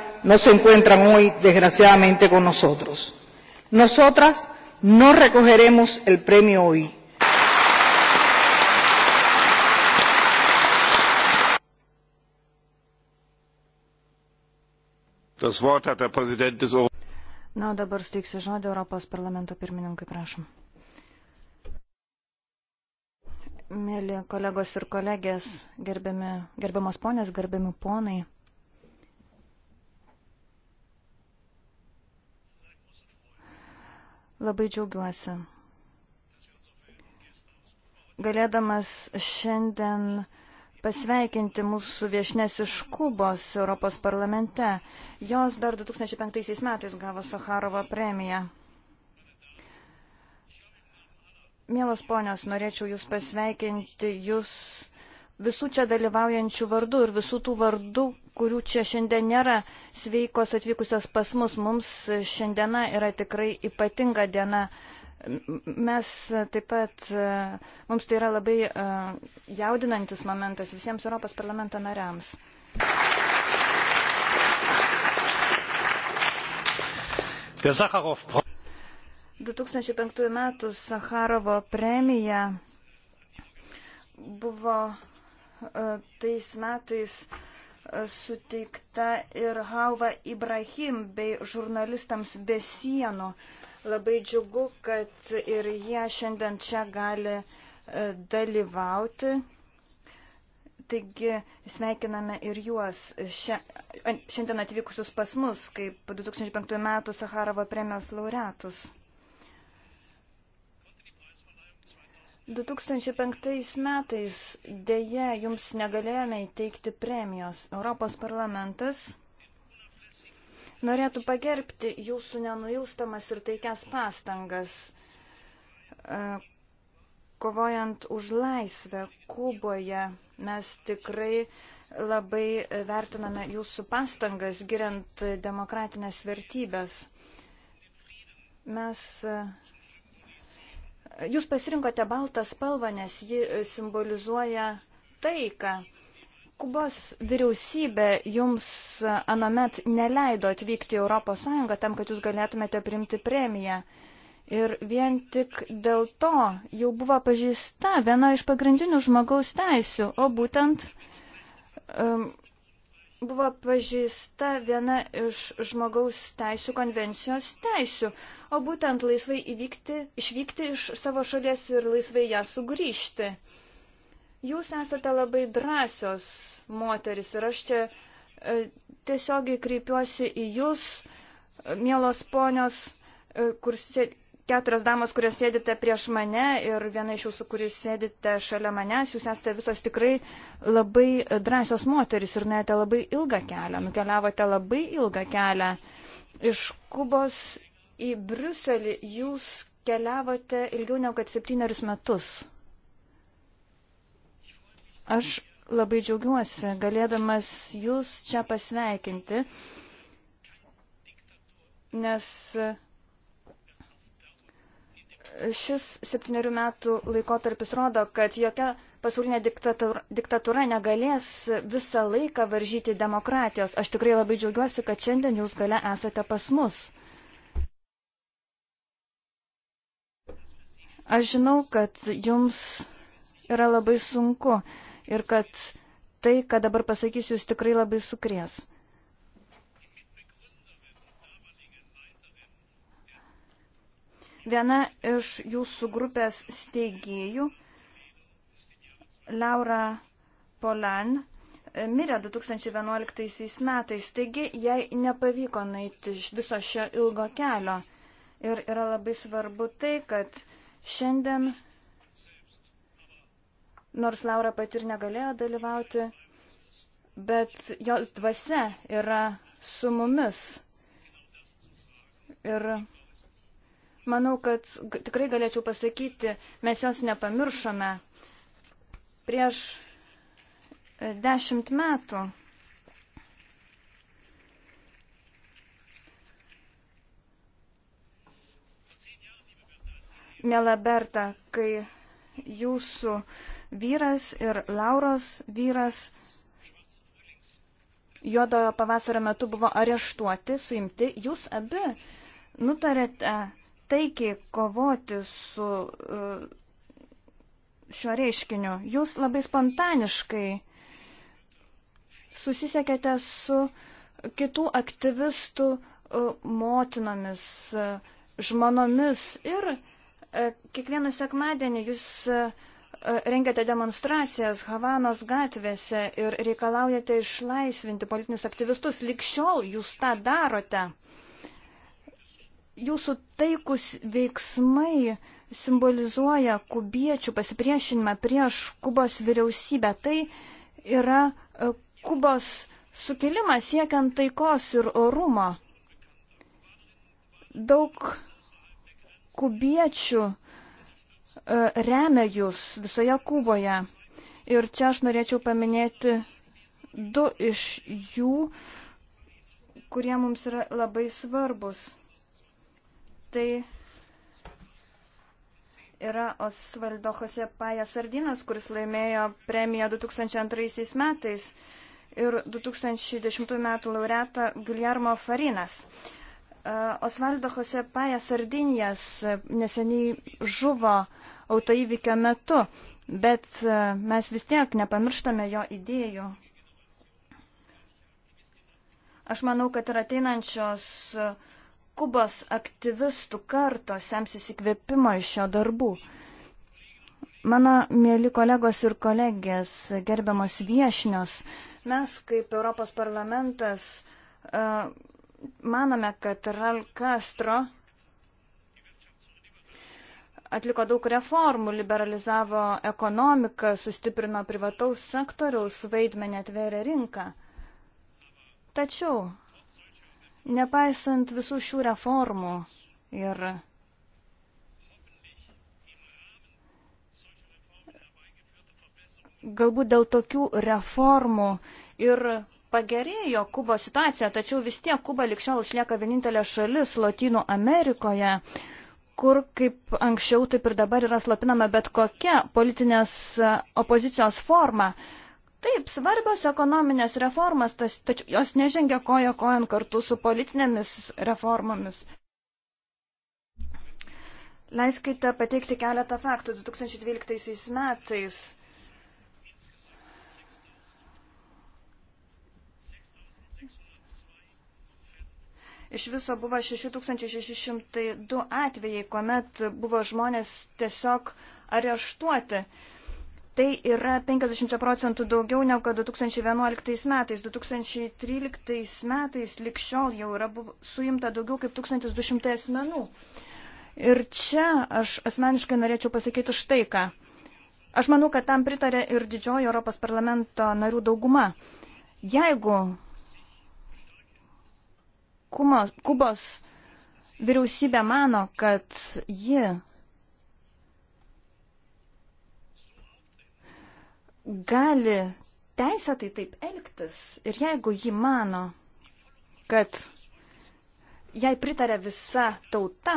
no se encuentran hoy, desgraciadamente, con nosotros. Nosotras no recogeremos el premio hoy. Das Wort hat der Präsident des Na, dabar steiksiu žodį Europos parlamento pirmininkui, prašom. Mėly kolegos ir kolegės, gerbiami, gerbiamos ponės, gerbiami ponai. Labai džiaugiuosi. Galėdamas šiandien pasveikinti mūsų viešnės iš Kubos Europos parlamente. Jos dar 2005 metais gavo Sakharovo premiją. Mielos ponios, norėčiau Jūs pasveikinti Jūs visų čia dalyvaujančių vardų ir visų tų vardų, kurių čia šiandien nėra sveikos atvykusios pas mus. Mums šiandiena yra tikrai ypatinga diena. Mes taip pat, e, mums tai yra labai e, jaudinantis momentas visiems Europos parlamento nariams. Der Sakharov 2005 m. Sakharovo premija buvo tais metais e, suteikta ir Halva Ibrahim bei žurnalistams be sienų. Labai džiugu, kad ir jie šiandien čia gali e, dalyvauti. Taigi sveikiname ir juos šiandien atvykusius pas mus kaip 2005 m. Sakarovo premijos laureatus. 2005 metais dėje jums negalėjome įteikti premijos. Europos parlamentas norėtų pagerbti jūsų nenuilstamas ir taikias pastangas, e, kovojant už laisvę Kuboje. Mes tikrai labai vertiname jūsų pastangas, giriant demokratinės vertybės. Mes e, Jūs pasirinkote baltą spalvą, nes ji e, simbolizuoja taiką. Kubos vyriausybė jums e, anomet neleido atvykti į ES tam, kad jūs galėtumėte primti premiją. Ir vien tik dėl to jau buvo pažįsta viena iš pagrindinių žmogaus teisių, o būtent um, buvo pažįsta viena iš žmogaus teisų konvencijos teisių, o būtent laisvai įvykti, išvykti iš savo šalies ir laisvai ją sugrįžti. Jūs esate labai drąsios moteris ir aš čia e, tiesiogiai kreipiuosi į jūs, mielos ponios, e, kur, keturios damos, kurios sėdite prieš mane ir viena iš jūsų, kuris sėdite šalia manęs, jūs esate visos tikrai labai drąsios moteris ir nuėjote labai ilgą kelią, nukeliavote labai ilgą kelią. Iš Kubos į Briuselį jūs keliavote ilgiau negu kad septynerius metus. Aš labai džiaugiuosi galėdamas jūs čia pasveikinti, nes Šis septyniarių metų laikotarpis rodo, kad jokia pasaulinė diktatūra, diktatūra negalės visą laiką varžyti demokratijos. Aš tikrai labai džiaugiuosi, kad šiandien jūs gale esate pas mus. Aš žinau, kad jums yra labai sunku ir kad tai, ką dabar pasakysiu, jūs tikrai labai sukries. Viena iš jūsų grupės steigėjų, Laura Polan, e, mirė 2011 metais, taigi jai nepavyko naiti viso šio ilgo kelio. Ir yra labai svarbu tai, kad šiandien, nors Laura pat ir negalėjo dalyvauti, bet jos dvasia yra su mumis. Ir Manau, kad tikrai galėčiau pasakyti, mes jos nepamiršome. Prieš e, dešimt metų Mėla Berta, kai jūsų vyras ir Lauros vyras juodojo pavasario metu buvo areštuoti, suimti, jūs abi nutarėte taikiai kovoti su e, šiuo reiškiniu. Jūs labai spontaniškai susisiekėte su kitų aktyvistų e, motinomis, e, žmonomis ir kiekvieną sekmadienį jūs rengiate demonstracijas Havanos gatvėse ir reikalaujate išlaisvinti politinius aktyvistus. Likščiol jūs tą darote jūsų taikus veiksmai simbolizuoja kubiečių pasipriešinimą prieš Kubos vyriausybę. Tai yra e, Kubos sukilimas siekiant taikos ir orumo. Daug kubiečių e, remia jūs visoje Kuboje. Ir čia aš norėčiau paminėti du iš jų, kurie mums yra labai svarbus. Tai yra Osvaldo Jose Paja Sardinas, kuris laimėjo premiją 2002 metais ir 2010 metų laureatą Guillermo Farinas. E, Osvaldo Jose Paja Sardinijas neseniai žuvo autoįvykio metu, bet e, mes vis tiek nepamirštame jo idėjų. Aš manau, kad ir ateinančios uh, Kubos aktyvistų kartos semsis įkvėpimo iš jo darbų. Mano mėly kolegos ir kolegės, gerbiamos viešnios, mes kaip Europos parlamentas e, manome, kad Ral Castro atliko daug reformų, liberalizavo ekonomiką, sustiprino privataus sektoriaus vaidmenį, atvėrė rinką. Tačiau Nepaisant visų šių reformų ir galbūt dėl tokių reformų ir pagerėjo Kubos situacija, tačiau vis tiek Kuba likščiau išlieka vienintelė šalis Lotynų Amerikoje, kur kaip anksčiau, taip ir dabar yra slapinama bet kokia politinės opozicijos forma. Taip, svarbios ekonominės reformas, tačiau jos nežengia koja kojant kartu su politinėmis reformomis. Leiskite pateikti keletą faktų 2012 metais. Iš viso buvo 6602 atvejai, kuomet buvo žmonės tiesiog areštuoti. Uh, Tai yra 50 procentų daugiau negu 2011 metais. 2013 metais likščiol jau yra suimta daugiau kaip 1200 asmenų. Ir čia aš asmeniškai norėčiau pasakyti štai ką. Aš manau, kad tam pritarė ir didžioji Europos parlamento narių dauguma. Jeigu Kumos, Kubos vyriausybė mano, kad ji gali teisėtai taip elgtis ir jeigu ji mano, kad jai pritarė visa tauta,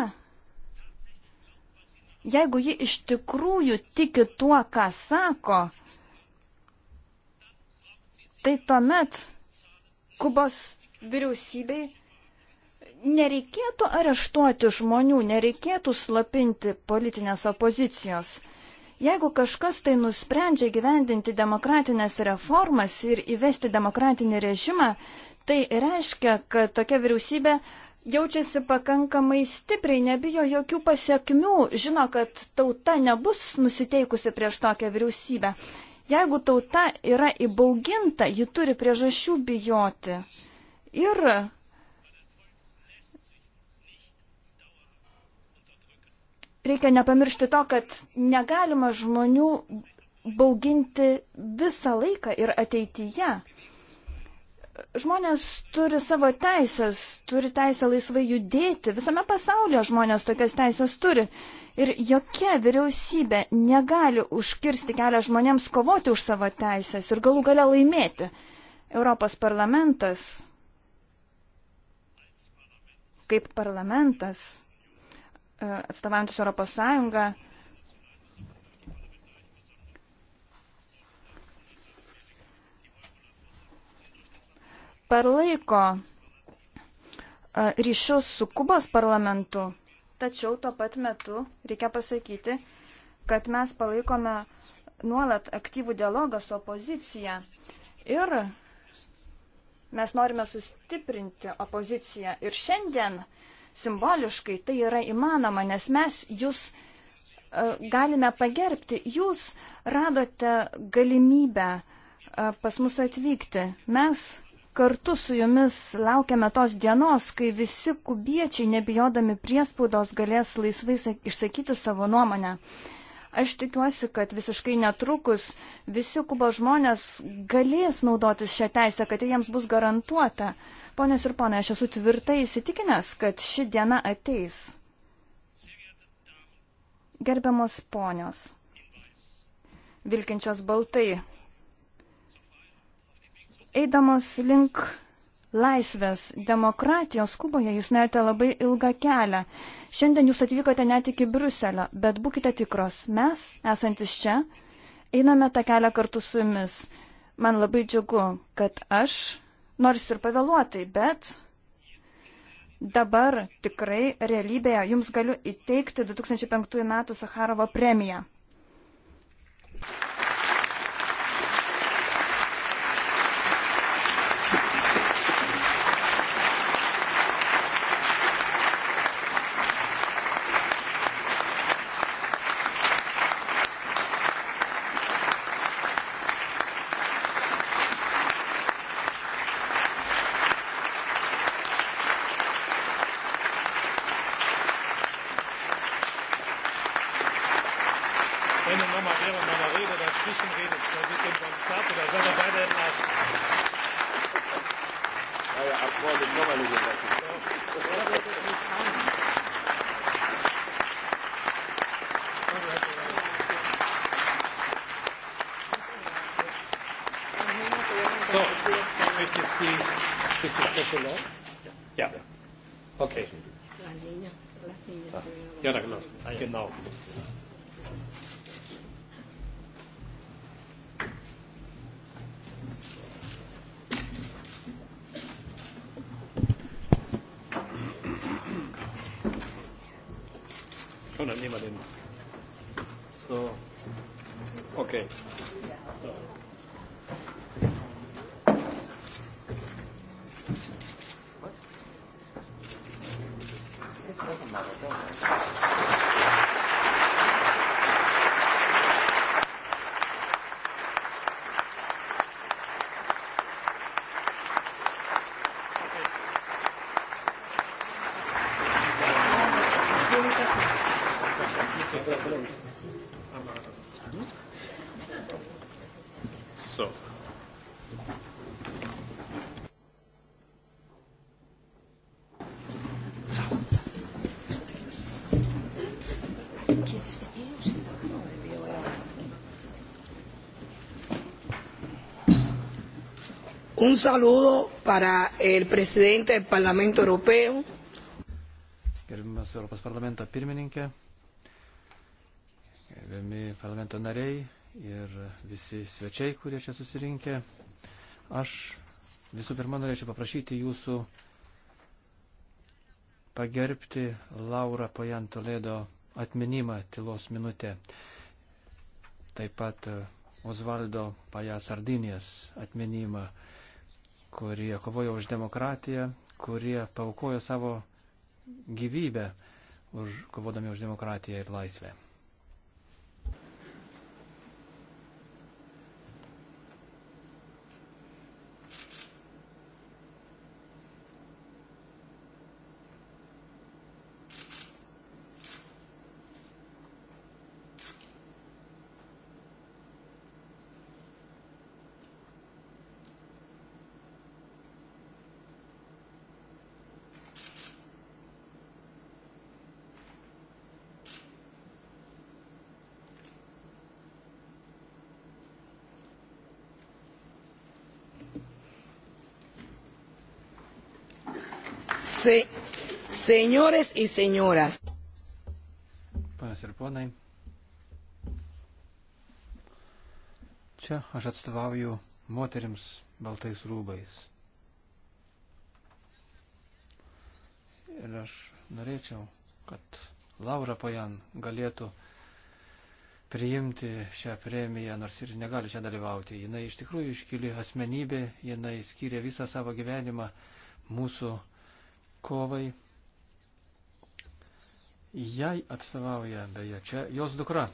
jeigu ji iš tikrųjų tiki tuo, ką sako, tai tuomet Kubos vyriausybei nereikėtų areštuoti žmonių, nereikėtų slapinti politinės opozicijos. Jeigu kažkas tai nusprendžia gyvendinti demokratinės reformas ir įvesti demokratinį režimą, tai reiškia, kad tokia vyriausybė jaučiasi pakankamai stipriai, nebijo jokių pasiekmių, žino, kad tauta nebus nusiteikusi prieš tokią vyriausybę. Jeigu tauta yra įbauginta, ji turi priežasčių bijoti. Ir reikia nepamiršti to, kad negalima žmonių bauginti visą laiką ir ateityje. Žmonės turi savo teisės, turi teisę laisvai judėti. Visame pasaulyje žmonės tokias teisės turi. Ir jokia vyriausybė negali užkirsti kelią žmonėms kovoti už savo teisės ir galų gale laimėti. Europos parlamentas kaip parlamentas atstovantis Europos Sąjungą. Parlaiko e, ryšius su Kubos parlamentu, tačiau tuo pat metu reikia pasakyti, kad mes palaikome nuolat aktyvų dialogą su opozicija ir mes norime sustiprinti opoziciją. Ir šiandien uh, simboliškai tai yra įmanoma, nes mes jūs e, galime pagerbti. Jūs radote galimybę e, pas mus atvykti. Mes kartu su jumis laukiame tos dienos, kai visi kubiečiai, nebijodami priespaudos, galės laisvai išsakyti savo nuomonę. Uh, Aš tikiuosi, kad visiškai netrukus visi Kubos žmonės galės naudotis šią teisę, kad jiems bus garantuota. Ponios ir ponai, aš esu tvirtai įsitikinęs, kad ši diena ateis. Gerbiamos ponios, vilkinčios baltai, eidamos link laisvės, demokratijos Kuboje jūs nuėjote labai ilgą kelią. Šiandien jūs atvykote net iki Bruselio, bet būkite tikros, mes, esantis čia, einame tą kelią kartu su jumis. Man labai džiugu, kad aš, nors ir pavėluotai, bet dabar tikrai realybėje jums galiu įteikti 2005 m. Sakarovo premiją. Las niñas, las niñas. Ah. Y ahora, claro, no. ahí. Genau. Un saludo para el presidente del Parlamento Europeo. Gerbimas Europos parlamento pirmininkė, gerbiami parlamento nariai ir visi svečiai, kurie čia susirinkę, aš visų pirma norėčiau paprašyti jūsų pagerbti Laura Pajantolėdo atminimą tylos minutę. Taip pat Osvaldo Pajasardinės atminimą kurie kovojo už demokratiją, kurie paukojo savo gyvybę už, kovodami už demokratiją ir laisvę. Se, señores y señoras. Panas ir ponai. Čia aš atstovauju moteriams baltais rūbais. Ir aš norėčiau, kad Laura Pojan galėtų priimti šią premiją, nors ir negali čia dalyvauti. Jis iš tikrųjų iškili asmenybė, jinai skyrė visą savo gyvenimą mūsų kovai. Jai atstovauja beje čia jos dukra.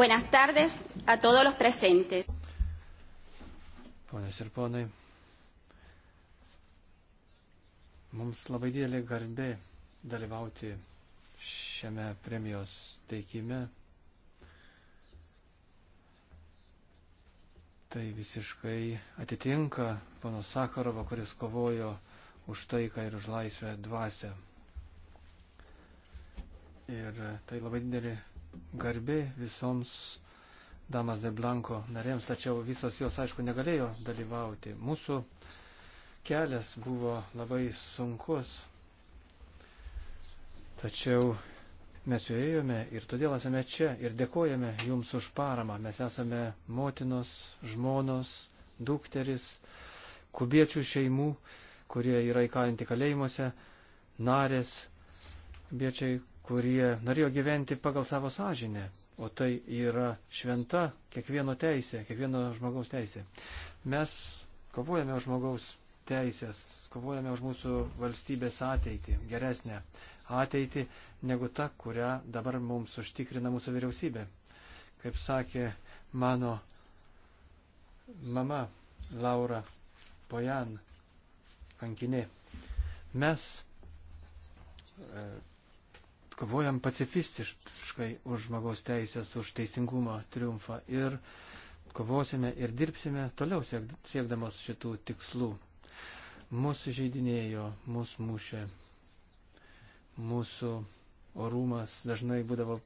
Buenas tardes a todos los presentes. Ponas ir ponai. Mums labai didelė garbė dalyvauti šiame premijos teikime. Tai visiškai atitinka pono Sakarovo, kuris kovojo už taiką ir už laisvę dvasę. Ir tai labai didelė garbė visoms Damas de Blanko narėms, tačiau visos jos, aišku, negalėjo dalyvauti. Mūsų uh, Kelias buvo labai sunkus, tačiau mes jau ėjome ir todėl esame čia ir dėkojame Jums už paramą. Mes esame motinos, žmonos, dukteris, kubiečių šeimų, kurie yra įkalinti kalėjimuose, narės, kubiečiai, kurie norėjo gyventi pagal savo sąžinę, o tai yra šventa kiekvieno teisė, kiekvieno žmogaus teisė. Mes kovojame už žmogaus teisės, kovojame už mūsų valstybės ateitį, geresnę ateitį, negu ta, kurią dabar mums užtikrina mūsų vyriausybė. Kaip sakė mano mama Laura Pojan, kankinė, mes e, kovojam pacifistiškai už žmogaus teisės, už teisingumo triumfą ir kovosime ir dirbsime toliau siekdamos šitų tikslų. Mūsų žaidinėjo, mūsų mušė, mūsų orumas dažnai būdavo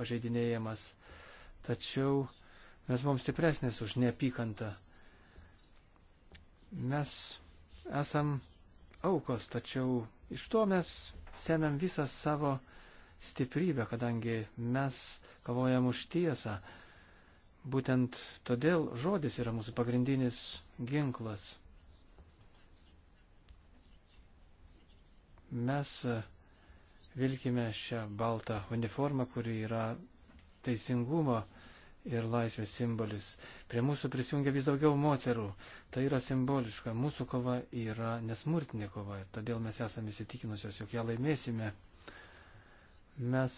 pažeidinėjamas, tačiau mes buvom stipresnės už neapykantą. Mes esam aukos, tačiau iš to mes semiam visą savo stiprybę, kadangi mes kovojam už tiesą. Būtent todėl žodis yra mūsų pagrindinis ginklas. Mes e, vilkime šią baltą uniformą, kuri yra teisingumo ir laisvės simbolis. Prie mūsų prisijungia vis daugiau moterų. Tai yra simboliška. Mūsų kova yra nesmurtinė kova ir todėl mes esame įsitikinusios, jog ją laimėsime. Mes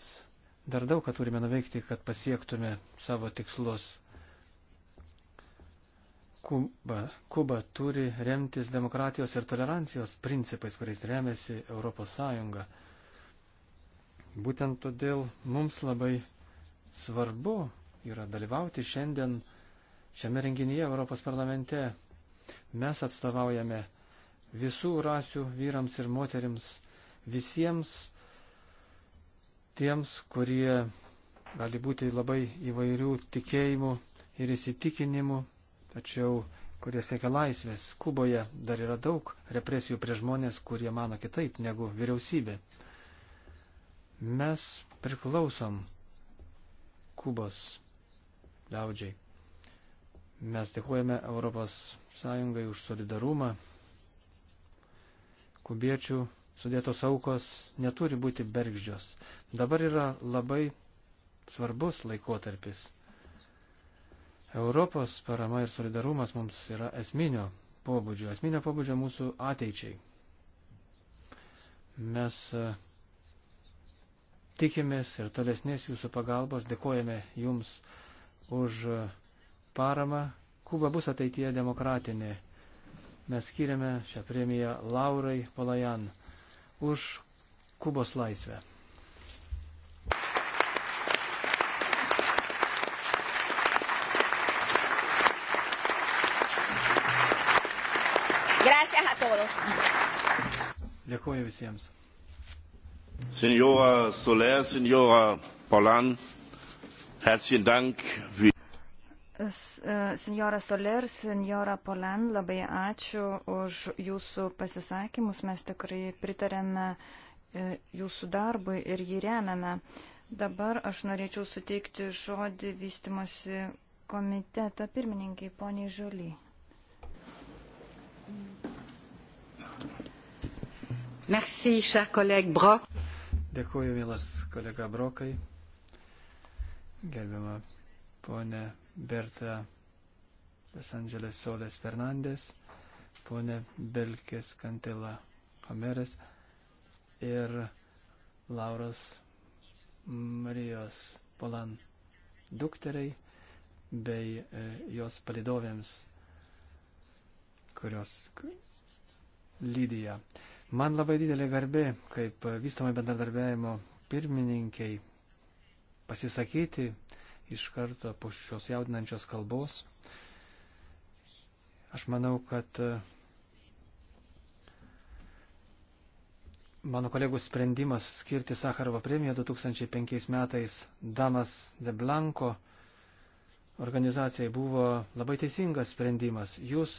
dar daug ką turime nuveikti, kad pasiektume savo tikslus. Kuba. Kuba turi remtis demokratijos ir tolerancijos principais, kuriais remiasi Europos Sąjunga. Būtent todėl mums labai svarbu yra dalyvauti šiandien šiame renginyje Europos parlamente. Mes atstovaujame visų rasių vyrams ir moterims, visiems tiems, kurie gali būti labai įvairių tikėjimų ir įsitikinimų tačiau kurie siekia laisvės. Kuboje dar yra daug represijų prie žmonės, kurie mano kitaip negu vyriausybė. Mes priklausom Kubos liaudžiai. Mes dėkojame Europos Sąjungai už solidarumą. Kubiečių sudėtos aukos neturi būti bergždžios. Dabar yra labai svarbus laikotarpis. Europos parama ir solidarumas mums yra esminio pobūdžio, esminio pobūdžio mūsų ateičiai. Mes e, tikimės ir tolesnės jūsų pagalbos, dėkojame jums už e, paramą. Kuba bus ateityje demokratinė. Mes skiriame šią premiją Laurai Palajan už Kubos laisvę. Dėkuoju visiems. Senjora Soler, senjora Polan, herzlichen Dank. E, senjora Soler, senjora Polan, labai ačiū už jūsų pasisakymus. Mes tikrai pritarėme e, jūsų darbui ir jį remiame. Dabar aš norėčiau suteikti žodį vystimosi komiteto pirmininkai, poniai Žoly. Merci, cher collègue Brok. Dėkuoju, mielas kolega Brokai. Gerbiama ponė Berta Los Angeles Soles Fernandės, ponė Belkės Kantela Homeres ir Lauros Marijos Polan dukteriai bei e, jos palidovėms, kurios lydyja. E, Man labai didelė garbė, kaip vystomai bendradarbiajimo pirmininkiai, pasisakyti iš karto po šios jaudinančios kalbos. Aš manau, kad uh, mano kolegų sprendimas skirti Sakarovo premiją 2005 metais Damas de Blanco organizacijai buvo labai teisingas sprendimas. Jūs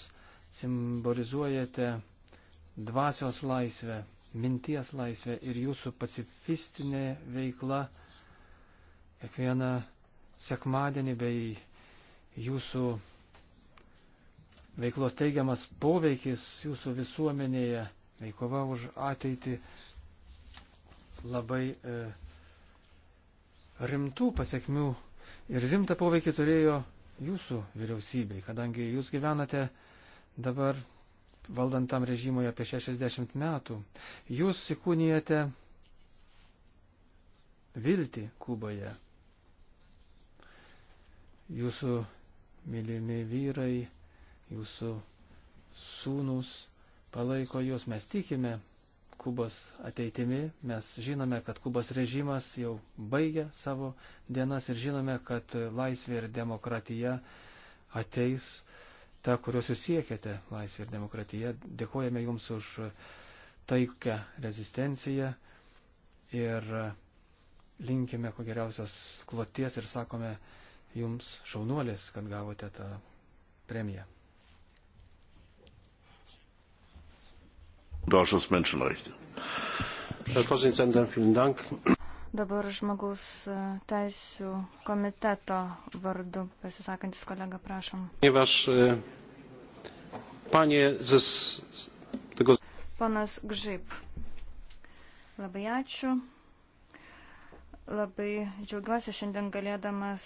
simbolizuojate dvasios laisvę, minties laisvę ir jūsų pacifistinė veikla kiekvieną sekmadienį bei jūsų veiklos teigiamas poveikis jūsų visuomenėje, veikova už ateitį labai e, rimtų pasiekmių ir rimtą poveikį turėjo jūsų vyriausybei, kadangi jūs gyvenate dabar valdant tam režimui apie 60 metų. Jūs įkūnijate viltį Kuboje. Jūsų mylimi vyrai, jūsų sūnus palaiko jūs, mes tikime Kubos ateitimi, mes žinome, kad Kubos režimas jau baigia savo dienas ir žinome, kad laisvė ir demokratija ateis ta, kuriuo susiekėte laisvė ir demokratija. Dėkojame Jums už taikę rezistenciją ir linkime ko geriausios kloties ir sakome Jums šaunuolės, kad gavote tą premiją. Deutsches Menschenrechte. Herr Vorsitzender, vielen Dank. Dabar žmogaus e, teisų komiteto vardu pasisakantis kolega, prašom. E, Panas Gžaip. Labai ačiū. Labai džiaugiuosi šiandien galėdamas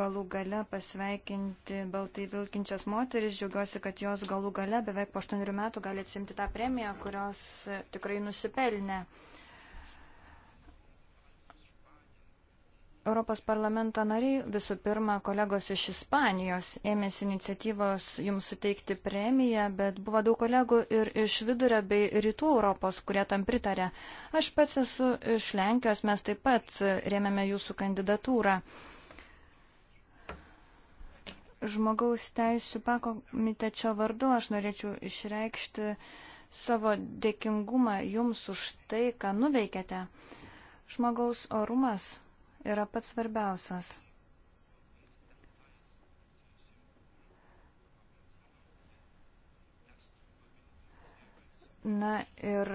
galų gale pasveikinti baltai vilkinčias moteris. Džiaugiuosi, kad jos galų gale beveik po aštuonių metų gali atsimti tą premiją, kurios tikrai nusipelnė. Uh, Europos parlamento nariai, visų pirma, kolegos iš Ispanijos ėmėsi iniciatyvos jums suteikti premiją, bet buvo daug kolegų ir iš vidurio bei rytų Europos, kurie tam pritarė. Aš pats esu iš Lenkijos, mes taip pat rėmėme jūsų kandidatūrą. Žmogaus teisų pakomitečio vardu aš norėčiau išreikšti savo dėkingumą jums už tai, ką nuveikėte. Žmogaus orumas yra pats svarbiausias. Na ir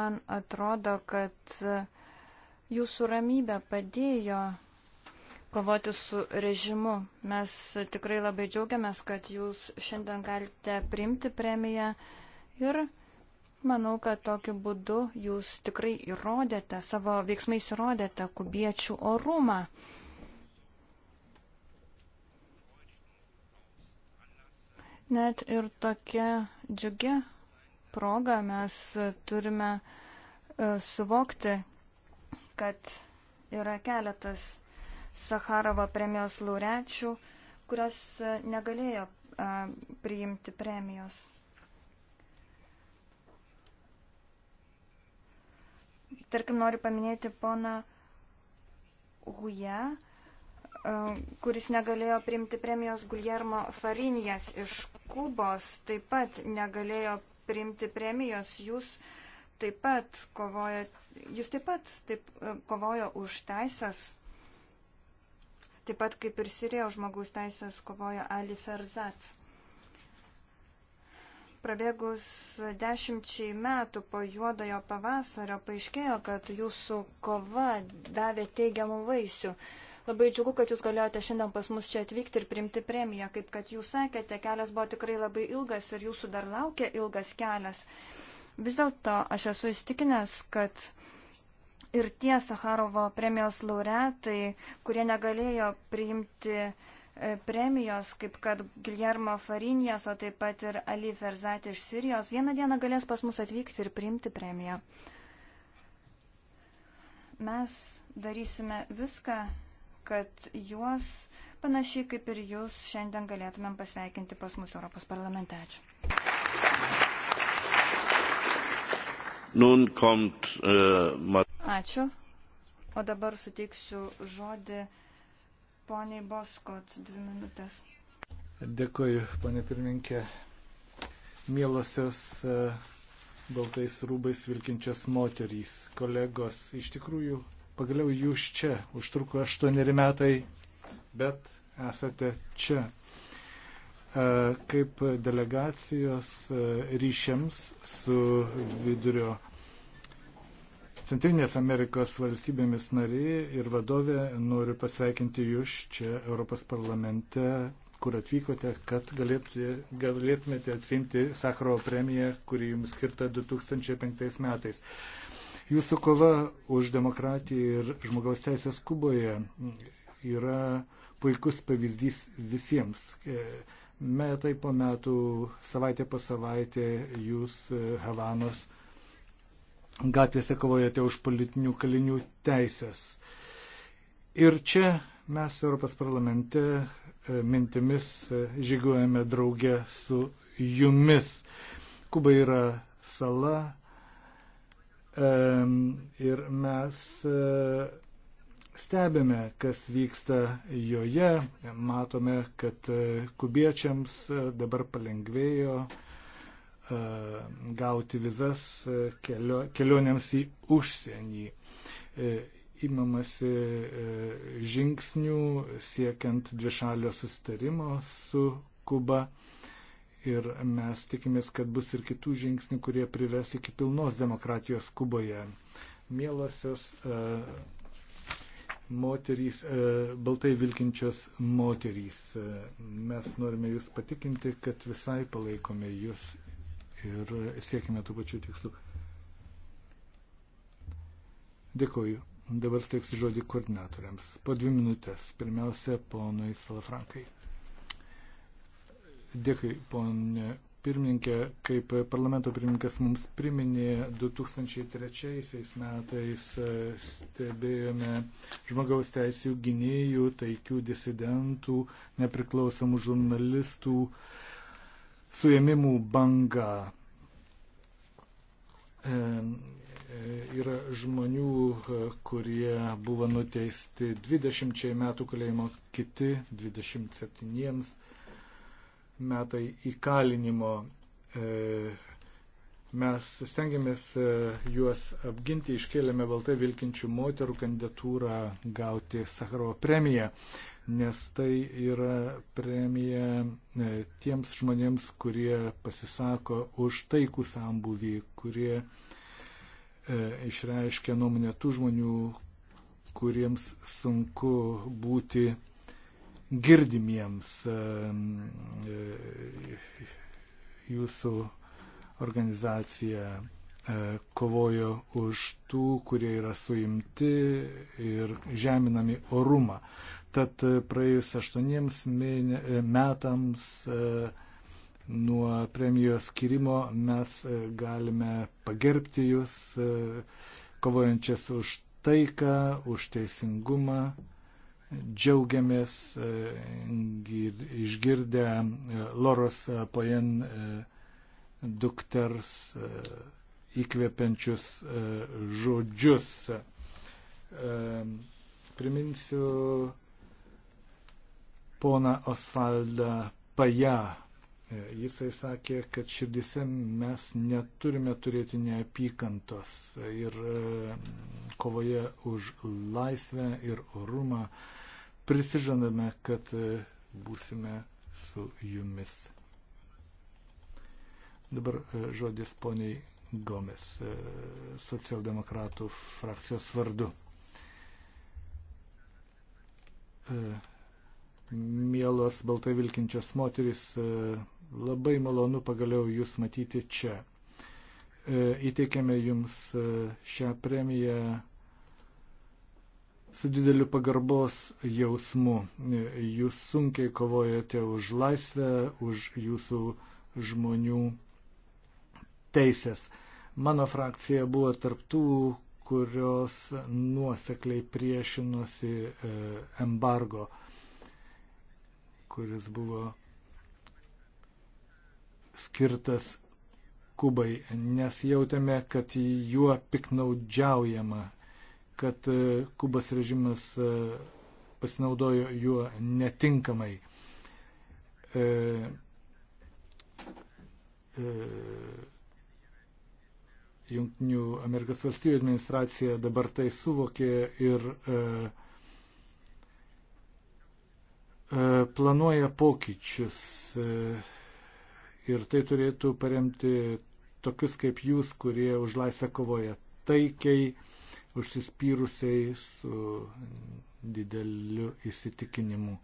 man atrodo, kad jūsų ramybė padėjo kovoti su režimu. Mes tikrai labai džiaugiamės, kad jūs šiandien galite priimti premiją ir Manau, kad tokiu būdu jūs tikrai įrodėte, savo veiksmais įrodėte kubiečių orumą. Net ir tokia džiugia proga mes turime e, suvokti, kad yra keletas Sakarovo premijos laureačių, kurios e, negalėjo e, priimti premijos. Tarkim, noriu paminėti poną Huja, e, kuris negalėjo priimti premijos Guljermo Farinijas iš Kubos, taip pat negalėjo priimti premijos. Jūs taip pat kovoja, jūs taip pat taip, e, kovojo už teisės, taip pat kaip ir Sirijo žmogaus teisės kovojo Ali Ferzats. Prabėgus dešimčiai metų po juodojo pavasario paaiškėjo, kad jūsų kova davė teigiamų vaisių. Labai džiugu, kad jūs galėjote šiandien pas mus čia atvykti ir priimti premiją. Kaip kad jūs sakėte, kelias buvo tikrai labai ilgas ir jūsų dar laukia ilgas kelias. Vis dėlto aš esu įstikinęs, kad ir tie Sakarovo premijos laureatai, kurie negalėjo priimti uh, premijos, kaip kad Giljermo Farinijas, o taip pat ir Ali Ferzat iš Sirijos, vieną dieną galės pas mus atvykti ir priimti premiją. Mes darysime viską, kad juos panašiai kaip ir jūs šiandien galėtumėm pasveikinti pas mus Europos parlamente. Ačiū. Nun kommt, uh, Ačiū. O dabar suteiksiu žodį poniai Boskot dvi minutės. Dėkui, ponė pirminkė. Mielosios e, baltais rūbais vilkinčios moterys, kolegos, iš tikrųjų, pagaliau jūs čia, užtruko aštuoneri metai, bet esate čia. E, kaip delegacijos e, ryšiams su vidurio Centrinės Amerikos valstybėmis nariai ir vadovė, noriu pasveikinti Jūs čia Europos parlamente, kur atvykote, kad galėtumėte atsimti Sakrovo premiją, kuri Jums skirta 2005 metais. Jūsų kova už demokratiją ir žmogaus teisės Kuboje yra puikus pavyzdys visiems e, metai po metų, savaitė po savaitė jūs e, Havanos gatvėse kovojate už politinių kalinių teisės. Ir čia mes Europos parlamente e, mintimis e, žygiuojame drauge su jumis. Kuba yra sala ir mes e, stebime, kas vyksta joje. Matome, kad kubiečiams dabar palengvėjo E, gauti vizas e, kelio, kelionėms į užsienį. Įmamasi e, žingsnių siekiant dvišalio sustarimo su Kuba ir mes tikimės, kad bus ir kitų žingsnių, kurie prives iki pilnos demokratijos Kuboje. Mielosios e, moterys, e, baltai vilkinčios moterys, e, mes norime Jūs patikinti, kad visai palaikome Jūs ir siekime tų pačių tikslų. Dėkoju. Dabar steiksiu žodį koordinatoriams. Po dvi minutės. Pirmiausia, ponui Salafrankai. Dėkui, ponė pirmininkė, kaip parlamento pirmininkas mums priminė, 2003 metais e, stebėjome žmogaus teisų gynėjų, taikių disidentų, nepriklausomų žurnalistų, uh, suėmimų banga. E, e, yra žmonių, e, kurie buvo nuteisti 20 metų kalėjimo, kiti 27 metai įkalinimo. Mes stengiamės juos apginti, iškėlėme baltai vilkinčių moterų kandidatūrą gauti Sakaro premiją nes tai yra premija e, tiems žmonėms, kurie pasisako už taikų sambuvį, kurie e, išreiškia nuomonę tų žmonių, kuriems sunku būti girdimiems. E, e jūsų organizacija e, kovojo už tų, kurie yra suimti ir žeminami orumą. Tad praėjus aštuoniems e, metams e, nuo premijos skirimo mes e, galime pagerbti jūs, kovojančias už taiką, už teisingumą. Džiaugiamės išgirdę Loros Pojen dukters įkvepiančius žodžius priminsiu poną Osvaldą Paja. E, jisai sakė, kad širdise mes neturime turėti neapykantos ir e, kovoje už laisvę ir orumą prisižadame, kad e, būsime su jumis. Dabar žodis poniai Gomes, socialdemokratų frakcijos vardu mielos baltai vilkinčios moteris, e, labai malonu pagaliau jūs matyti čia. E, įteikėme jums e, šią premiją su dideliu pagarbos jausmu. Jūs sunkiai kovojate už laisvę, už jūsų žmonių teisės. Mano frakcija buvo tarptų, kurios nuosekliai priešinosi embargo kuris buvo skirtas Kubai, nes jautėme, kad juo piknaudžiaujama, kad e, Kubas režimas e, pasinaudojo juo netinkamai. E, e, Junktinių Amerikos valstybių administracija dabar tai suvokė ir e, E, planuoja pokyčius e, ir tai turėtų paremti tokius kaip jūs, kurie už laisvę kovoja taikiai, užsispyrusiai su dideliu įsitikinimu. E,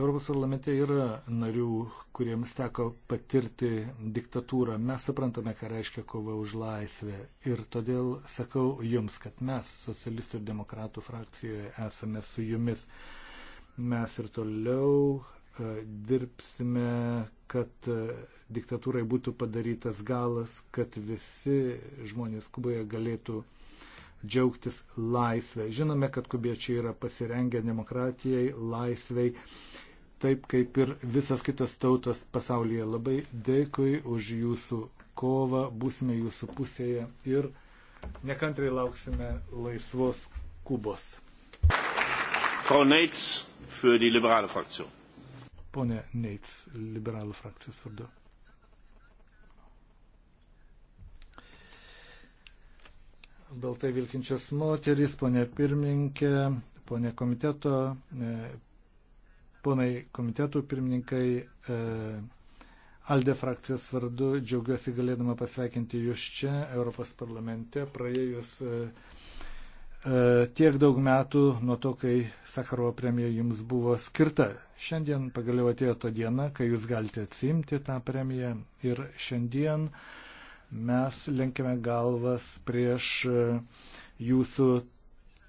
Europos parlamente yra narių, kuriems teko patirti diktatūrą. Mes suprantame, ką reiškia kova už laisvę. Ir todėl sakau jums, kad mes, socialistų ir demokratų frakcijoje, esame su jumis. Mes ir toliau e, dirbsime, kad e, diktatūrai būtų padarytas galas, kad visi žmonės Kuboje galėtų džiaugtis laisvę. Žinome, kad kubiečiai yra pasirengę demokratijai, laisvei taip kaip ir visas kitas tautos pasaulyje. Labai dėkui už jūsų kovą, būsime jūsų pusėje ir nekantrai lauksime laisvos Kubos. Frau Neitz, für die liberale Fraktion. Pone Neitz, liberalų frakcijos vardu. Baltai vilkinčios moteris, ponė pirmininkė, ponė komiteto e, ponai komitetų pirmininkai, e, Alde frakcijos vardu džiaugiuosi galėdama pasveikinti jūs čia, Europos parlamente, praėjus e, e, tiek daug metų nuo to, kai Sakarovo premija jums buvo skirta. Šiandien pagaliau atėjo ta diena, kai jūs galite atsimti tą premiją ir šiandien mes lenkiame galvas prieš jūsų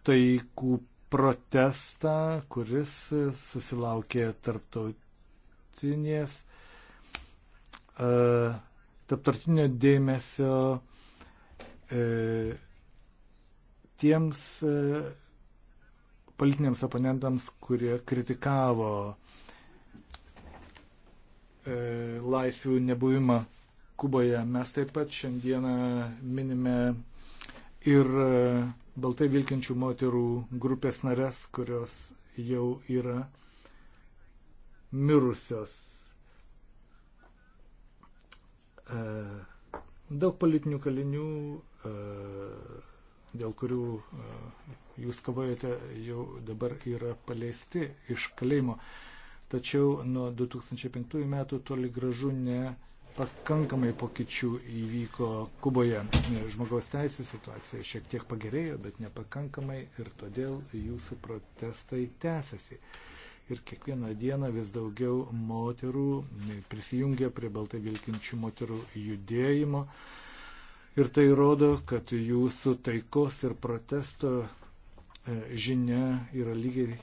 taikų protestą, kuris susilaukė tarptautinės, e, tarptautinio dėmesio e, tiems e, politiniams oponentams, kurie kritikavo laisvių nebuvimą Kuboje. Mes taip pat šiandieną minime ir e, baltai vilkinčių moterų grupės narės, kurios jau yra mirusios. E, daug politinių kalinių, e, dėl kurių jūs kovojate, jau dabar yra paleisti iš kalėjimo. Tačiau nuo 2005 metų toli gražu ne pakankamai pokyčių įvyko Kuboje. Žmogaus teisų situacija šiek tiek pagerėjo, bet nepakankamai ir todėl jūsų protestai tęsiasi. Ir kiekvieną dieną vis daugiau moterų prisijungia prie baltai vilkinčių moterų judėjimo. Ir tai rodo, kad jūsų taikos ir protesto e, žinia yra lygiai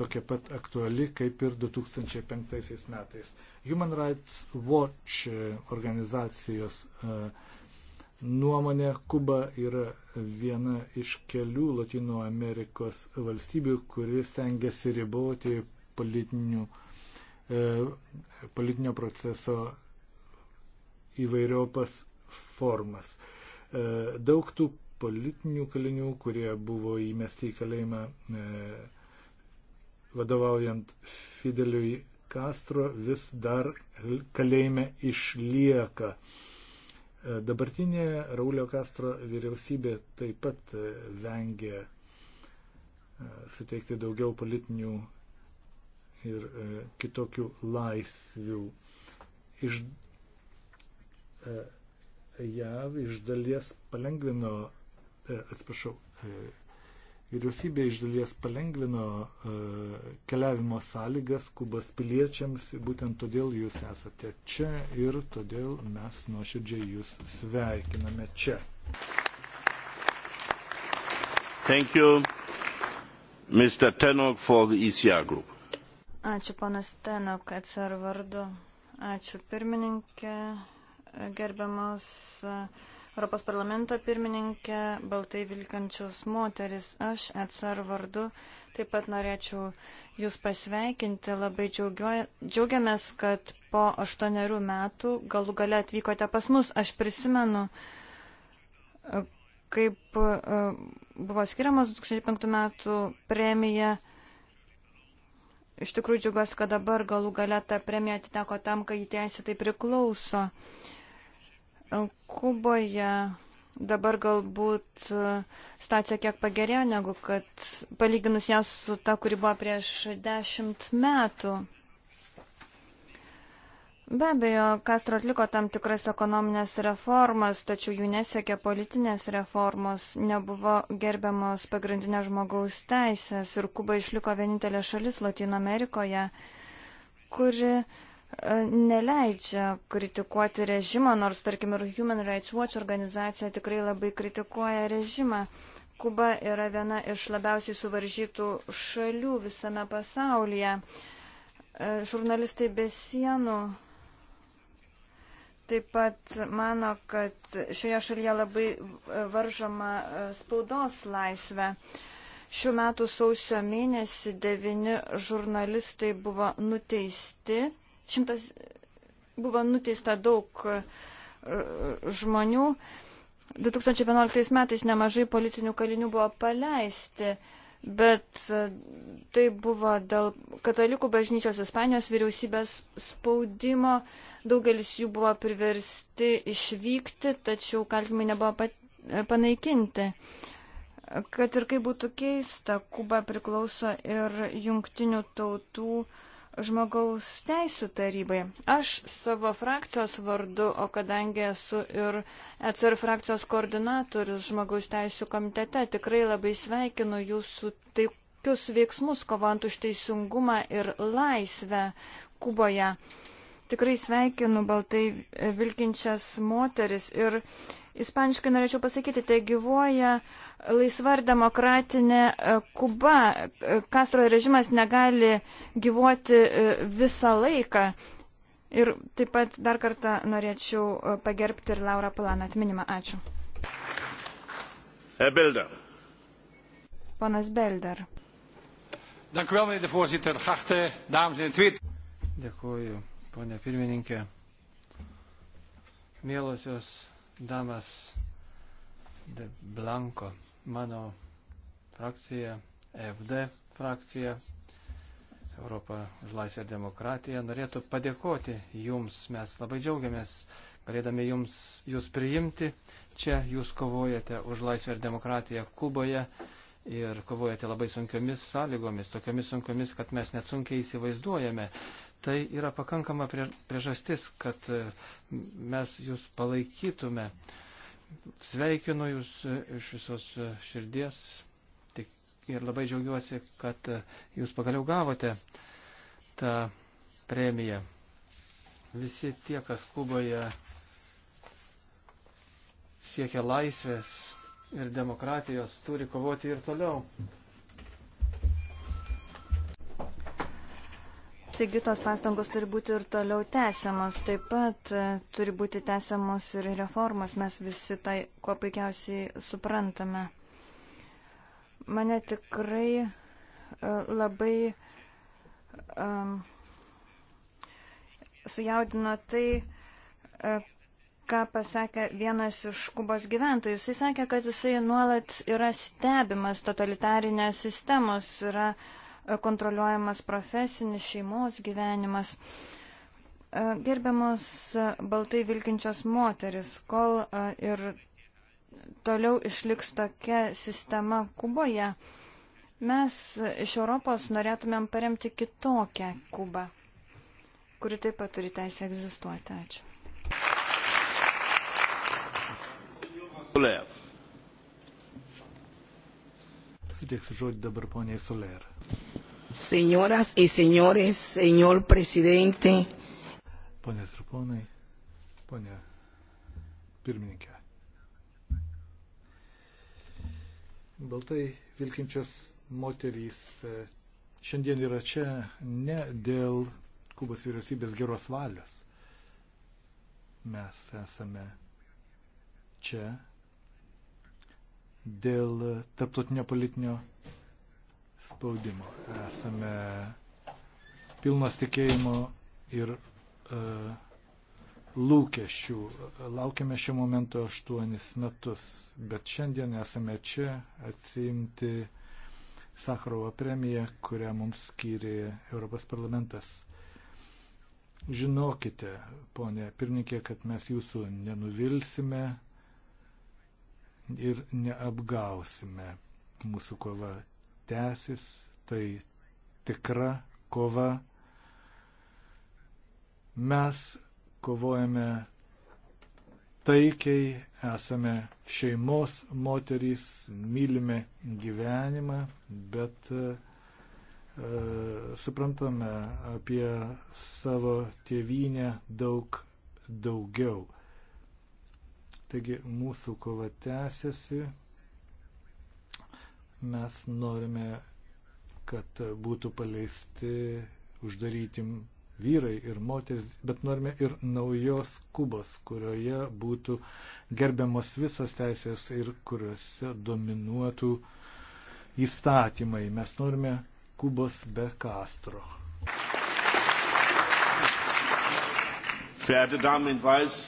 tokia pat aktuali kaip ir 2005 metais. Human Rights Watch e, organizacijos e, nuomonė, Kuba yra viena iš kelių Latino Amerikos valstybių, kuris tengiasi riboti politinių, e, politinio proceso įvairiopas formas. Daug tų politinių kalinių, kurie buvo įmesti į kalėjimą vadovaujant Fideliui Castro vis dar kalėjime išlieka. E, dabartinė Raulio Castro vyriausybė taip pat e, vengia e, suteikti daugiau politinių ir kitokių laisvių. Iš JAV iš dalies palengvino, atsiprašau, Vyriausybė iš dalies palengvino e, keliavimo sąlygas Kubos piliečiams, būtent todėl jūs esate čia ir todėl mes nuoširdžiai jūs sveikiname čia. Thank you, Mr. Tenok, for the ECR group. Ačiū, panas Tenok, atsar vardu. Ačiū, pirmininkė, gerbiamas. Uh, Europos parlamento pirmininkę, baltai vilkančius moteris. Aš ECR vardu taip pat norėčiau Jūs pasveikinti. Labai džiaugiuoja. džiaugiamės, kad po aštuonerių metų galų gale atvykote pas mus. Aš prisimenu, e, kaip e, buvo skiriamas 2005 metų premija. Iš tikrųjų džiugas, kad dabar galų gale ta premija atiteko tam, kad jį teisė tai priklauso. Uh, Kuboje dabar galbūt e, stacija kiek pagerėjo, negu kad palyginus ją su ta, kuri buvo prieš dešimt metų. Be abejo, Castro atliko tam tikras ekonominės reformas, tačiau jų nesiekė politinės reformos, nebuvo gerbiamos pagrindinės žmogaus teisės ir Kuba išliko vienintelė šalis Latino Amerikoje, kuri uh, E, neleidžia kritikuoti režimą, nors, tarkim, ir Human Rights Watch organizacija tikrai labai kritikuoja režimą. Kuba yra viena iš labiausiai suvaržytų šalių visame pasaulyje. E, žurnalistai be sienų taip pat mano, kad šioje šalyje labai varžoma e, spaudos laisvė. Šių metų sausio mėnesį devini žurnalistai buvo nuteisti Šimtas buvo nuteista daug e, žmonių. 2011 metais nemažai politinių kalinių buvo paleisti, bet e, tai buvo dėl katalikų bažnyčios Ispanijos vyriausybės spaudimo. Daugelis jų buvo priversti išvykti, tačiau kaltimai nebuvo panaikinti. Kad ir kaip būtų keista, Kuba priklauso ir jungtinių tautų uh, žmogaus teisų tarybai. Aš savo frakcijos vardu, o kadangi esu ir ECR frakcijos koordinatorius žmogaus teisų komitete, tikrai labai sveikinu jūsų taikius veiksmus kovant už teisingumą ir laisvę Kuboje. Tikrai sveikinu baltai vilkinčias moteris ir Ispaniškai norėčiau pasakyti, tai gyvuoja laisva ir demokratinė e, Kuba. Kastro e, režimas negali gyvuoti e, visą laiką. Ir taip pat dar kartą norėčiau pagerbti ir Laura Palaną atminimą. Ačiū. Herr Bilder. Ponas Belder. Dank u wel, meneer de voorzitter. Geachte dames en heren. Dėkuoju, ponia pirmininkė. Mielosios Damas de Blanco, mano frakcija, EFD frakcija, Europą už laisvę ir demokratiją, norėtų padėkoti jums. Mes labai džiaugiamės, galėdami jums, jūs priimti. Čia jūs kovojate už laisvę ir demokratiją Kuboje ir kovojate labai sunkiomis sąlygomis, tokiomis sunkiomis, kad mes net sunkiai įsivaizduojame, Tai yra pakankama priežastis, kad e, mes jūs palaikytume. Sveikinu jūs e, iš visos e, širdies tik, ir labai džiaugiuosi, kad jūs pagaliau gavote tą premiją. Visi tie, kas Kuboje siekia laisvės ir demokratijos, turi kovoti ir toliau. Taigi tos pastangos turi būti ir toliau tęsiamos. Taip pat e, turi būti tęsiamos ir reformos. Mes visi tai kuo puikiausiai suprantame. Mane tikrai e, labai um, sujaudino tai, e, ką pasakė vienas iš Kubos gyventojų. Jisai sakė, kad jisai nuolat yra stebimas totalitarinės sistemos, yra uh, kontroliuojamas profesinis šeimos gyvenimas. E, gerbiamos baltai vilkinčios moteris, kol e, ir toliau išliks tokia sistema Kuboje, mes iš Europos norėtumėm paremti kitokią Kubą, kuri taip pat turi teisę egzistuoti. Ačiū. Soler. Suteiksiu žodį dabar poniai Soler. Señoras y señores, señor presidente. Pone Struponai, pone pirmininkė. Baltai vilkinčios moterys e, šiandien yra čia ne dėl Kubos vyriausybės geros valios. Mes esame čia dėl tarptautinio politinio spaudimo. Esame pilnas tikėjimo ir e, lūkesčių. Laukiame šio momento aštuonis metus, bet šiandien esame čia atsiimti Sakrovo premiją, kurią mums skyrė Europos parlamentas. Žinokite, ponė pirmininkė, kad mes jūsų nenuvilsime ir neapgausime. Mūsų kova tęsis, tai tikra kova. Mes kovojame taikiai, esame šeimos moterys, mylime gyvenimą, bet e, suprantame apie savo tėvynę daug daugiau. Taigi mūsų kova tęsiasi, Mes norime, kad būtų paleisti uždaryti vyrai ir moteris, bet norime ir naujos Kubos, kurioje būtų gerbiamos visos teisės ir kuriuose dominuotų įstatymai. Mes norime Kubos be Kastro. Verehrte Damen in Weiß,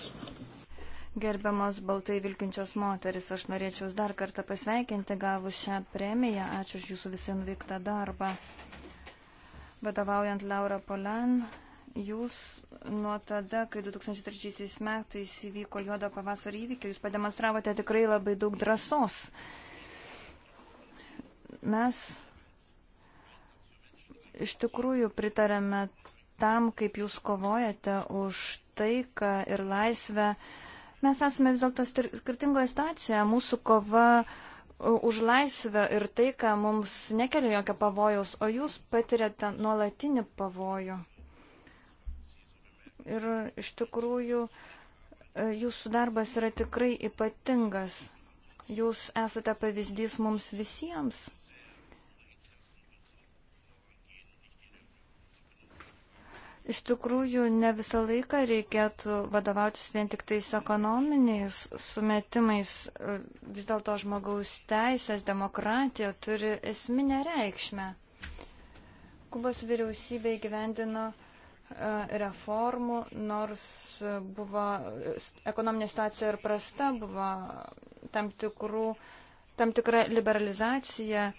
gerbiamos baltai vilkinčios moteris. Aš norėčiau dar kartą pasveikinti gavus šią premiją. Ačiū už jūsų visi nuveiktą darbą. Vadovaujant Laura Polan, jūs nuo tada, kai 2003 metais įvyko juodo pavasario įvykio, jūs pademonstravote tikrai labai daug drąsos. Mes iš tikrųjų pritarėme tam, kaip jūs kovojate už taiką ir laisvę Mes esame vis dėlto skirtingoje situacijoje. Mūsų kova už laisvę ir tai, ką mums nekelia jokio pavojaus, o jūs patiriate nuolatinį pavojų. Ir iš tikrųjų e, jūsų darbas yra tikrai ypatingas. Jūs esate pavyzdys mums visiems. Iš tikrųjų, ne visą laiką reikėtų vadovautis vien tik tais ekonominiais sumetimais. Vis dėlto žmogaus teisės, demokratija turi esminę reikšmę. Kubos vyriausybė įgyvendino e, reformų, nors buvo ekonominė situacija ir prasta, buvo tam, tikrų, tam tikra liberalizacija e,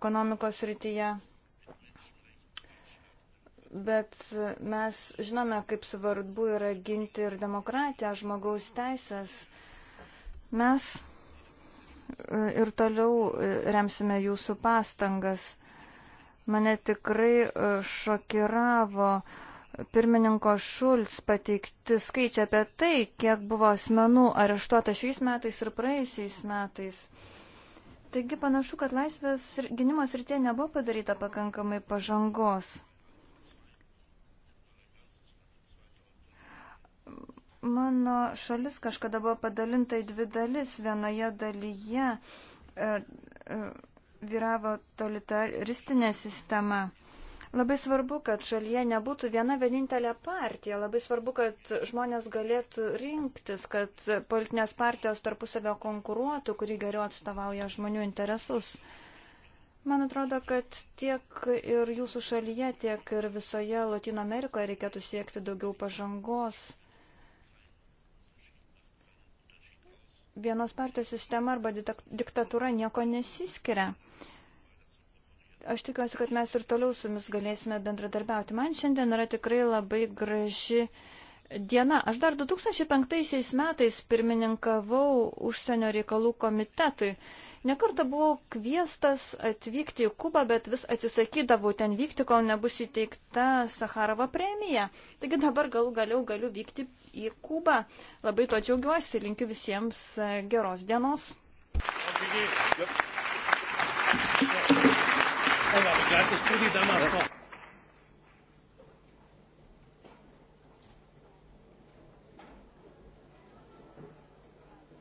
ekonomikos rytyje bet mes žinome, kaip svarbu yra ginti ir demokratiją, žmogaus teisės. Mes e, ir toliau e, remsime jūsų pastangas. Mane tikrai e, šokiravo pirmininko Šulc pateikti skaičiai apie tai, kiek buvo asmenų areštuota šiais metais ir praėjusiais metais. Taigi panašu, kad laisvės gynimo srityje nebuvo padaryta pakankamai pažangos. Mano šalis kažkada buvo padalinta į dvi dalis. Vienoje dalyje e, e, vyravo totalitaristinė sistema. Labai svarbu, kad šalyje nebūtų viena vienintelė partija. Labai svarbu, kad žmonės galėtų rinktis, kad politinės partijos tarpusavio konkuruotų, kuri geriau atstovauja žmonių interesus. Man atrodo, kad tiek ir jūsų šalyje, tiek ir visoje Latino Amerikoje reikėtų siekti daugiau pažangos. vienos partijos sistema arba diktatūra nieko nesiskiria. Aš tikiuosi, kad mes ir toliau su jumis galėsime bendradarbiauti. Man šiandien yra tikrai labai graži diena. Aš dar 2005 metais pirmininkavau užsienio reikalų komitetui Nekartą buvau kviestas atvykti į Kubą, bet vis atsisakydavau ten vykti, kol nebus įteikta Saharovo premija. Taigi dabar gal galiau galiu vykti į Kubą. Labai to džiaugiuosi, linkiu visiems geros dienos. Ja, begleitet du die damals noch?